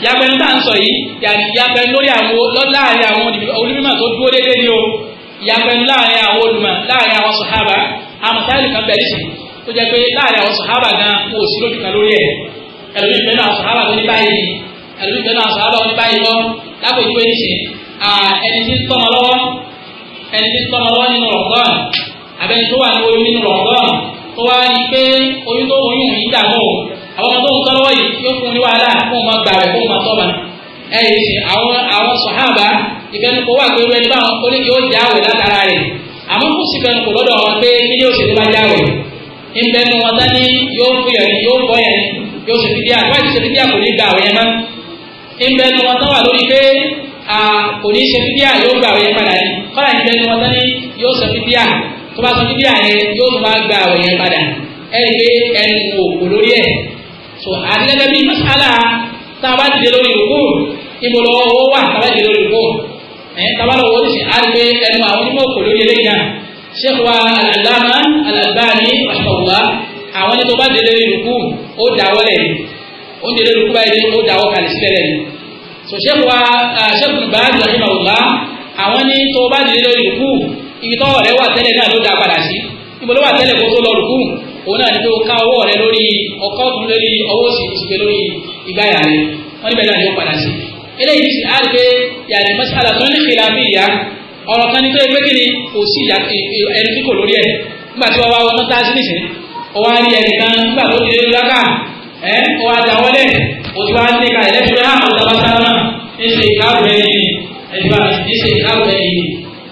yàpẹ̀nu tá à ń sọ yìí yàpẹ̀nu lórí àwọn láàrin àwọn onímọ̀ tó dúró déédéé ni o yàpẹ̀nu láàrin àwọn olùmọ̀ láàrin àwọn sàhábà àmọ̀tálì kan bẹ̀rẹ̀ sí tó jẹ́ pé láàrin àwọn sàhábà gan kò sí lójú kan lórí ẹ̀ ẹlòmíì bẹ́ẹ̀ náà sàhábà tó ní báyìí ẹlòmíì bẹ́ẹ̀ náà sàhábà tó ní báyìí lọ lápò ìgbé ẹni tí tọ́mọ wọ́n nínú Ramadan abẹ́ni tó wà ní oyún nínú Ramadan tó wá rí pé oyún tó oyún yìí dààmú o àwọn ọmọ tó ń tọ́lọ́wọ́ yìí yóò fún un ní wàhálà fún un máa gbà rẹ̀ fún un máa tọ́ba ẹ yìí ṣe àwọn àwọn sọ̀hábà ìfẹnukò wà pé wẹ́n bá wọn kólé yóò já àwẹ̀ látara rẹ̀ àmọ́ kò sí fẹnukò lọ́dọ̀ wọn pé mílíọ̀nù ṣe ló bá já àwẹ̀ ìfẹnu wọn dání yóò fún yẹn yóò bọ́ yẹn yóò ṣe fídíà wáyé ṣe fídíà kò ní gbà àwẹ̀ yẹn mọ́ ìfẹnu wọn tán lórí pé kò ní ṣe fídíà yóò gba àwẹ̀ padà ní kọ́lá ìjẹ́ ni wọ́n tán ní yóò sọ fídíà tó bá sọ fídíà yẹn yóò tó gba àwẹ̀ padà ẹni pé ẹnu òkú lórí ẹ̀ so àdìgẹ́gẹ́ bí masala tá a bá dìde lórí òkú ibo lọ owó wà tá a bá dìde lórí òkú ẹ̀ tá a bá lọ wọ́n sì á gbé ẹnu àwọn onímọ̀ òkú sheikh wa al-allama al-albani rahimahullah dìde lórí òkú ó dáwọ́ lẹ̀ ó dìde lórí òkú báyìí ó dáwọ́ kàlẹ́ sílẹ̀ lẹ́nu so sheikh wa uh, sheikh Baz rahimahullah àwọn ní tó bá dìde lórí rùkú ibi tọ́wọ́ rẹ wà tẹ́lẹ̀ náà ló dá padà sí ibo ló wà tẹ́lẹ̀ kó tó lọ rùkú òun náà ní tó ká ọwọ́ rẹ lórí ọkọ́ tún lórí ọwọ́ sì ti gbé lórí ìgbáyà rẹ wọ́n níbẹ̀ náà ló padà sí eléyìí sì á rí pé yàrá mas'ala tó ní khilafiyya ọ̀rọ̀ kan ní tó yẹ ẹ ọ àdáwọlẹ o ti wá ní ká ẹlẹ́tì rẹ àwọn ọ̀dà bàtà náà ń ṣe ìkárù rẹ yìí ẹ̀dí bá ń ṣe ìkárù rẹ yìí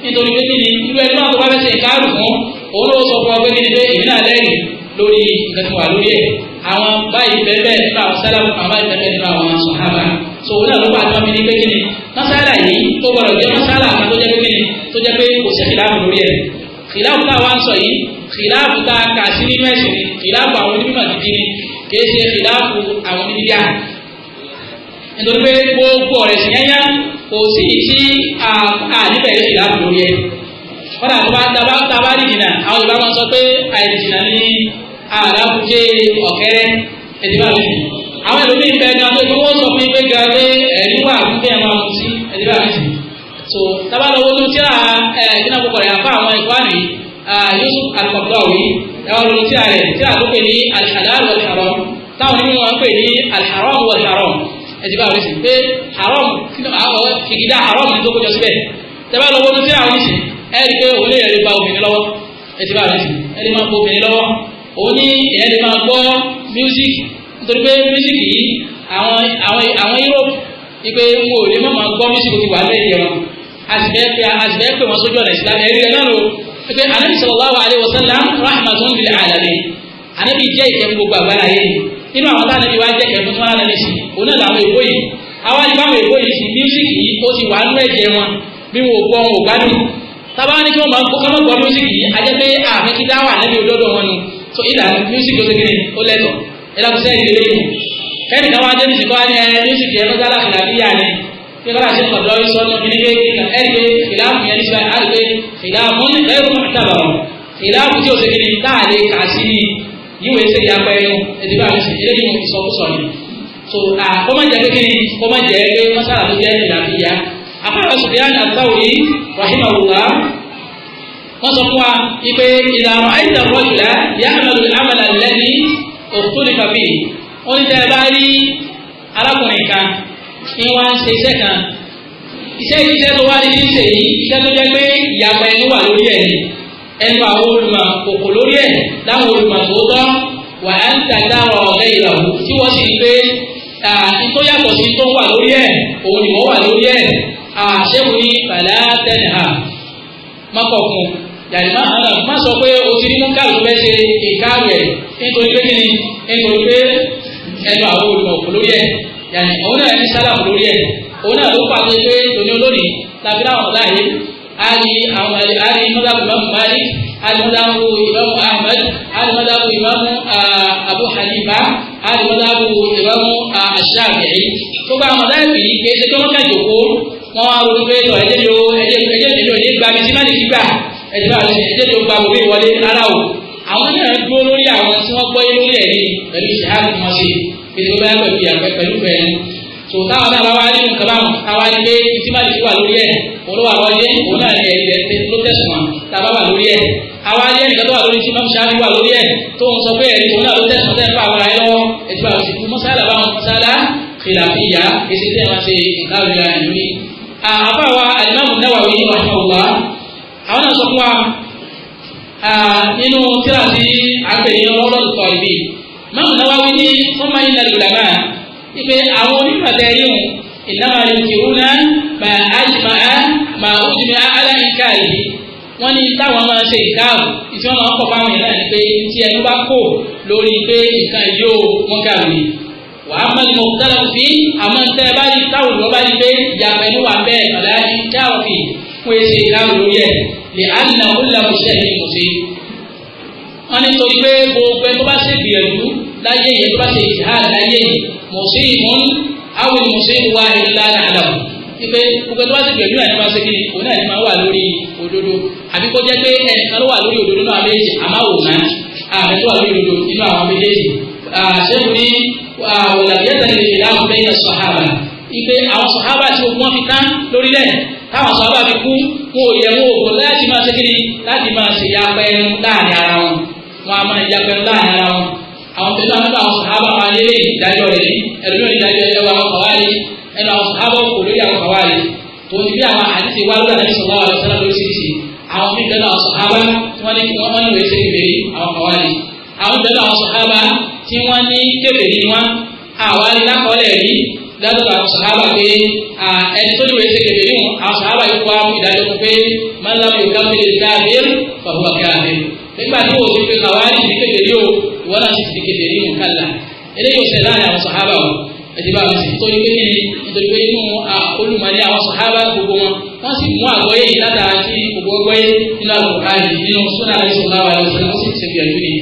nítorí pé kí ni irú ẹni máa tó bá fẹ́ ṣe ìkárù fún òun ló sọ fún ọ pé kí ni pé èmi náà lẹ́rìí lórí ìkẹtù wà lórí ẹ̀ àwọn báyìí bẹ́ẹ̀ nínú àwọn sálábù àwọn ìbẹ̀rẹ̀ nínú àwọn sọ̀hábà so òun náà ló bá tọ́ mi ní pé kí ni masala yìí tó gbọdọ̀ jẹ́ masala kan tó jẹ́ pé kí ni tó jẹ́ pé kò sí kìláàbù lórí ẹ̀ kìláàbù táwa ń sọ yìí kìláàbù tá a kà sí nínú ẹ̀sìn kìláàbù àwọn onímọ̀ gidi ni kìí ṣe ìdáàbò àwọn oníbíyà nítorí pé gbogbo ọ̀rẹ́ sì yányá kò sí sí àníbẹ̀rẹ̀ ìdáàbò lórí ẹ̀ kọ́dà tó bá tábà tábà rí jìnnà àwọn Yorùbá máa ń sọ pé àìjìnnà ní àràbùjẹ ọ̀kẹ́rẹ́ ẹ̀dínwá mi àwọn ẹlòmíín bẹ́ẹ̀ gan pé wọ́n sọ fún mi pé gan pé ẹ̀rí ẹ̀ máa mú sí ẹ̀dínwá mi so tábà lọ́wọ́ tó tíra ẹ̀ kí náà kọ́kọ́ rẹ̀ àfa Ah, Yusuf al-Qaradawi ẹ̀wọ̀n ló ti àrẹ̀ tí a tó pè ní al-halal wal-haram táwọn onímọ̀ wọn pè ní al-haram wal-haram ẹ̀dí bá wọn sì pé haram ìgidá haram ní tó kọjọ síbẹ̀ tẹ́lá lọ́wọ́ tó tẹ́ àwọn ìsìn ẹ̀rí pé òun lè rí ba obìnrin lọ́wọ́ ẹ̀dí bá wọn sì ẹ̀rí máa bọ obìnrin lọ́wọ́ òun ní ẹ̀rí máa gbọ́ music nítorí pé music yìí àwọn Europe ipe mo ò lè má máa gbọ́ music òkè wà lẹ́yìn ẹ̀rọ àsìbẹ́ pé wọ́n sójú ọ̀nà ìsìlámù ẹ̀rí ẹ̀ náà pé anabi sallallahu alayhi wa sallam rahmatun lil alamin anabi jẹ́ ìkẹ́mi gbogbo àgbára yẹn nínú àwọn tá anabi wá jẹ́ ìkẹ́mi tó wọn anabi sí òun náà làwọn èkó yìí àwọn àdìbáwọn èkó yìí sí mísíkì yìí ó ti wà nú ẹ̀jẹ̀ wọn bí wọn ò gbọ́ wọn ò gbádùn tábà ní kí wọ́n máa kọ́ mọ́kọ́ mísíkì yìí ajẹ́ pé àmì kí dáwà anabi òdodo wọn nu so ìlà mísíkì ó ti kiri ó lẹ́tọ̀ ìlà kò sẹ́yìn lé tí bá àti ọ̀dọ́ yìí sọ́nù kí ní pé ẹ̀ẹ́dẹ́ ìlàmù yẹn nígbà àgbẹ̀ ìlàmù lẹ́rù àtàbà ìlàmù tí o ṣe kiri láàrin kà sí yíwò ẹsẹ̀ ìyapa ẹnu ẹ̀dí bá àti eléyìí mú ìsọkúsọ ni. so kó má jẹ pé kí ni kó má jẹ pé wọ́n sábà tó jẹ́ ìlànà ìyá. àpárá Sufyan àtàwòrí rahimahullah wọ́n sọ fún wa pé ìlànà àìsàn rọ́jùlá yá àmàlù àmàlà lẹ́ni òkútó ní kàbí. wọ́n ní tẹ́ ẹ bá rí arákùnrin kan ní wá ń ṣe iṣẹ́ kan iṣẹ́ ìṣiṣẹ́ tó wá dídí ṣe yìí iṣẹ́ tó jẹ́ pé ìyàpá ẹnu wà lórí ẹ̀ ni ẹnu àwọn olùmọ̀ kòkò lórí ẹ̀ láwọn olùmọ̀ tó tọ́ wà á ń tàgbà ọ̀rẹ́ ìràwọ̀ tí wọ́n sì ń pé tó yàtọ̀ sí tó wà lórí ẹ̀ òun ni wọ́n wà lórí ẹ̀ àṣẹ́wò ní bàlá tẹ̀lé ha mọ́kọ̀kùn yàrá má hàn án má sọ pé o ti rí mú káàlù fẹ́ ṣe ìkáàrù ẹ̀ nítorí pé kíni nítorí pé ẹnu àwọn olùmọ̀ kò lórí ẹ̀ yàní òun náà ní sálàmù lórí ẹ̀ òun náà ló pàṣẹ pé tòní olónìí tàbí láwọn ọ̀la yìí àrí àwọn ẹ̀rí àrí mọ́dàbù ìmáàmù Malik àrí mọ́dàbù ìmáàmù Ahmed àrí mọ́dàbù ìmáàmù Abu Hanifa àrí mọ́dàbù ìmáàmù Shafi'i tó bá àwọn ọ̀dáyẹ̀bì yìí pé ṣe tó wọ́n kàn jòkó wọ́n wá ronú pé tọ̀ ẹ̀jẹ̀ tó ẹ̀jẹ̀ tó ní gbàgbé sí máa lè fi gbà ẹ̀jẹ̀ tó gbàgbó bí wọlé rárá o àwọn náà dúró lórí àwọn tí wọn ṣe ètò bá yàtọ̀ fi àpẹ pẹ̀lú pẹ̀lú tó táwọn náà wá nínú kaláàmù táwa ní pé tí má lè fi wà lórí ẹ̀ olówó àwọn ọdẹ òun náà ní ẹ̀rí rẹ̀ ló tẹ̀sùn wọn táwa wà lórí ẹ̀ àwa ní ẹnìkan tó wà lórí tí má sáré wà lórí ẹ̀ tó ń sọ pé ẹ̀rí òun náà ló tẹ̀sùn tẹ̀ fún àwọn ayé lọ́wọ́ ètò bá ti kú mọ́sálà bá wọn mọ́sálà ìlàfíyà èsì tẹ̀ wọn ṣe nǹkan ìlà ìlú àbáwa alimami Nawawi rahimahullah àwọn náà sọ fún wa nínú tíra àgbẹ̀yìn ọlọ́dún tọ̀ mọ́mù náà wáwí ní ọmọ yìí nàlẹ́ ìlànà ìpè àwọn onímọ̀tẹ́ yìí ìnáwó àlẹ́ kìrú náà mà ájìmọ̀ á mà òjìmọ̀ á aláìníkà yìí wọ́n ní táwọn máa ṣe ìkáàbù ìtí wọ́n máa ń kọ́ fáwọn yìí náà ni pé tí ẹnu bá kò lórí pé nǹkan yóò wọ́n kàwé wàá mọ ní mọ̀tàlá fi àmọ́ tẹ́ bá rí táwọn olùwọ́ rí pé ìyàpẹ̀ ní wà bẹ́ẹ̀ ọ̀la ní dáhùn fi fún èsì ìdáhùn lórí ẹ̀ lè á nà ó lọ sí ẹ̀yìn kò sí. wọ́n ní torí pé gbogbo ẹni tó bá ṣe láyé yẹn tó bá ṣe jihad láyé yìí mùsùlùmí àwọn mùsùlùmí wà nílá nàlọ́ ipe gbogbo tó bá ṣe gbẹ̀lú ẹ̀ ní ma ṣe kí ni òun náà ní ma wà lórí òdodo àbí kó jẹ́ pé ẹnìkan ló wà lórí òdodo náà méjì àmọ́ wò ná àmì tó wà lórí òdodo nínú àwọn méjèèjì ṣẹ́gun ní òlàbíyẹ́tà lè fi láwọn bẹ́yẹ sọ̀hábà ipe àwọn sọ̀hábà tí ogun wọn fi tán lórílẹ̀ táwọn sọ̀hábà fi kú wọn ò yẹ wọn ò kọ láti máa ṣe kí ni láti máa ṣe yapẹ́nu láàrin ara wọn wọn wọn nínú àwọn àwọn sàhábà wa ní ilé ìdájọ́ rẹ̀ ní ẹ̀rọ ní ìdájọ́ ẹ̀rọ àwọn kàwárí ẹ̀rọ àwọn sàhábà kò lórí àwọn kàwárí tó ti bí àwọn àdìsí wa lórí àdìsí wa lórí sẹ́lá lóríṣiríṣi àwọn mí bẹ́ẹ̀ àwọn sàhábà tí wọ́n ní kí wọ́n wọ́n lè ṣe ìbèrè àwọn kàwárí àwọn bẹ́ẹ̀ àwọn sàhábà tí wọ́n ní kébè ní wọn àwa ní lákọọ́lẹ̀ rí lọ́dọ̀ àwọn sàhábà pé ẹni tó ní wọ́n ṣe kébè ní wọn àwọn sàhábà yìí wá ìdájọ́ fún pé mọ́lá mi ò ká mi lè dáa bẹ́ẹ̀ fàwọn kàwárí nígbà tí wọ́n ti fi kàwárí ní kébè ní o ìwọ́n náà sì ti kéde rí wọn kálá eléyìí ò ṣẹlẹ̀ láàrin àwọn sàhábà o ẹtì bá wọn sì nítorí pé kí ni nítorí pé inú olùmọ̀lẹ́ àwọn sàhábà gbogbo wọn wọ́n sì mú àgbọ́yé yìí látara sí gbogbo ọgbọ́yé nínú àlùkùránì nínú súnà a sọ̀rọ̀ àwọn àwọn sọ̀rọ̀ sì ṣe gbìyànjú ni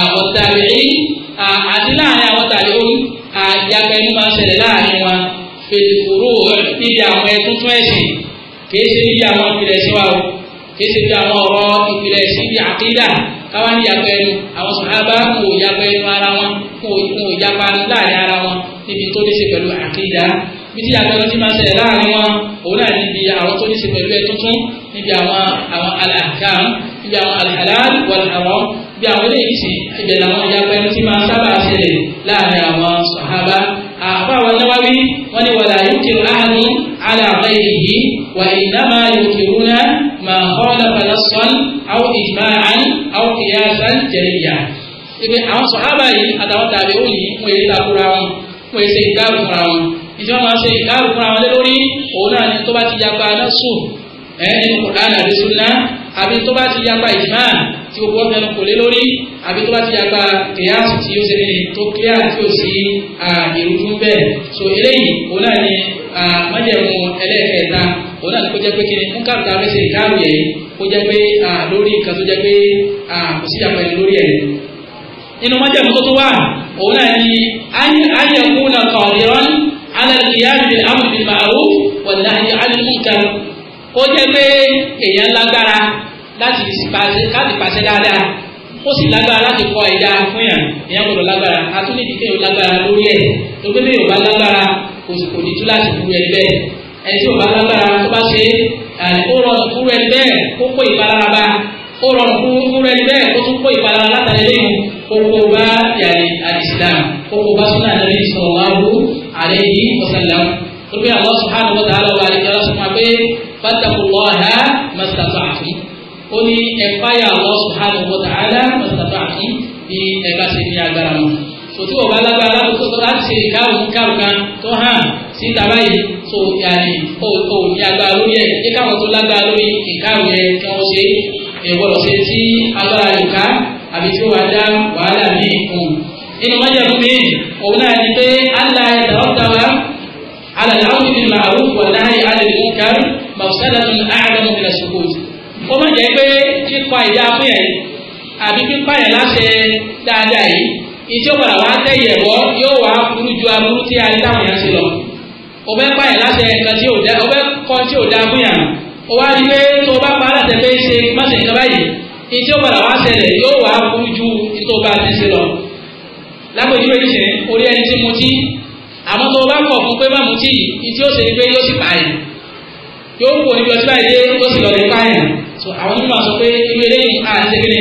àwọn tàbí àti láàrin àwọn tàbí ó àyàpẹ́ inú máa ń ṣẹlẹ̀ láàrin wọn fèlèfòrò níbi àwọn ẹtúntún ẹ̀sìn kìí ṣe níbi àwọn ìpìlẹ̀ ẹ̀sìn wa o kìí ṣe níbi àwọn ọ̀rọ̀ ìpìlẹ̀ ẹ̀sìn bíi àkídà káwá níyàpẹ́ ẹnu àbá kò yapa ẹnu ara wọn kò yapa láàrin ara wọn níbi tó ní ṣe pẹ̀lú àkídà bí tí àpẹẹrẹ ti máa ṣẹlẹ̀ láàrin wọn òun náà níbi àwọn tó ní ṣe pẹ̀lú ẹ tuntun níbi àwọn àwọn al-ahkam níbi àwọn al-halal wal-haram bí àwọn eléyìí sì ibẹ̀ làwọn ìyapa ẹnu ti máa sábà ṣẹlẹ̀ láàrin àwọn sàhábà àbá àwọn náwáwí wọn ni wàlá yunkiru ahadun ala ghayrihi wa innama yunkiruna ma khalafa nassan aw ijma'an aw qiyasan jariyyan ibi àwọn sọ̀hábà yìí àtàwọn tàbí ó yìí wọ́n èyí takura wọn wọ́n èsè ìkárù fúnra wọn ìdí wọn máa ṣe ìkárù fúnra wọn lé lórí òun náà ni tó bá ti yapa násù ẹ nínú kòránì àbí sunna àbí tó bá ti yapa ìsmáà tí gbogbo ọ̀fẹ́ kò lé lórí àbí tó bá ti yapa kìyàsù tí ó ṣe ní tó kíá tí ó sì èrú fún bẹ́ẹ̀ so eléyìí òun náà ni májẹ̀mú ẹlẹ́ẹ̀kẹta òun náà ni kó jẹ́ pé kí ni ń kàrùtà fẹ́ ṣe ìkárù yẹn kó jẹ́ pé lórí nǹkan tó jẹ́ pé kò sí ìjàpá lórí ẹ̀ inú májàmú tó tó wà òun náà ni ayẹ̀kú na kọ̀ọ̀dìrán alẹ́kìyàmì amòfì màrú wọ̀dà ní alùpùpù ó jẹ́ pé èèyàn lágbára láti pàṣẹ dáadáa ó sì lágbára láti kọ ẹ̀dá fún yàn èèyàn gbọ́dọ̀ lágbára atúndìdì kéèyàn lágbára lórí ẹ̀ tó pé bí yorùbá lágbára kò sì kò ní tú láti burú ẹni bẹ́ẹ̀ ẹni tí yorùbá lágbára tó bá ṣe ó rọrùn fúru ẹni bẹ́ẹ̀ kó kó ìpalára ó rọrùn fún fúnra ẹni bẹ́ẹ̀ ó tún kó ìpalára látàrí lẹ́yìn kókó bá yàrá àdìsílám kókó bá súnà nàbí sallallahu alayhi wa sallam tó bí Allah subhanahu wa ta'ala wà lẹ́yìn ọlọ́sùn máa pé fattaqullaha mastata'tum ó ní ẹ̀fáyà Allah subhanahu wa ta'ala mastata'tum bí ẹ bá ṣe ní agbára wọn sòtú ọba alágbára alákòókò tó láti ṣe ìkárù ìkárù kan tó hàn sí ìtàbá yìí tó yàrá ò ní agbára lórí ẹ̀ kíkàwọn tó lágbára lórí ìkárù yẹn kí wọ́n ṣe ìgbọ́dọ̀ ṣe tí agbára rẹ̀ ká àbí tí ó wàá dá wàhálà ní ìkùn. inú mọ́jàmú mi òun náà ni pé allah ìdáwọ́tàwá alàláwùjọ ni màálù wà láàyè alẹ́lẹ́mùká màṣálàmù àádọ́mù ìlà ṣòkò. ó má jẹ́ pé pípa ìdá fún yẹn àbí pípa yẹn láṣẹ dáadáa yìí ìtí ó padà wàá tẹ̀ yẹ̀ bọ́ yóò wàá burú ju aburú tí a ní táwọn yẹn ṣe lọ. ọbẹ̀ pààyàn láṣẹ nǹkan tí ò dá ọbẹ̀ kọ́ tí ò dá fún yàrá ó wá rí pé tó bá pa aláṣẹ pé ṣe má ṣe nǹkan báyìí ìtí ó padà wá ṣẹlẹ̀ yóò wá kú ju tó bá ti ṣe lọ. lápèjúwe ti ṣe orí ẹni tí mutí àmọ́ tó bá kọ̀ fún pé má mutí yìí ìtí ó ṣe ni pé yóò sì pààyàn yóò kú oníbi ọtí báyìí dé yóò sì lọ lè pààyàn so àwọn onímọ̀ sọ pé irú eléyìí à kíni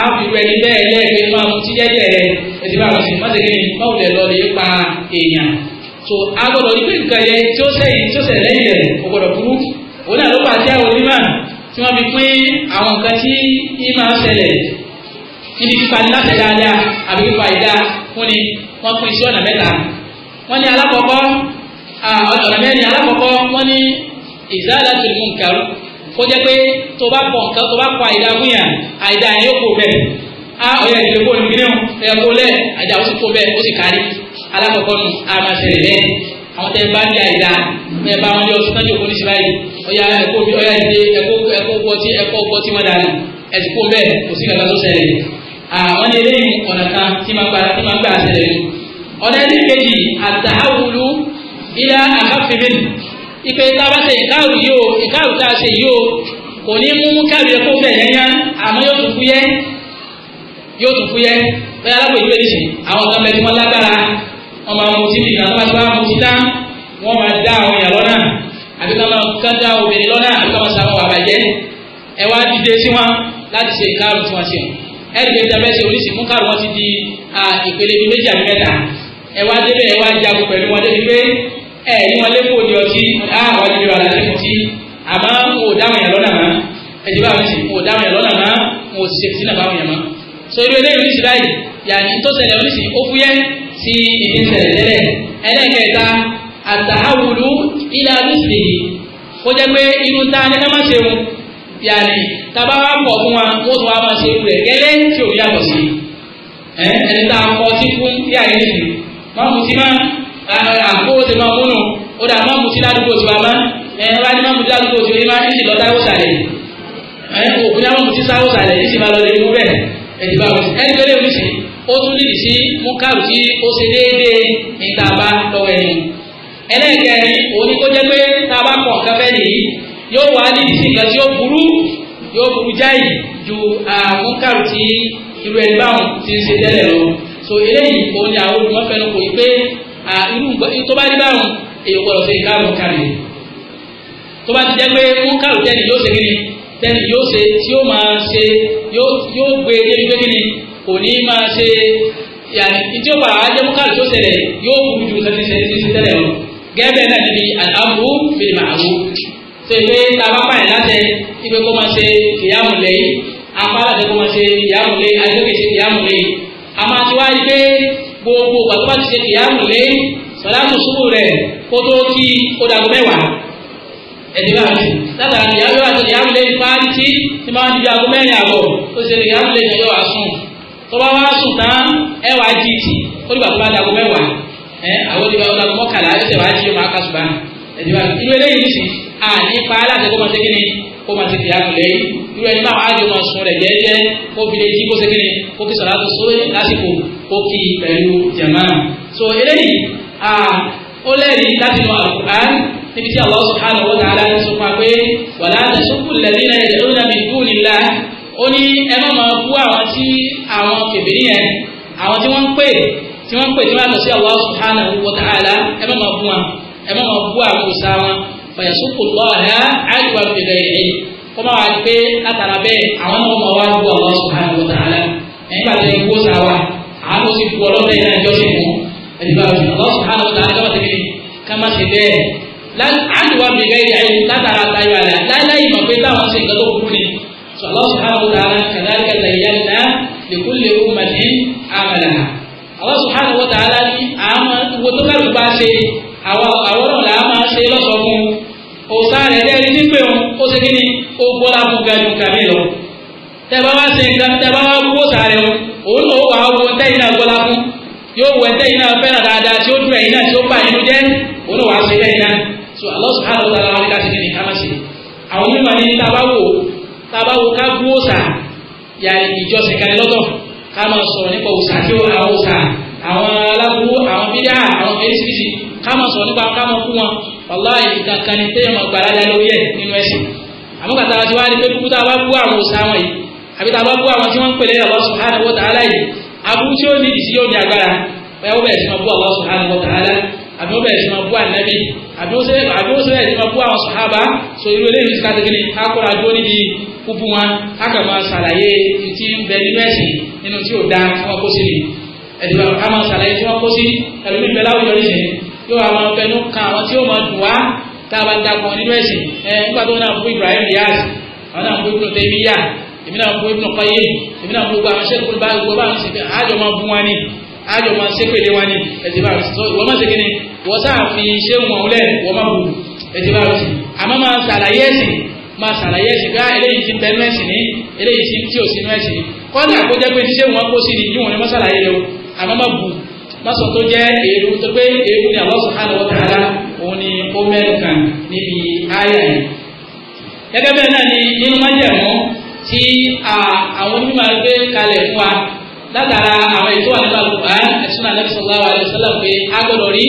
a fi rẹ ní bẹ́ẹ̀ lẹ́ẹ̀kẹ́ máa mutí jẹ́jẹ́ rẹ ẹ̀sì bá wọn sì má ṣe kíni má wùlẹ̀ lọ lè pa èèyàn so agbọ́dọ̀ ní pé nǹkan yẹn tí ó sẹ́yìn tí ó sẹ̀ lẹ́yìn rẹ̀ ó burú òun náà ló bá jẹ́ onímọ̀ tí wọ́n fi pín àwọn nǹkan tí yín máa ń ṣẹlẹ̀ níbi pípa ní láti dáadáa àbí pípa ìdá fún ni wọ́n pín sí ọ̀nà mẹ́ta wọ́n ní alákọ̀ọ́kọ́ ọ̀nà mẹ́rin alákọ̀ọ́kọ́ wọ́n ní izalatul munkar kó jẹ́ pé tó bá pọ̀ nǹkan tó bá pọ̀ àìdá fún yàn àìdá yẹn yóò kó bẹ́ẹ̀ á ọ̀yà ìdílé kó nìgbìnnìyàn ẹ̀kọ́ lẹ̀ àwọn tẹ bá ní àìdá ẹ bá wọn yọ sọ́nà òkú níṣẹ́ báyìí ọ̀yà ẹ̀kọ́ bí ọ̀yà ìdè ẹ̀kọ́ bọ́tí ẹ̀kọ́ bọ́tí má dànù ẹ̀sìn kó bẹ́ẹ̀ kò sí kàkà tó ṣẹlẹ̀ àwọn eléyìí ọ̀nà kan tí máa gbà tí máa gbà ṣẹlẹ̀ ni ọ̀nà ẹ̀dín kejì àtàwùlù ilá àkàfẹ́mẹ́ ìpè tábàṣe ìkáàrù yóò ìkáàrù tá a ṣe yóò kò ní mú káàrù ẹ̀kọ́ fẹ̀ yẹnyá àmọ́ yóò tún fúyẹ́ yóò tún fúyẹ́ bẹ́ẹ̀ alábòjú wọ́n máa mú títí náà wọ́n bá mú títá wọ́n máa dá àwọn èèyàn lọ́nà àbí ká máa ká dá obìnrin lọ́nà àbí ká máa sa àwọn àbàjẹ́ ẹ wá dìde sí wọn láti ṣe ìkárù fún wọn sí wọn ẹ lè dábẹ́ ṣe oríṣi fún kárù wọn ti di ìpele bíi méjì àbí mẹ́ta ẹ wá débẹ̀ ẹ wá jagun pẹ̀lú wọn débi pé ẹ ní wọn lé fòdì ọtí àwọn ìdílé wà láti fún ti àmọ́ wọn ò dáhùn yẹn lọ́nà mọ́ ẹ bá wọn sì wọn ò dáhùn yẹn lọ́nà mọ́ wọn ò sì ṣe sí náà báwọn yẹn mọ́ eléyìí oníṣìí báyìí yàrá tó ṣẹlẹ̀ ó fúyẹ́ sí ìdí ṣẹlẹ̀ tẹ́lẹ̀ ẹlẹ́kẹta àtàwùlù ilẹ̀ àdúsì ó jẹ́ pé irú tá a ní ká má ṣe wọn yàrá tábà wà pọ̀ fún wa wọ́n tún wà má ṣe rẹ̀ gẹ́lẹ́ tí ò yàtọ̀ sí ẹni tá a kọ́ sí fún bí àyè nìyí má mutí má àpò ó ti má múnú ó dà má mutí ládùúgbò tí wà má ẹ wá ní má mutí ládùúgbò tí wà má ní ìlọ́tà ó sàlẹ̀ ẹ òkú ní má mutí sáwó sàlẹ̀ ní ìsìn má lọ lè mú bẹ́ẹ̀ ẹ̀ ó tún lè sí múkàrù tí ó ṣe déédéé ní tá a bá lọ́wọ́ ẹni ẹlẹ́ẹ̀kẹrin òní tó jẹ́ pé tá kọ̀ nǹkan fẹ́ nìyí yóò wá ní ìsìn kan tí ó burú yóò burú jáì ju múkàrù tí irú ẹni báwọn ti ń ṣe tẹ́lẹ̀ lọ so eléyìí òní àwọn olùmọ̀fẹ́nu kò yí pé irú tó bá rí báwọn èyí gbọ́dọ̀ ṣe ìkárùn kárì tó bá ti jẹ́ pé múkàrù tẹ́ni yóò ṣe kíni tẹ́ni yóò ṣe tí yóò máa kò ní máa ṣe yàrá ìjọ bá ajẹmúkàlù tó ṣẹlẹ̀ yóò kú ju sẹni sẹni sẹni tẹ́lẹ̀ lọ gẹ́gẹ́ náà níbi àdáàbò bèrè màálù tó ìwé tabapa yẹn láti ìwé kó máa ṣe kìyàmù lẹ́yìn apá láti kó máa ṣe kìyàmù lẹ́yìn ajẹmúkè ṣe kìyàmù lẹ́yìn àmọ́ àti wá rí pé gbogbo ìgbà tó bá ti ṣe kìyàmù lẹ́yìn sọláàtù sùúrù rẹ̀ kó tó kí ó dàgbọ́ mẹ́wàá ẹ̀dí bá mi látara kìyàmù lẹ́yìn pàálí tí ti máa ń di aago mẹ́rin àbọ̀ ó ṣe kìyàmù lẹ́yìn ọjọ́ àsùn tó bá wá sùn tán ẹ wàá jí tì ó dìgbà tó bá dago mẹ́wàá ẹ àwọn onígbà tó dago mọ́kànlá ẹ tẹ̀ wá jí ọmọ aka ṣùgbọ́n ẹ̀dí wa irú eléyìí ti à nípa aláṣẹ kó máa ṣe kíni kó máa ṣe kìí àgùlẹ̀ irú ẹni báwọn á jọ máa sun rẹ̀ jẹ́jẹ́ kó fi lè jí kó ṣe kíni kó fi sọ̀rọ̀ àtúnṣe lásìkò kó kí pẹ̀lú jàmá so eléyìí à ó lẹ́rìí láti mọ àlùkùrán níbi tí Allah subhanahu wa ta'ala ń sọ fún wa pé wàlá àtẹ̀sọ́kù ó ní ẹ má máa bú àwọn tí àwọn kèbèrè yẹn àwọn tí wọ́n ń pè tí wọ́n ń pè tí wọ́n yàtọ̀ sí Allah subhanahu wa ta'ala ẹ má máa bú wọn ẹ má máa bú àwọn òòṣà wọn fàyàsókò lọ́ọ̀hẹ́ àìwá bẹ̀rẹ̀ yìí kó má wàá pé látara bẹ́ẹ̀ àwọn náà máa wá bú Allah subhanahu wa ta'ala ẹ̀yìn bàtà ikú ó sà wá àwọn ó sì bú ọlọ́dẹ̀ náà jọ́sìn fún ẹ̀dìbà Allah subhanahu wa ta'ala kọ́ kama se bẹ́ẹ̀ aliwa bi bẹ́ẹ̀ yà yìí látara tayọ àlẹ láyé láyé mọ̀ pé táwọn ṣe nǹkan tó kú ni الله سبحانه وتعالى كذلك زينا لكل أمة عملها الله سبحانه وتعالى ní àwọn wotokàlù bá ṣe àwọn àwọn ọ̀la máa ṣe lọ́sọ̀ fún òsà rẹ̀ lẹ́rìí ní pé ó ṣe kí ni ó gbọ́ra fún gajù kàmí lọ tẹ́bá wá ṣe nǹkan tẹ́bá wá gbó sàrẹ̀ o òun náà wà wọ tẹ́yìn náà gbọ́ra fún yóò wọ tẹ́yìn náà fẹ́ràn dáadáa tí ó dùn ẹ̀yìn náà tí ó bà nínú jẹ́ òun náà wà ṣe bẹ́ẹ̀ náà so Allah subhanahu wa ta'ala wà ní ká ṣe kí ni ká má ṣe àwọn mímọ̀ ní tá a bá wò tàbá wo ká bú òòsà yà ìjọsìn kan lọ́tọ̀ ká máa sọ̀rọ̀ nípa òòsà tí ó àwọn òòsà àwọn aláwo àwọn bídà àwọn oríṣiríṣi ká máa sọ̀rọ̀ nípa ká máa kú wọn wàláhì kankan ni téèyàn máa gbà lálẹ́ lórí ẹ̀ nínú ẹ̀sìn àmọ́ kàtà wá ti pé kúkú tá a bá bú àwọn òòsà wọn yìí àbí tá a bá bú àwọn tí wọ́n ń pèlè Allah subhanahu wa ta'ala yìí aburú tí ó ní ìdí sí yóò ní Allah subhanahu wa ta'ala àbí ó bẹ̀rẹ̀ sí àbíwọ́sẹ̀rẹ̀ ìdíwọ́ bú àwọn sàhábà so irú eléyìí ti káàkiri ní kákọ́ra dúró níbi kúkú wọn káàkiri máa ṣàlàyé tí bẹ nínú ẹ̀sìn nínú tí ò da wọn kó sí ni ẹ̀dùnmọ̀ ká máa ṣàlàyé tí wọ́n kó sí ẹ̀lú ìgbẹ́ láwùjọ nìyẹn yóò àwọn ọ̀fẹ́ ló kan àwọn tí ó máa dùn wá tá a bá ń dakọ̀ nínú ẹ̀sìn ẹ̀ nígbà tó náà fún Ibrahim Niasse àwọn náà fún Ibn Taymiyyah èmi náà fún Ibn ájọ máa ṣe pèlè wa ni ẹ̀sìn bá rẹ̀ sọ ìwọ́n máa ṣe kí ni wọ́n sáà fi ṣé wọn lẹ̀ wọ́n máa wù ẹ̀sìn bá rẹ̀ sí àmọ́ máa ṣàlàyé ẹ̀sìn máa ṣàlàyé ẹ̀sìn ká ah, eléyìí ti bẹnu ẹ̀sìn ní eléyìí ti tí ò sínú ẹ̀sìn ní kọ́ńtà kó jẹ́ pé ṣé wọn kó sí ni yíwọ̀n ni wọ́n ṣàlàyé lọ àmọ́ máa bù lọ́sọ̀ tó jẹ́ èrò tó pé èrò ni Allah subhanahu wa ni ó mẹ́nu ni nínú májẹ̀mú tí àwọn onímọ̀ gbé kalẹ̀ fún látara àwọn ètò àdébàlù ẹ̀sùn àdébí sallallahu alaihi wasallam pé a gbọ́dọ̀ rí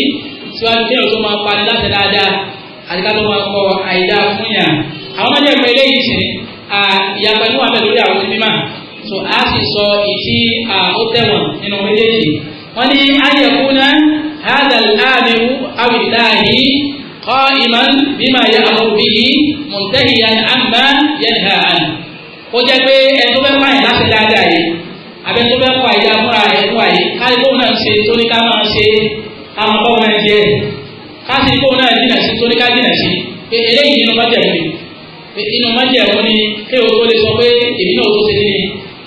síwájú kí ọ̀tún máa pani láti dáadáa àti ká tó máa kọ àìdá fún yà. àwọn máa ń dẹ̀kun eléyìí sí ìyàpá ní wàá bẹ̀ lórí àwọn onímọ̀ tó a sì sọ ìtì ó tẹ̀wọ̀n nínú méjèèjì. wọ́n ní ayẹ̀kúnná hadal amiru awilahi qa'iman bima ya'muru bihi muntahiyan amma yanha an. ó jẹ́ pé ẹni tó fẹ́ pààyàn láti dáadáa yìí abẹ́tọ́ bẹ́ẹ̀ kọ́ àyè amúra rẹ̀ fún àyè káyé kó náà ṣe torí ká máa ṣe káwọn bọ́ máa jẹ́ káṣí kó náà jìnà sí torí ká jìnà sí eléyìí nínú májẹ̀mú ni nínú májẹ̀mú ni kéwòn tó lè sọ pé èmi náà tó ṣe ní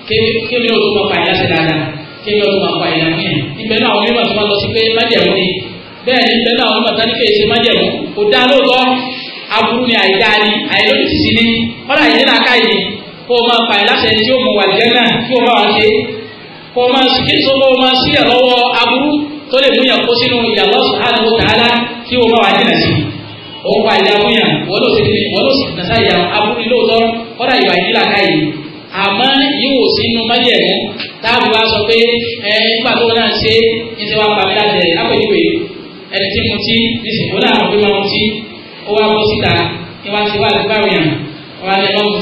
kéwòn náà tó máa pa ìyá sí dáadáa kéwòn tó máa pa ìyá mú yẹn náà àwọn mímọ̀ tó máa lọ sí pé májẹ̀mú ni bẹ́ẹ̀ ni ibẹ̀ náà àwọn mímọ̀ tó ní kéwòn ṣe májẹ̀mú kò dá lóòótọ́ aburú ni àìdáa ni àìlóòtítì ni ọ̀rọ̀ àyè kó o máa pààyàn láṣẹ tí ó mú wà lẹ́nà tí ó bá wà ṣe kó o máa kí so kó o máa sí ẹ̀ lọ́wọ́ aburú tó lè mú yàn kó sínú ìyà Allah subhanahu wa ta'ala tí ó bá wà jìnà sí o pa ìyá fún yàn wọ́n ló sì wọ́n ló sì nàṣà ìyà aburú lóòótọ́ kọ́dà ìwà ìdílà káyìí àmọ́ yóò sínú májẹ̀mú táàbù wa sọ pé ẹ nígbà tó náà ṣe ní ṣe wá pàmí láti ẹ̀ lápẹ̀jùwé ẹni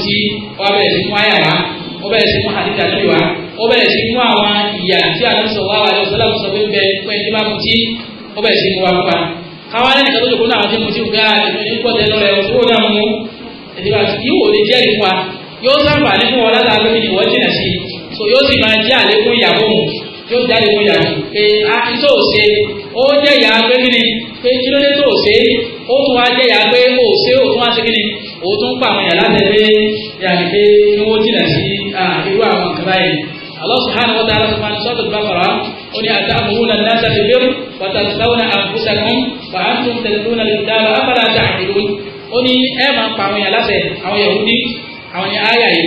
tí wọ́n bẹ̀rẹ̀ sí fún àyà wa wọ́n bẹ̀rẹ̀ sí fún àdìgbà lórí wa wọ́n bẹ̀rẹ̀ sí fún àwọn ìyà tí a lọ sọ wá wàlẹ́ ọ̀sẹ̀ láwùsọ pé bẹ fún ẹni bá mutí wọ́n bẹ̀rẹ̀ sí fún wa pa. káwọn ẹni kan tó dòkó náà ti mutí ga ìdúnyí pọ̀tẹ́ lọ́rẹ̀ ọ̀sẹ̀ wọn náà mú ìwò lè jẹ́ ìfún yóò sábà ní fún wọn látà lórí ìwọ́ jìnà sí i so yóò sì máa jẹ́ àlékún ìyàwó mu yóò jẹ́ àlékún ìyàwó pé a ah, ti tó ṣe ó jẹ́ ìyá pé kí ni pé kí ló dé tó ṣe ó tún wá jẹ́ ìyá pé ó ṣe ó tún wá ṣe kí ni ó tún pa àwọn ìyá látẹ̀lé yàrá pé kí wọ́n jìnnà sí irú àwọn nǹkan báyìí. Allah subhanahu wa ta'ala sọ̀rọ̀ sọ́dọ̀ bàkàrà ó ní àtàkùnrin náà sàfihàn bẹ́rù wàtàkùnrin àfúsàkùn fàáfún tẹ̀síwọ́n àlùdáàbà abala àtàkùnrin ó ní ẹ máa pa àwọn yàrá láṣẹ àwọn Yahudi àwọn ní àyà yìí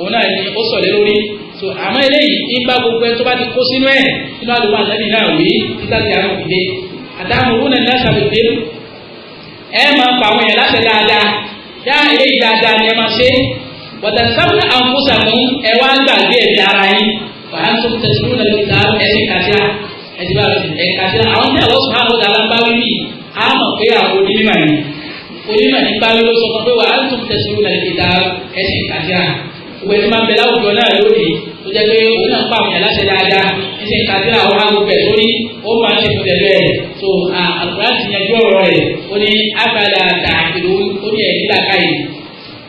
òun náà ni ó sọ̀lẹ̀ lórí so àmọ́ eléyìí ń bá gbogbo ẹ tó bá ti kó sínú ẹ̀ nínú àlùbọ̀ àtẹ́bí náà wí títà ti àrùn òdìdé àtàmùrún náà náà ṣàbẹ̀bẹ̀ ẹ máa pa àwọn èèyàn láṣẹ dáadáa ni ẹ wọ̀tẹ̀sánwó àǹfọ̀sàkùn ẹ wá gbàgbé ẹ̀mí ara yín fàánsó tẹ̀síwò lẹ́nu ìta ẹ̀sìn kàtíà ẹ̀sìn bá ẹ̀sìn kàtíà àwọn tí àwọn sùnmọ́ àwọn dàlá ń bá wíwì á mọ̀ pé àwọn onímọ̀ ni onímọ̀ ní bá wíwì sọ pé wàánsó tẹ̀síwò lẹ́nu ìta ẹ̀sìn kàtíà wọ́n ti máa bẹ láwùjọ náà lónìí tó jẹ́ pé òun náà pa àwòyàn láṣẹ dáadáa ẹsẹ̀ kàdúrà àwọn agbègbè lórí ó máa ń ṣe fún tẹ̀lé àkùrá ti yanjú ọ̀rọ̀ rẹ̀ ó ní abala tààkìlú ó ní ẹ̀yìn làkàyè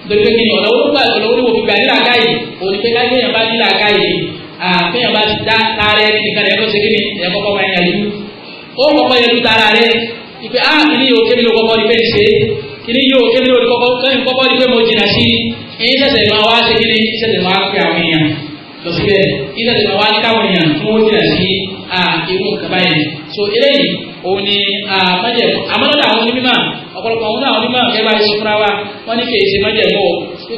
lórí kí ni ọ̀nà orúkọ ọ̀nà orí òfin gbà nílà káyè òní pé káyè yẹn bá nílà káyè àfihàn bá ti dá tààrẹ nìkan rẹ̀ lọ́sẹ̀ kí ni ẹ̀ kọ́kọ́ wáyé ayé ó kọ́kọ́ yẹn lu tààrà rẹ̀ ìpè á kí ni yóò kébí ló kọ́kọ́ ni pé ń ṣe kí ni yóò kébí ló kọ́kọ́ kẹ́yìn kọ́kọ́ ni pé mo jìnnà sí ẹ̀yin sẹ̀sẹ̀ máa wá ṣe kí ni sẹ̀sẹ̀ máa pe àwọn èèyàn lọ síbẹ̀ ẹ̀yin sẹ̀sẹ̀ máa wá ní káwọn èèyàn tó wọ́n jìnnà sí ìwọ̀n kaba yẹn so eléyìí òun ni májẹ̀mú àmọ́lọ́dà àwọn onímọ̀ ọ̀pọ̀lọpọ̀ àwọn àwọn onímọ̀ kẹ́ bá ṣe fúnra wa wọ́n ní kèé ṣe májẹ̀mú o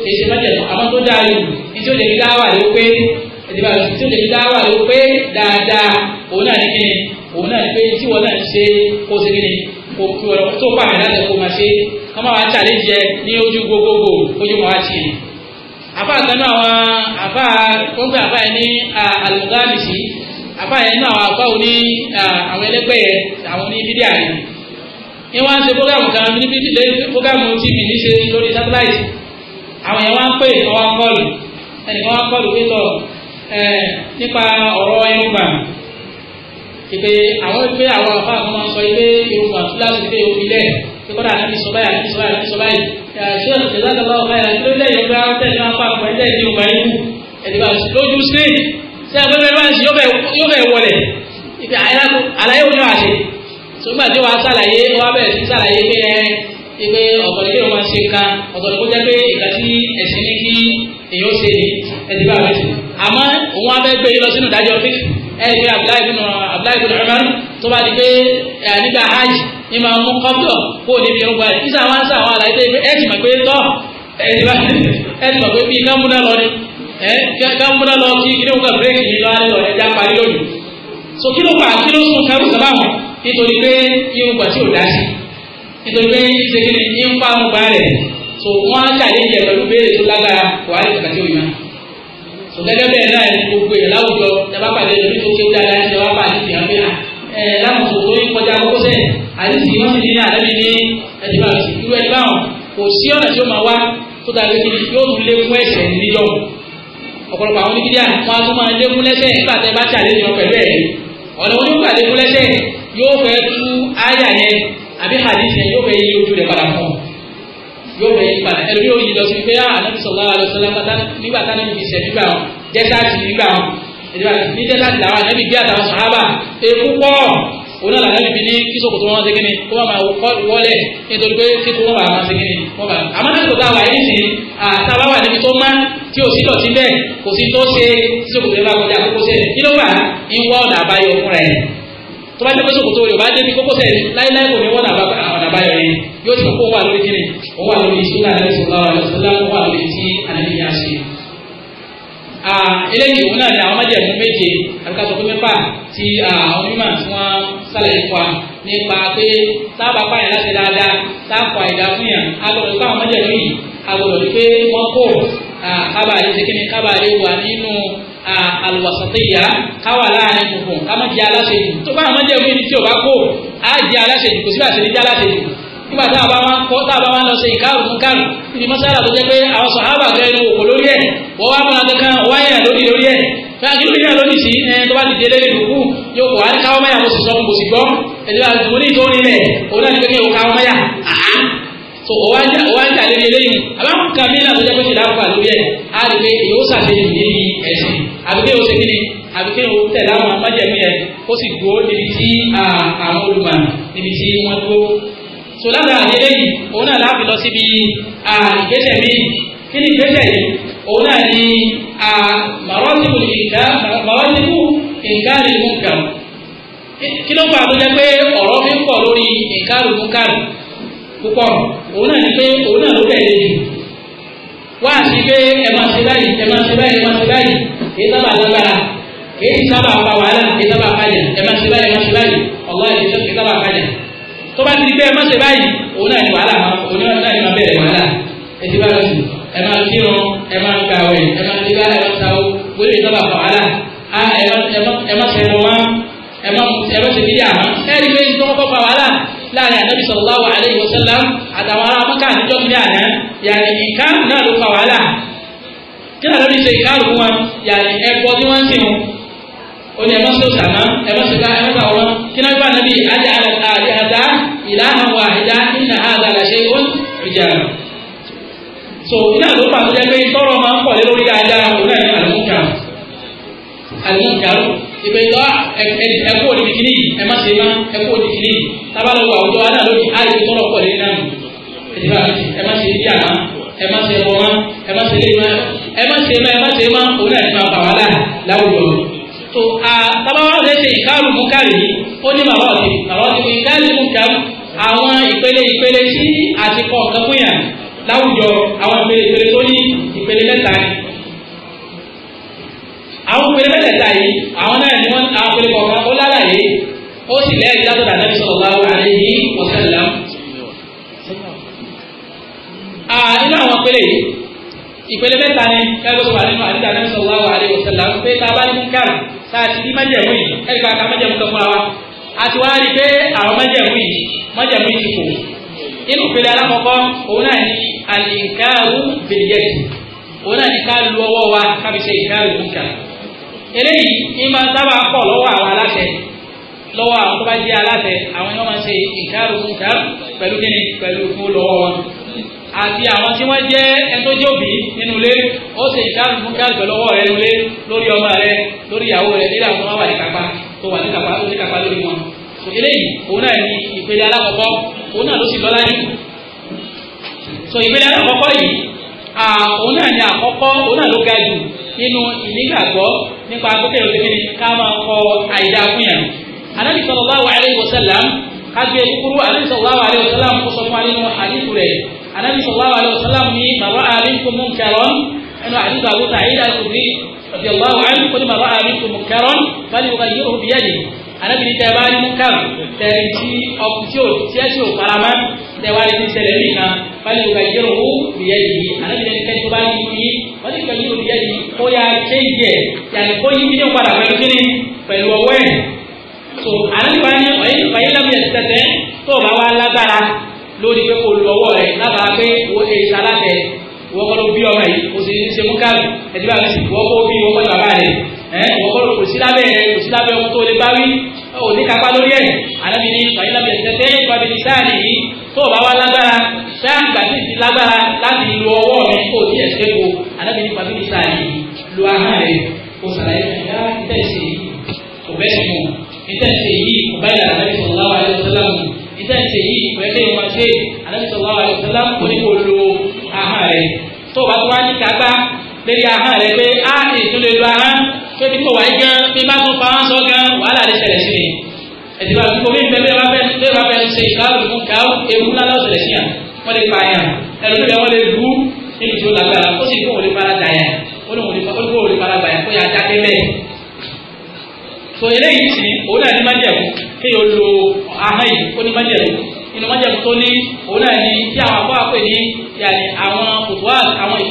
kèé ṣe májẹ̀mú àmọ́ tó dáa yìí ní tí ó lè fi dáwà ló pé ẹ̀dìbà tí ó lè fi dáwà ló pé dáadáa òun náà ní kíni òun náà ní pé tí wọ́n náà ṣe kó ṣe kíni kó kí wọ́n tó pàmì láti kó máa ṣe wọ́n máa wá challenge ní ojú gbogbogbò ojú máa wá ṣe àfa àgbẹ̀ náà àwọn àfa tó ń gbé àfa yẹn ní àlùgáàbìsì àbá yẹn nínú àwọn àbá òní àwọn ẹlẹgbẹ́ yẹn àwọn ní fídíà yẹn ni wọ́n á ṣe fúgàmù kan ní fídíà fúgàmù tv ní ṣe lórí sátáláìtì àwọn yẹn wọ́n á pè ọwọ́ kọ́ọ̀lù ẹnìkan wọ́n á kọ́ọ̀lù pé tọ̀ nípa ọ̀rọ̀ ẹnùgbà ìpè àwọn ìpè àwọn àbá àwọn máa ń sọ ilé yorùbá fúláṣí pé omi lẹ̀ pé kọ́dà àti sọ́báyà àti sọ́báyà àti sọ́báyà ṣé ọ̀sẹ̀ ìdájọ́ bá wà báyà lórílẹ̀ yorùbá tẹ̀lé wọn pa àpò ẹ̀jẹ̀ ìdí ògbà yìí lójú sí ṣe àgbẹ̀ bẹ́ẹ̀ báyìí yóò bẹ̀ wọlé ibi àlàyé òun náà ṣe sọgbà tí wàá sàlàyé wàá bẹ̀rẹ̀ sí sàlàyé pé ẹ ipe ọ̀tọ̀lẹ̀ kí wọ́n máa ṣe nǹkan ọ̀tọ̀lẹ̀ kó jẹ́ pé ìgbà tí ẹ̀sìn ní kí èèyàn ṣe ni ẹ̀sìn bá rẹ̀ sí àmọ́ òun abẹ́ gbé lọ sínú ìdájọ́ fík ẹ̀rí pé Abdullahi bin Abdullahi bin Umar tó bá di pé nígbà hajj ní máa mú kọ́pítọ̀ kó o níbi irúgbà rẹ̀ ìsà wọn sà wọn àlàyé pé ẹ̀sìn mọ̀ pé tọ́ ẹ̀sìn mọ̀ pé bí iná múná lọ ni ẹ eh, gángúná lọ kí kí ló ń gbà bírèkì yìí lọ alẹ́ lọ ẹja parí lónìí so kí ló pa kí ló sún kẹrù sábà wọn nítorí pé irun gbà tí ò dá sí nítorí pé ṣe kí ni ń pa ń gbà rẹ̀ so wọ́n á ṣàlejò ẹ̀ pẹ̀lú béèrè tó lágbára kò á lè kàkà tí ò yàn so gẹ́gẹ́ bẹ́ẹ̀ náà ni gbogbo èèyàn láwùjọ ẹ bá pàdé lórí tó kéwú dáadáa ṣe wá pàdé ìyàn bí ẹ láwùjọ tó ń kọjá kókó sẹ àdìsí wọn sì ní ní àlẹ́ mi ní ẹ̀dínwá irú ẹ̀dínwá wọn kò sí ọ̀nà tí ó máa wá tó dàbí kí yóò tún lé fún ẹ̀sẹ̀ níjọ́ wọn ọ̀pọ̀lọpọ̀ àwọn oníbídíà wọn a tún máa lékún lẹ́sẹ̀ nígbà tẹ bá ṣàlejò wọn pẹ̀lú ẹ̀rí ọ̀nà wọn nígbà lékún lẹ́sẹ̀ yóò fẹ́ tú áyà yẹn àbí hadith yẹn yóò fẹ́ yí ojú rẹ̀ padà fún yóò fẹ́ yí padà ẹlòmíì yóò yí lọ sí pé ah, ànábì sallallahu alaihi wasallam nígbà tánà níbi ìṣẹ̀ nígbà wọn jẹ́sáàtì nígbà wọn ní jẹ́sáàtì làwọn ànábì bí àtàwọn sàhábà èkú pọ̀ òun náà làlẹ́ níbi ní kíso kòtò wọn segin ni kó wọn máa wọlé nítorí pé kíso wọn máa segin ni wọn bá àmọ́ náà kòtò àwọn àyè sìn àtàwọn wà níbi tó má tí o sì lọ sí bẹ́ẹ̀ kò sí tó ṣe kíso kòtò yẹn bá kọjá kókósẹ̀ kí ló bá ń wá ọ̀nà àbáyọ fún rẹ̀ tó bá jẹ́ pé sòkòtò Yorùbá débi kókósẹ̀ láíláí kò ní wọ́n ọ̀nà àbáyọ yẹn yóò ti mọ̀ kó wà lórí kíni ó wà lórí sùn eléyìí òun náà ni àwọn májẹ̀mú méje àbíkásọ pé mẹ́fà tí àwọn onímọ̀ tí wọ́n sálẹ̀ fún wa nípa pé sábà pààyàn láti dáadáa sáàpọ̀ àìdá fún yàn agbọ̀dọ̀ pé àwọn májẹ̀mú yìí agbọ̀dọ̀ pé wọ́n kó kábàárẹ̀ ṣe kíni kábàárẹ̀ wà nínú alùwàsàtìyà káwà láàrin gbogbo ká má jẹ́ aláṣejù tó bá àwọn májẹ̀mú yìí tí ò bá kó á jẹ́ aláṣejù kò síbà sí ní jẹ́ aláṣejù nígbà tá a bá wá ń kọ́ tá a bá wá ń lọ sí ìkárù fún kárù níbi mọ́sálà tó jẹ́ pé àwọn sọ̀hábà gẹ́nu òkò lórí ẹ̀ wọ́n wá múra kankan wáyà lórí lórí ẹ̀ fẹ́ẹ́ lórí náà lórí sí ẹ tó bá ti délé nínú kú yóò kó wáyà káwọ́ mẹ́yà mo sì sọ mo sì gbọ́ ẹ̀dí wa mo ní ìtọ́ nílẹ̀ òun náà ti kékeré o káwọ́ mẹ́yà àá so o wá jà o wá ń jà lórí eléyìí àbá ń ka mílíọ̀nù tó jẹ́ pé ìlà fà lórí ẹ̀ á rí pé èyí ó sàlẹ̀ níbi ẹ̀sìn àbíké o ṣe kí ni àbíké o tẹ̀lé àwọn májẹ̀mí ẹ̀ ó sì dúró níbi tí àwọn olùmọ̀ níbi tí wọ́n dúró so lábẹ́ òun náà láàbì lọ síbi ìgbésẹ̀ kí ni ìgbésẹ̀ yìí òun náà ni màrọ́tìbù ìgbà màrọ́tìbù ìkárì múkà kí ló fà tó pé ọ̀rọ̀ ń pọ̀ lórí púpọ̀ òun náà ni pé òun náà ló bẹ̀rẹ̀ jù wá sí pé ẹ máa ṣe báyìí ẹ máa ṣe báyìí ẹ máa ṣe báyìí kì í sábà lágbára kì í sábà wàhálà kì tó bá ti di pé ẹ má ṣe báyìí òun náà ni wàhálà máa òun náà ni máa bẹ̀rẹ̀ wàhálà ẹ ti bá lọ sí ẹ máa fi ràn ẹ máa gbà wẹ̀ ẹ máa ti bá ẹ máa sáwó wọlé ìtọ́ba wàhálà á ẹ má ṣe wọn ẹ má ṣe bídí àmọ́ ẹ rí pé nítorí kọ́kọ́ pa wàhálà láàrin ànábì sallallahu alaihi wasallam àtàwọn ará mọ́kà àtijọ́ kiri àná yàrá nǹkan náà ló pa wàhálà kí náà lórí ṣe ìkárùn wọn yàrá ẹ̀kọ́ tí wọ́n ń sìn wọn ó ní ẹ má ṣe òṣàmá ẹ má ṣe bá ẹ má bá wọn kí náà bá ànábì ajá àdá ìlànà wa ìdá ìnà àdàlà ṣe ó ìjà so iná ló fà tó jẹ́ pé tọ́rọ máa ń pọ̀ lé lórí dáadáa òun náà ní àlùmọ́kà àlùmọ́kà ìpè tọ́ ẹkú òdìbí kìíní yìí ẹ má ṣe má ẹkú òdìbí kìíní yìí tábàlọ́ wà àwùjọ wa náà lórí àyè tọ́rọ pọ̀ lé náà ẹ má ṣe ìjà má ẹ má ṣe ẹwọ má ẹ má ṣe lé má ẹ má ṣe má ẹ má ṣe má òun náà ní máa bà wá láà láwùjọ tó a tábàlọ́ ṣe ṣe ìkárùn mú kárì yìí ó ní bàbá ọ̀sẹ̀ bàbá ọ̀sẹ̀ kò ìkárì mú kárì àwọn ìpele ìpele tí a ti kọ́ ọ̀kan fún yàn láwùjọ àwọn ìpele ìpele tó ní ìpele mẹ́ta ni. àwọn ìpele mẹ́tẹ̀ẹ̀ta yìí àwọn náà ni wọ́n àwọn ìpele kọ̀ọ̀kan ó lálàyé ó sì lẹ́yìn látọ̀dà náà sallallahu alaihi wasallam. nínú àwọn ìpele yìí ìpele mẹ́ta ni kẹ́gbẹ́ sọ̀rọ̀ nínú àdídà náà sallallahu alaihi wasallam pé tá a bá ní kárù tá a ti ní májàmú ìsìnkú inú ìpele alákọ̀ọ́kọ́ òun náà ní àlìkáàrú bèlìyẹ́sì òun náà ní ká lu ọwọ́ wa kábi ṣe ìkáàrú nǹkan eléyìí ní máa sábà pọ̀ lọ́wọ́ àwọn aláṣẹ lọ́wọ́ àwọn tó bá jẹ́ aláṣẹ àwọn ni wọ́n máa ṣe ìkáàrú nǹkan pẹ̀lú kíni pẹ̀lú kú lọ́wọ́ wọn àti àwọn tí wọ́n jẹ́ ẹntójóbi nínú ilé ó sì ìkáàrú nǹkan pẹ̀lú ọwọ́ rẹ nínú ilé lórí ọmọ rẹ lórí ìyàwó rẹ nílànà wọn wà ní kápá tó wà ní kápá lórí wọn so eléyìí òun náà ní ìpele alákọ̀ọ́kọ́ òun náà ló sì lọ́lá ní so ìpele alákọ̀ọ́kọ́ yìí òun náà ní àkọ́kọ́ òun náà ló ga jù nínú ìnígbàgbọ́ nípa akókè òkèké ká máa kọ àìdá fún yàn Ànábì sallallahu alaihi wasallam kágbé kúkúrú Ànábì sallallahu alaihi wasallam kó sọ fún wa nínú àdínkù rẹ̀ Ànábì sallallahu alaihi wasallam ní màrọ́ àrínkù munkaron ẹnu àdínkù àbúta àyídà kùdí radiyallahu anhu kó ní màrọ́ àrínkù munkaron bá ní wọ́n yóò bí yá nìyí anábìrin tẹ bá ní kàm tẹ̀rí tí ọkùn tí ò tí ẹ tí ò farama tẹ wá ní ti ṣẹlẹ̀ ní kan báyìí ló ka yẹ̀rọ wò bìyẹ yìí anábìrin kẹ́ tó bá ní yìí wọ́n ti ka yẹ̀rọ bìyẹ yìí kó yà jẹ́ yẹ yàrá kó yí bíyẹn padà pẹ̀lú kíni pẹ̀lú ọwọ́ ẹ̀ so anábìrin ní ọ̀yẹ́ ìfàyẹ́ lábìyẹ tẹ̀tẹ̀ tó o bá wá lágbára lórí pé kò lu ọwọ́ rẹ̀ lábàá pé wo èyí sálá tẹ̀ ló bí ọmọ yìí kò sì ní ẹ ìwọ́kọ́rọ̀ kò sí lábẹ́ kò sí lábẹ́ ohun tó lè bá wí ó ní kápá lórí ẹ̀ alábìíní fàyín lábẹ́ ìṣẹ́tẹ́ ìfàbìíní sáàrì yìí tó bá wá lágbára sáàrì gbà tí ti lágbára láti lu ọwọ́ mi kò tí ẹ̀ ṣẹ́kù alábìíní fàbìíní sáàrì yìí lu ahọ́n rẹ̀ kò sàlàyé ẹ̀dá ìtẹ̀sí kò bẹ́ẹ̀ mọ̀ ìtẹ̀sí yìí kò bá ìlànà àlẹ́ sọ̀rọ̀ láwàá bá tó wá ní kagbá lórí ahọ́n rẹ̀ pé á ìtúlẹ̀ lu ahọ́n pé tí mo wà yí gan bí bá tún fáwọn sọ gan wàhálà lè ṣẹlẹ̀ sí mi ẹ̀sìn bá tún omi bẹ́ẹ̀ bá fẹ́ bẹ́ẹ̀ bá fẹ́ ṣe ìkàwé fún kàwé ewu ńlá lọ́wọ́ ṣẹlẹ̀ sí yàn wọ́n lè pa yàn ẹ̀rọ níbẹ̀ wọ́n lè lu níbi tí ó lágbára ó sì kó wọlé para da yàn ó ní wọlé ó ní wọlé para da yàn kó yà já délẹ̀. tó eléyìí sì òun náà ní májẹ̀mú kéèyàn lo ahọ́n yìí ó ní májẹ̀mú inú májẹ̀mú tó ní òun náà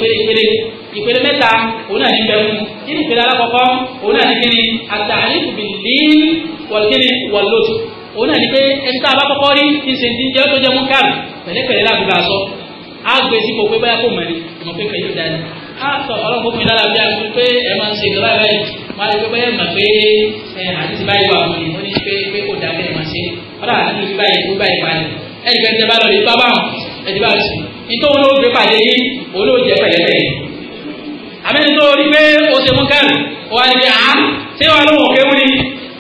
ní ìpele mẹ́ta òun náà ní bẹ̀rù nínú ìpele alákọ̀ọ́kọ́ òun náà ní kí ni àtàlífù bìlín wọ̀lùkíni wọ̀lùlòtù òun náà ní pé ẹni tá a bá kọ́kọ́ rí kí n ṣe ti jẹ́ tó jẹ́ mú káàdù pẹ̀lẹ́pẹ̀lẹ́ láti bá a sọ á gbé e sípò pé báyà kò mọ̀ni ìmọ̀ pé pẹ̀lú ìdáni á sọ ọlọ́run fún mi lára bí a fi pé ẹ máa ń ṣe ìgbà báyìí máa lè pé báyà mọ̀ pé ẹ àdìsí báyìí wà wọ́n ni wọ́n ní pé pé kò dá bẹ́ẹ̀ máa ṣe ọ̀rọ̀ àdìsí báyìí kó báyìí pa ni ẹnì kan ti bá lọ rí bábà hàn ẹ̀dí bá rí sí i nítorí olóògbé pàdé yìí olóòjẹ pẹ̀lẹ́pẹ̀lẹ́ àbẹ́ni tó rí pé ó ṣe mú kẹ́rù ó wá ní pé àá ṣé wàá lóun ò kéwú ni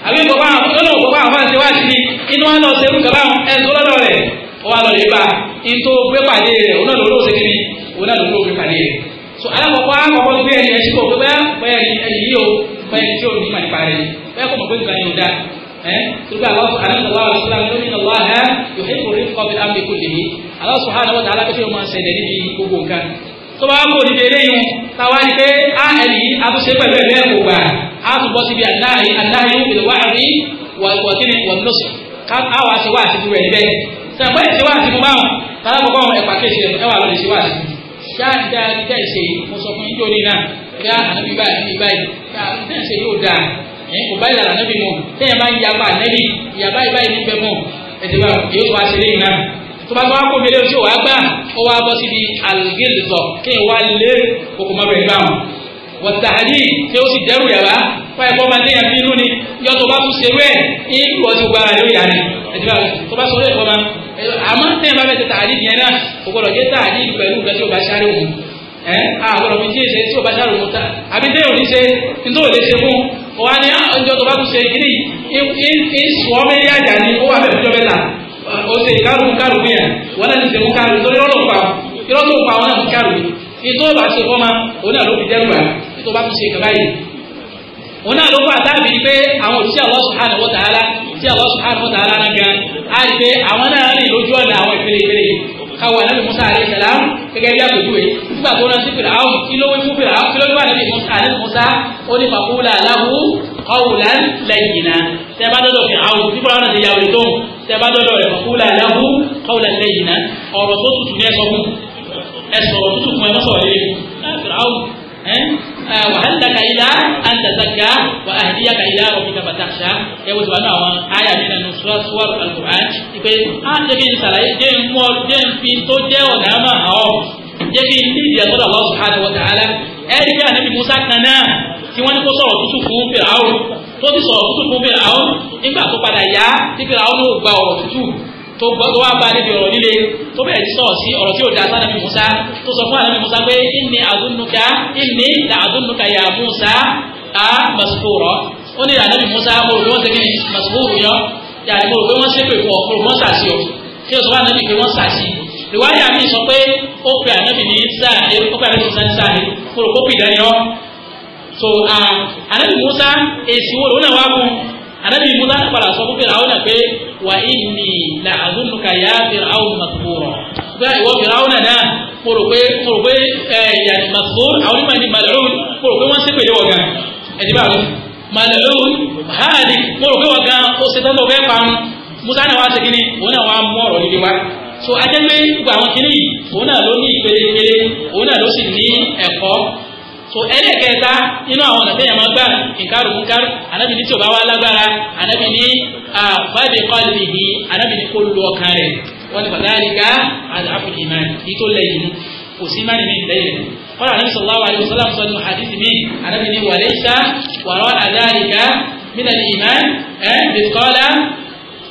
àbí gbogbo àwọn tó lóun gbogbo àwọn máa ń ṣe wá sí i inú wa lọ ṣerú kaba ẹ̀sùn lọ́dọ̀ rẹ̀ ó wá lọ lè bá in tó gbé pàdé rẹ̀ òun náà ló ló ṣe kiri òun náà ló ló gbé pàdé rẹ̀ so alákọ̀ọ́kọ́ akọ̀kọ́ gbé ẹni ẹ̀sìn kò gbé bẹ́ẹ̀ ẹni yìí o bẹ́ẹ̀ tí o ní màdì parí bẹ́ẹ̀ kò mọ̀ pé nǹkan yóò dá ẹ́ torí pé aláwọ̀ sọ̀rọ̀ àlọ́ tó bá kó òdìdí eléyìí táwa ní pé á ẹ̀rí àtúnṣe pẹ̀lú ẹ̀rí ẹ̀kọ́ gbà á tún bọ́ síbi àdáyé àdáyé òkèlè wá àrí wọ̀kíni wọ̀lọ́sì á wà sí wá àti fún ẹ̀rí bẹ́ẹ̀ sàpẹ́ ìṣe wá àti fún báwọn tàbí àkọ́kọ́ àwọn ẹ̀pà kéṣe ẹ̀wà lórí ìṣe wá àti dáadáa ní tẹ̀sí mo sọ fún yíjọ́ ní náà bí ànábì báyìí báyìí tẹ̀sí yóò dáa ẹ̀ kò báyìí làrá ànábì mọ̀ tẹ̀yìn bá ń yapa ànábì ìyàbá ìbáyìí níbẹ̀ mọ̀ ẹ̀sìn bá yóò wá sílé tó bá gbọ́n kó mi lé ojú wa gbà ó wá bọ́ síbi àlùgíìlìsọ kí n wá lé kókó má bẹ̀rẹ̀ gbàmù wọ̀tàhálì tí ó sì dẹ́rù yàrá wáyé kó máa léyàn bínú ni yọ tó bá tún ṣe rẹ̀ ní ìwọ ti gba àlè òyà ni ẹ̀dínwá tó bá sọ lóye kọ́ máa àmọ́ tẹ́yìn bá bẹ̀rẹ̀ tàhálì yẹn náà kò gbọ́dọ̀ jẹ́ tàhálì pẹ̀lú nǹkan tí ó bá sáré òun ẹ̀ àgbọ̀dọ̀ mi tí ì ṣe tí ó bá sáré òun ta àbí tẹ́yìn ò ní ṣe nítorí ò lè ṣe fún wọ́n á ní ah, ọjọ́ tó bá tún ṣe kiri ń sọ ọ́ mẹ́rin àjà ni ó wà bẹ̀rẹ̀ o ṣe ìkárù kárù yẹn wọn náà ti ṣe mú kárù torí lọ́dọ̀ pa irọ́ tó pa wọn náà ti kárù yìí tó bá ṣe fọ́mà òun náà ló fi dẹ́rù rà tó bá tún ṣe kaba yìí òun náà ló fà tábìlì pé àwọn òṣìṣẹ́ Allah subhanahu wa ta'ala tí Allah subhanahu wa ta'ala náà gan á rí pé àwọn náà rìn lójú ọ̀nà àwọn ìpele káwọn ànábì Musa alayhi salam gẹ́gẹ́ bí àpèjúwe nígbà tó rántí fèrè àwọn kí ló wí fún fèrè àwọn kí ló wà ànábì Musa ànábì Musa ó ní faqula lahu qawlan layyina tẹ bá dọdọ fèrè àwọn tí fúra náà yàwé tó tẹ dọdọ rẹ faqula lahu qawlan layyina ọ̀rọ̀ tó tutù ní ẹsọ fún ẹsọ ọ̀rọ̀ tó tutù fún ẹ wàhálàkà ilá àtàtàkà wà àhìdíyàkà ilá ọ̀kìkà bàtàkà ẹwọ́ tí wà náà àwọn àyà mi nínú sọ́ọ̀rù alukur'an ìpè á jẹ́ kí n sàlàyé jẹ́ n mọ́ jẹ́ n fi tó jẹ́ ọ̀nà àmà àwọ̀ jẹ́ kí n ní ìdí ẹ̀kọ́ Allah subhanahu wa ta'ala ẹ̀rí bí ànábì Musa kan náà tí wọ́n ní kó sọ̀rọ̀ tútù fún Fìràwọ̀ tó ti sọ̀rọ̀ tútù fún Fìràwọ̀ nígbà tó padà yá tí Fìràwọ̀ ló gba ọ̀rọ̀ tútù tó gbọ́dọ̀ wá bá níbi ọ̀rọ̀ líle tó bẹ̀rẹ̀ sí sọ̀rọ̀ sí ọ̀rọ̀ tí ó da sanabi musa tó sọ fún anabi musa pé inni adunuka inni la adunuka ya musa a masukuro ó ní anabi musa mo rò pé wọ́n ṣe kí ni masukuro yọ yàrá mo rò pé wọ́n ṣe pé fún ọ mo rò wọ́n sàṣì o kí o sọ fún anabi pé wọ́n sàṣì ìwádìí àmì sọ pé ó pe anabi ní sáàdé ó pe anabi musa ní sáàdé mo rò pé ó pè dání ọ so anabi musa èsì wo lòun náà anabi musa padà sọ fún fìràwọn náà pé wà inni la'azunuka ya fìràwọn masbura bẹ́ẹ̀ ìwọ fìràwọn náà mo rò pé mo rò pé ẹ yàtì masbur àwọn onímọ̀ ẹni mal'un mo rò pé wọ́n ṣépè lé wọ̀gá ẹ̀dí bá wọn mal'un hàlì mo rò pé wọ̀gá ó ṣe tán tó fẹ́ pa musa náà wá ṣe kíni òun náà wá mú ọ̀rọ̀ so ajẹ́ pé gbogbo àwọn kíní yìí òun náà ló ní ìpele ìpele òun náà ló sì ní so ẹlẹ́kẹta inú àwọn ọ̀nà tẹ́yẹ̀ máa gbà ìkárù múkárù anábì ní tí ò bá wá lágbára anábì ní àfáàbẹ̀ kọ́lì ní anábì ní kó lu ọkàn rẹ̀ wọ́n ti bàtà àríkà àdáàfù ìmọ̀ ní tó lẹ́yìn mú kò sí má nínú ìlẹ́yìn rẹ̀ kọ́lá anábì sallallahu alaihi wasallam sọ nínú hadith mi anábì ní wàlẹ́ ìṣá wàrọ̀ àdáàríkà mí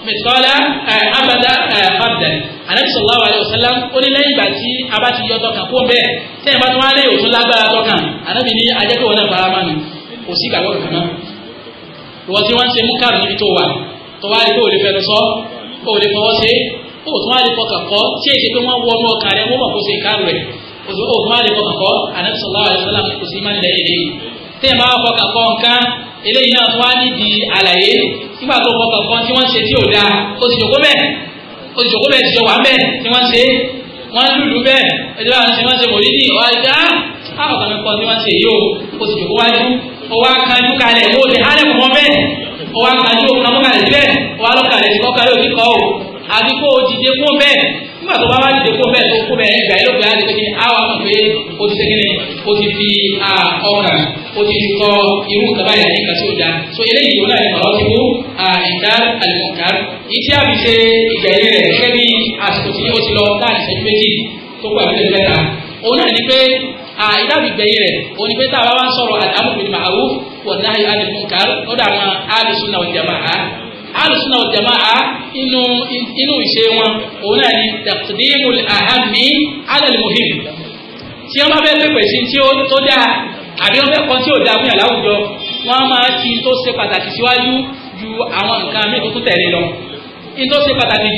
mẹtọ́lá eh, abada eh, abdẹ anabi sallallahu alayhi wa sallam ó ní lẹ́yìn ìgbà tí a bá ti yọ tọkàn kó bẹ́ẹ̀ sẹ́yìn bá tún wá lé òtún lágbára tọkàn anabi ní ajẹ́kọ̀ọ́ náà fara mánu kò sí ìgbàgbọ́ kankan náà ìwọ tí wọ́n ń ṣe mú káàdì níbi tó wà tó wá rí kó o lè fẹnu sọ kó o lè fọwọ́ ṣe kó o tún wá lè fọkàn kọ́ tí èsì pé wọ́n wọ ọmọ ọkàn rẹ wọ́n mọ̀ kó ṣe ìkárù rẹ̀ o tún wá lè fọkàn kọ́ anabi sallallahu wa sallam kò sí ìmánilẹ̀ eléyìí náà fún wa nídìí àlàyé nígbà tó kọkàn kan tí wọ́n ṣe tí ò dáa ó ti jòkó bẹ́ẹ̀ ó ti jòkó bẹ́ẹ̀ ti jọ wà bẹ́ẹ̀ tí wọ́n ṣe wọ́n lùlù bẹ́ẹ̀ ẹjọ́ àwọn tí wọ́n ṣe mòrí ní ìwà ìdá àwọn kan kan tí wọ́n ṣe yìí ó ó ti jòkó wájú ó wá kanjú kalẹ̀ ó lè hálẹ̀ kọ́ mọ́ bẹ́ẹ̀ ó wá kanjú ó kàn kalẹ̀ síbẹ̀ ó wá lọ́kàlẹ̀ sí kọ́kàlẹ̀ òdìkọ́ o àbí kó o dìde fún bẹ́ẹ̀ nígbà tó bá wá dìde kó bẹ́ẹ̀ tó kó bẹ́ẹ̀ gbà yẹn ló gbà á di pé àwọn àmọ̀ pé o ti segin ní o fi ọkàn o fi kọ irú kaba yẹn ní kasi ọjà so eléyìí yóò náà ní ọ̀rọ̀ ti kú ìdá àlùmọ̀ká ìtí àbí ṣe ìgbà yẹn rẹ̀ ṣẹ́ bí àsìkò tí o ti lọ láti ṣẹ́jú méjì tó kọ àbílẹ̀ mẹ́ta òun náà ní pé ìdá àbí gbẹ̀yìn rẹ̀ òun ní pé tá a bá wá sọ̀rọ̀ àdàmú alùsùnà òjàmáà inú inú ìṣe wọn òun náà ni taqdimu al-ahammi tí wọn bá fẹ́ pèpè sí tí ó tó dáa àbí wọn fẹ́ kọ́ tí ò dáa fún yàrá àwùjọ wọn máa ti tó ṣe pàtàkì síwájú ju àwọn nǹkan mi tó tẹ̀lé lọ ṣe pàtàkì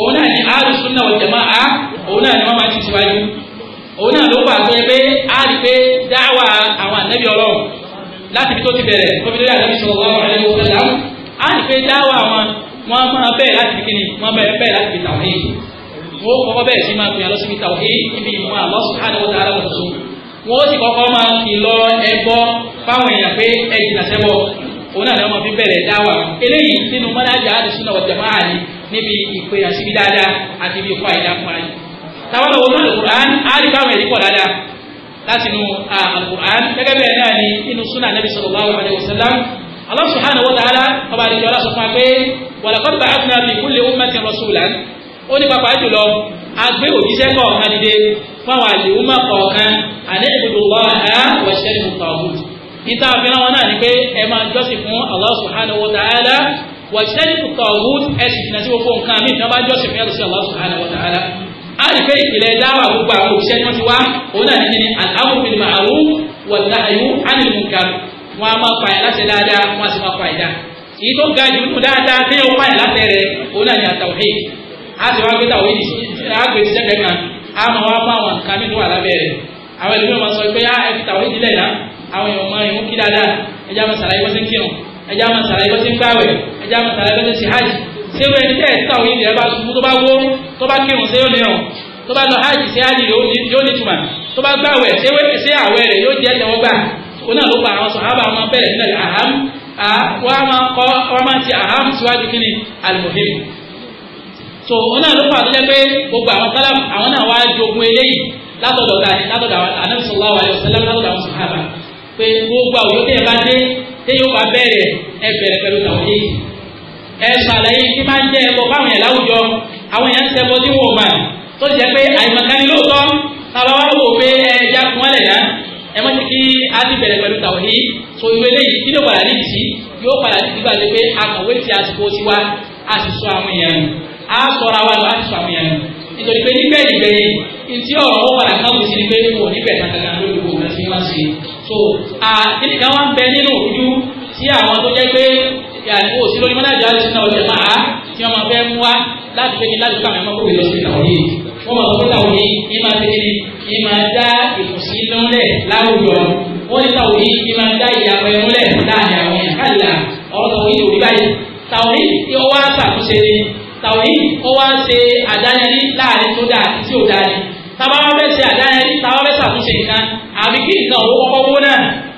òun náà ni òun náà ni wọn máa ti síwájú òun náà ló pàṣẹ pé a rí pé dáwà àwọn láti fi tó ti lórí á ní pé dáwà wọn wọn máa bẹ̀rẹ̀ láti fi kíni wọn bẹ̀rẹ̀ láti fi tàwọn èyí wọn ó kọ́kọ́ bẹ̀rẹ̀ sí máa gbìyànjú sí fi tàwọn èyí níbi ìmọ̀ Allah subhanahu wa ta'ala wọn tuntun wọn ó sì kọ́kọ́ máa fi lọ ẹbọ fáwọn èèyàn pé ẹ jìnà sẹ́bọ òun náà ni wọn fi bẹ̀rẹ̀ dáwà eléyìí nínú mọ́nájà àdìsúná wọ̀ jẹ̀mọ́ àní níbi ìpè àṣíbí dáadáa àti ibi ìkọ́ àìdá fún ayé táwọn lọ́wọ́ náà Al-Qur'an á rí báwọn dáadáa láti nu Al-Qur'an gẹ́gẹ́ bẹ́ẹ̀ náà ni inú súnà Nabi sallallahu alaihi wasallam Allah subhanahu wa ta'ala ọba àdìjọ ọlá sọ fún wa pé walaqad ba'athna fi kulli ummatin rasulan ó ní pàpà jùlọ agbé òjíṣẹ́ kọ̀ọ̀kan dìde fáwọn àlèhùnmá kọ̀ọ̀kan àní ìbùdó wàhálà wọ̀ṣẹ́ ìmùtọ̀ọ̀hún níta àfihàn wọn náà ni pé ẹ máa jọ́sìn fún Allah subhanahu wa ta'ala wọ̀ṣẹ́ ìmùtọ̀ọ̀hún ẹ̀sìn ìjìnà sí gbogbo nǹkan àmì ìjọba jọ́sìn fún ẹ̀rọ̀sí Allah subhanahu wa ta'ala a lè fẹ́ ìpìlẹ̀ dáwà gbogbo àwọn òṣìṣẹ́ tí wọ́n ti wá òun náà ní wọn a máa pa ẹ̀ láti dáadáa wọn a sì máa pa ẹ̀ dá èyí tó ga jù nù dáadáa tí yóò pa ẹ̀ láti rẹ̀ òun náà ní àtàwọ̀hìn a sì wá gbé tàwé ní àgbè ti sẹ́kẹ̀ẹ́ kan a máa wá fún àwọn nǹkan mi tó wà lábẹ́ rẹ̀ àwọn ẹlòmíràn máa sọ pé a ah, ẹ fi tàwé ìdílé náà àwọn èèyàn máa ìmú kí dáadáa ẹjá máa sàlàyé bó ti ń kírun ẹjá máa sàlàyé bó ń gbáwẹ̀ ẹjá máa sàlàyé bó ń ṣe hajj òun náà ló pa àwọn sọ̀hábà wọn bẹ̀rẹ̀ nílẹ̀ àhám wọ́n máa kọ́ wọ́n máa ti àhám síwájú kí ni almuhim so òun náà ló pa àtúnjẹ pé gbogbo àwọn sálám àwọn náà wá jogun eléyìí látọ̀dọ̀ tani látọ̀dọ̀ Ànábì sallallahu alaihi wasallam látọ̀dọ̀ àwọn sọ̀hábà pé gbogbo àwòyó tẹ̀ bá dé tẹ̀ yóò bá bẹ̀rẹ̀ ẹ bẹ̀rẹ̀ pẹ̀lú tàwọn yéyìí ẹ sàlàyé tí máa ń jẹ́ ẹ jákun ti kí á ti bẹ̀rẹ̀ pẹ̀lú tàwọ̀hí so ìwé lẹ́yìn kí ló padà níbi sí yóò padà níbi bá lé pé akọ̀wé ti àsìkò tiwa a sì sọ àwọn èèyàn nù a wa lọ a sì sọ àwọn èèyàn nù nítorí pé níbẹ̀ ìgbẹ̀yìn ntí ọ̀rọ̀ ó padà káwọn sí ni pé wọ́n níbẹ̀ kankan lórí gbogbo nǹkan tí wọ́n ṣe so kíníkà wọn bẹ nínú òjú tí àwọn tó jẹ́ pé yàtò sí lórí mọ́nájà àti sinna ọ̀jẹ̀ máa tí wọ́n máa fẹ́ mú wa láti fẹ́ kí láti fún àwọn ọmọkùnrin lọ sí ìtàwọn yìí wọ́n máa fún ìtàwọn yìí ní máa fẹ́ kí ní máa dá ìkùnsínú lẹ̀ láwùjọ wọ́n ní tàwọn yìí ti máa ń dá ìyàwó ẹ̀ múlẹ̀ láàrin àwọn èèyàn kálá ọ̀rọ̀ tàwọn yìí ò rí báyìí tàwọn yìí tí ó wá ṣàtúnṣe ni tàwọn yìí ó wá ṣe àdáyẹrí láàrin tó dáa àti tí ò dáa ni tàbá wọn fẹ́ ṣe àdáyẹrí tàbá wọn fẹ́ ṣàtúnṣe nǹkan àbí kí nǹkan òwò kọ́kọ́ wó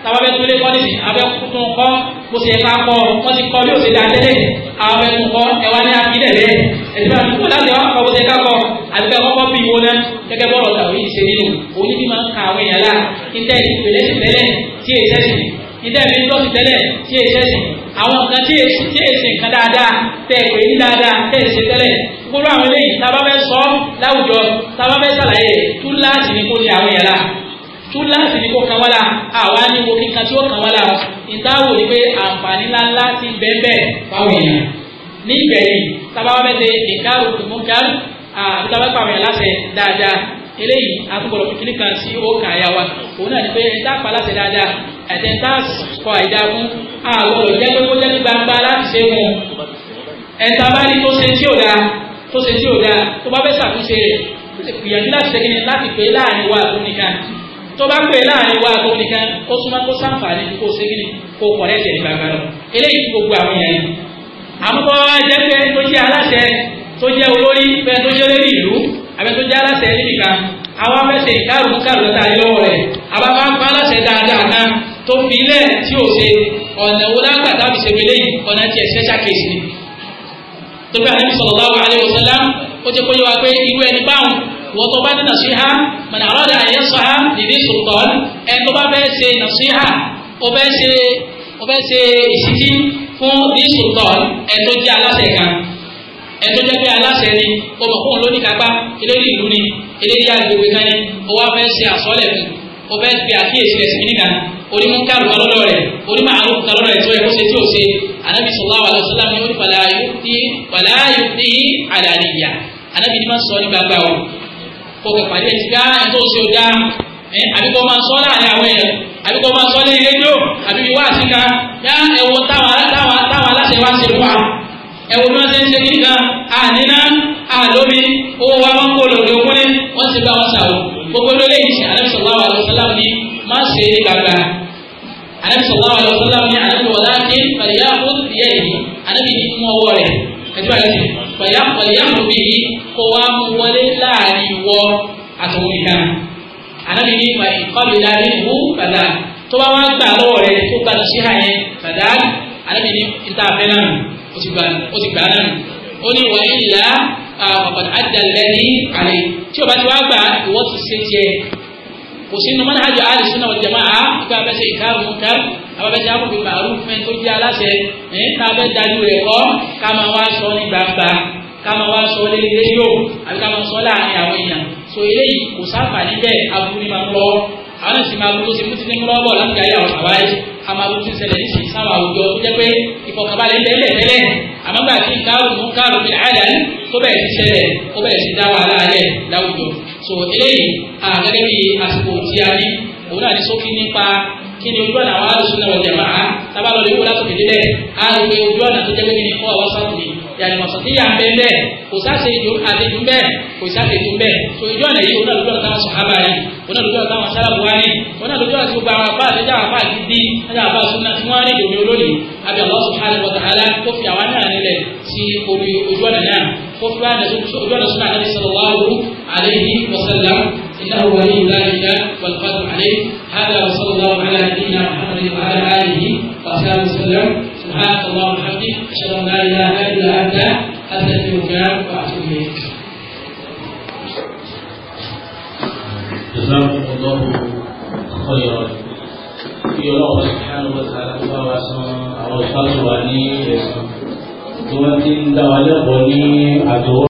tàbá bẹ tún lé kọ́ nísìn abẹ tún kọ́ bó ṣe ká kọ́ wọ́n ti kọ́ bí ó ṣe dá tẹ́lẹ̀ àwọn abẹ tún kọ́ ẹ wá ní akílẹ̀ rẹ ẹ̀sìn bá tún láti wá kọ́ bó ṣe ká kọ́ àti bẹ́ẹ̀ kọ́kọ́ bí wọn náà gẹ́gẹ́ bọ́ọ̀rọ̀ tàbí ìṣe nínú òní bí máa ń ka àwọn èèyàn lá nítorí ìpele sí tẹ́lẹ̀ tí èyí sẹ́sìn nítorí ìlọsìn tẹ́lẹ̀ tí èyí sẹ́sìn àwọn nǹkan tí èsì nǹkan dáadáa tẹ̀ pé ní dáadáa tẹ̀ ṣe tẹ́lẹ̀ gbogbo àwọn eléyìí tá a bá fẹ́ sọ láwùjọ tá a bá fẹ́ ṣàlàyé túláàsì ni kò ṣe àwọn èèyàn lá túláàsì ni kò kan wá la àwa ni wo kíkan tí ó kan wá la ìtawò ni pé àǹfààní ńláńlá ti bẹ́ẹ̀ fáwọn èèyàn ní ìbẹ̀rẹ̀ sábàá mẹ́tẹ ìka òkùnkùn mú ká àbúkà bá pàmò yẹn láṣẹ dáadáa eléyìí àtúbọ̀lọ̀ kíkiri kan sí ó kà ya wa òun náà ni pé ẹ̀ta pa láṣẹ dáadáa ẹ̀tẹ̀ ńta kọ àìdá fún àwọn ọ̀jẹ́ pé kó jẹ́ ní gbangba láti ṣe mú ni láti pé tó bá pè láàrin wa tó nìkan ó súnmọ́ kó sáǹfààní kó ṣe kí ni kó kọ̀rẹ́ ẹ̀sẹ̀ ní gbàgbà lọ eléyìí tí gbogbo àwọn èèyàn yìí àmúkọ́ jẹ́ pé tó jẹ́ aláṣẹ tó jẹ́ olórí pé tó jẹ́ lórí ìlú àbẹ tó jẹ́ aláṣẹ níbi kan àwa fẹ́ ṣe ìkárù kárù lọ́ta lọ́wọ́ rẹ̀ àbá máa ń pa aláṣẹ dáadáa kan tó fi ilẹ̀ tí ò ṣe ọ̀nà wo lágbà tábì ṣe wílé yìí ọ̀nà tiẹ̀ special case ni. tó sallallahu alaihi wasallam ó ti kó yẹ wa pé wọ́n tó bá ní nàṣíhá mọ̀nà àròdà àyẹ̀sọ̀há nìdí Sultan. ẹni tó bá fẹ́ ṣe nàṣíhá ó fẹ́ ṣe ó fẹ́ ṣe ìṣítí fún ní sùkọ́n ẹni tó jẹ́ aláṣẹ kan ẹni tó jẹ́ pé aláṣẹ ni ọmọ fún òun lóní kápá eléyìí ìlú ni eléyìí àgbègbè kan ni ó wá fẹ́ ṣe àsọ́lẹ̀ fún ó fẹ́ fi àkíyèsí rẹ̀ sí nìkan onímọ̀ kárùkà lọ́dọ̀ rẹ̀ onímọ̀ àrùkà lọ́dọ̀ rẹ̀ tó yẹ kó ṣe tí ò ṣe anabi sallallahu alaihi wasallam ni ó ní fàlàyé tí fàlàyé tí anabi ni wọ́n sọ ní gbàgbà kó kẹ pàdé ẹni gbá ẹni tó ṣe ọjà ẹ àbíkọ máa sọ láàrin àwọn èèyàn àbíkọ máa sọ lẹ́yìn rédíò àbí wá síta yá ẹwọ táwa táwa táwa aláṣẹ wá ṣe wá ẹwọ máa ṣe ń ṣe nìkan àníná àlómi owó wa máa ń kó lòdì òkúnlẹ̀ wọ́n ti bá wọn ṣàwọ̀ gbogbo ló lè ṣe alẹ́ sọ̀rọ̀ àwọn àlọ́sọ́lá ni má ṣe é ní gbàgbà alẹ́ sọ̀rọ̀ àwọn àlọ́sọ́lá ni alẹ́ wọ̀lá kí pàdé yá kó tiẹ̀ yìí alẹ́ bí ní mú ọwọ́ rẹ̀ ẹjọ́ ẹ̀ sì pẹ̀yà pẹ̀yà mú mi yìí kó wá mú wọlé láàrin ìwọ àtòun nìkan ànábi ní ìmọ̀ ìkọ́bi láàrin ìwú bàdà tó bá wá gbà lọ́wọ́ rẹ tó gbà sí hà yẹn bàdà ànábi ní ìta abẹ́ náà ó ti gbà náà ó ní wọ́n ìlà àpapọ̀ àdàlẹ́ ní àlè tí o bá ti wá gbà ìwọ́ ti ṣe tiẹ̀ kò sínú manhaj al-sunna wal jamaa ìgbà abẹ́sẹ̀ ìkárùn munkar abẹ́sẹ̀ amru bil ma'ruf fẹ́ tó jẹ́ aláṣẹ ẹ̀ tá a bẹ́ dájú rẹ̀ kọ́ ká máa wá sọ ní gbangba ká máa wá sọ lé rédíò àbí ká máa sọ láàrin àwọn èèyàn so eléyìí kò sáfà níbẹ̀ aburú ni máa ń lọ àwọn náà sì máa burú sí mutí ní múlọ́bọ̀ láti ayé àwọn àwáyé a máa burú sí ṣẹlẹ̀ níṣì sáwọn àwùjọ tó jẹ́ pé ìfọ̀kànbalẹ̀ tẹ́lẹ̀ tẹ́lẹ̀ àmọ́ gbà tí ìkárùn-ún kárùn-ún àdán tó bẹ̀rẹ̀ sí ṣẹlẹ̀ ó bẹ̀rẹ̀ sí dá wàhálà alẹ́ so eléyìí gẹ́gẹ́ bí àsìkò tí a ní òun náà ní sókí nípa kí ni ojú ọ̀nà àwọn alùsùn náà jẹ̀ máa tábà lọ lè wó látòkè délẹ̀ á lè pe ojú ọ̀nà tó jẹ́ pé ní fún ọwọ́ sáfì yàrá ìmọ̀sán tí yà ń bẹ́ẹ̀ bẹ́ẹ̀ kò sáṣe ìjọ àdéjú bẹ́ẹ̀ kò sáṣe ìjọ bẹ́ẹ̀ so ojú ọ̀nà yìí òun náà lójú ọ̀nà táwọn sọ̀hábà yìí òun náà lójú ọ̀nà táwọn sálábù wá ní òun náà lójú ọ̀nà tí gbogbo àwọn apá àtẹ́jà àpá àdídí ẹ̀dá àpá àsúná tí wọ́n rí ìdòmí olónìí àbí Allah subhanahu wa ta'ala tó fi àwa náà nílẹ̀ sí orí ojú ọ̀nà náà خطبان خطبان رسول النبي صلى الله عليه وسلم انه ولي ذلك والقدر عليه هذا وصلى الله على نبينا محمد وعلى اله وصحبه وسلم سبحانك اللهم وبحمدك اشهد ان لا اله الا انت استغفرك واتوب اليك جزاكم الله خيرا في الله سبحانه وتعالى وعسى الله وعسى الله وعسى الله tí wọ́n ti ń dá wa lẹ́kọ̀ọ́ ní àjọwọ́.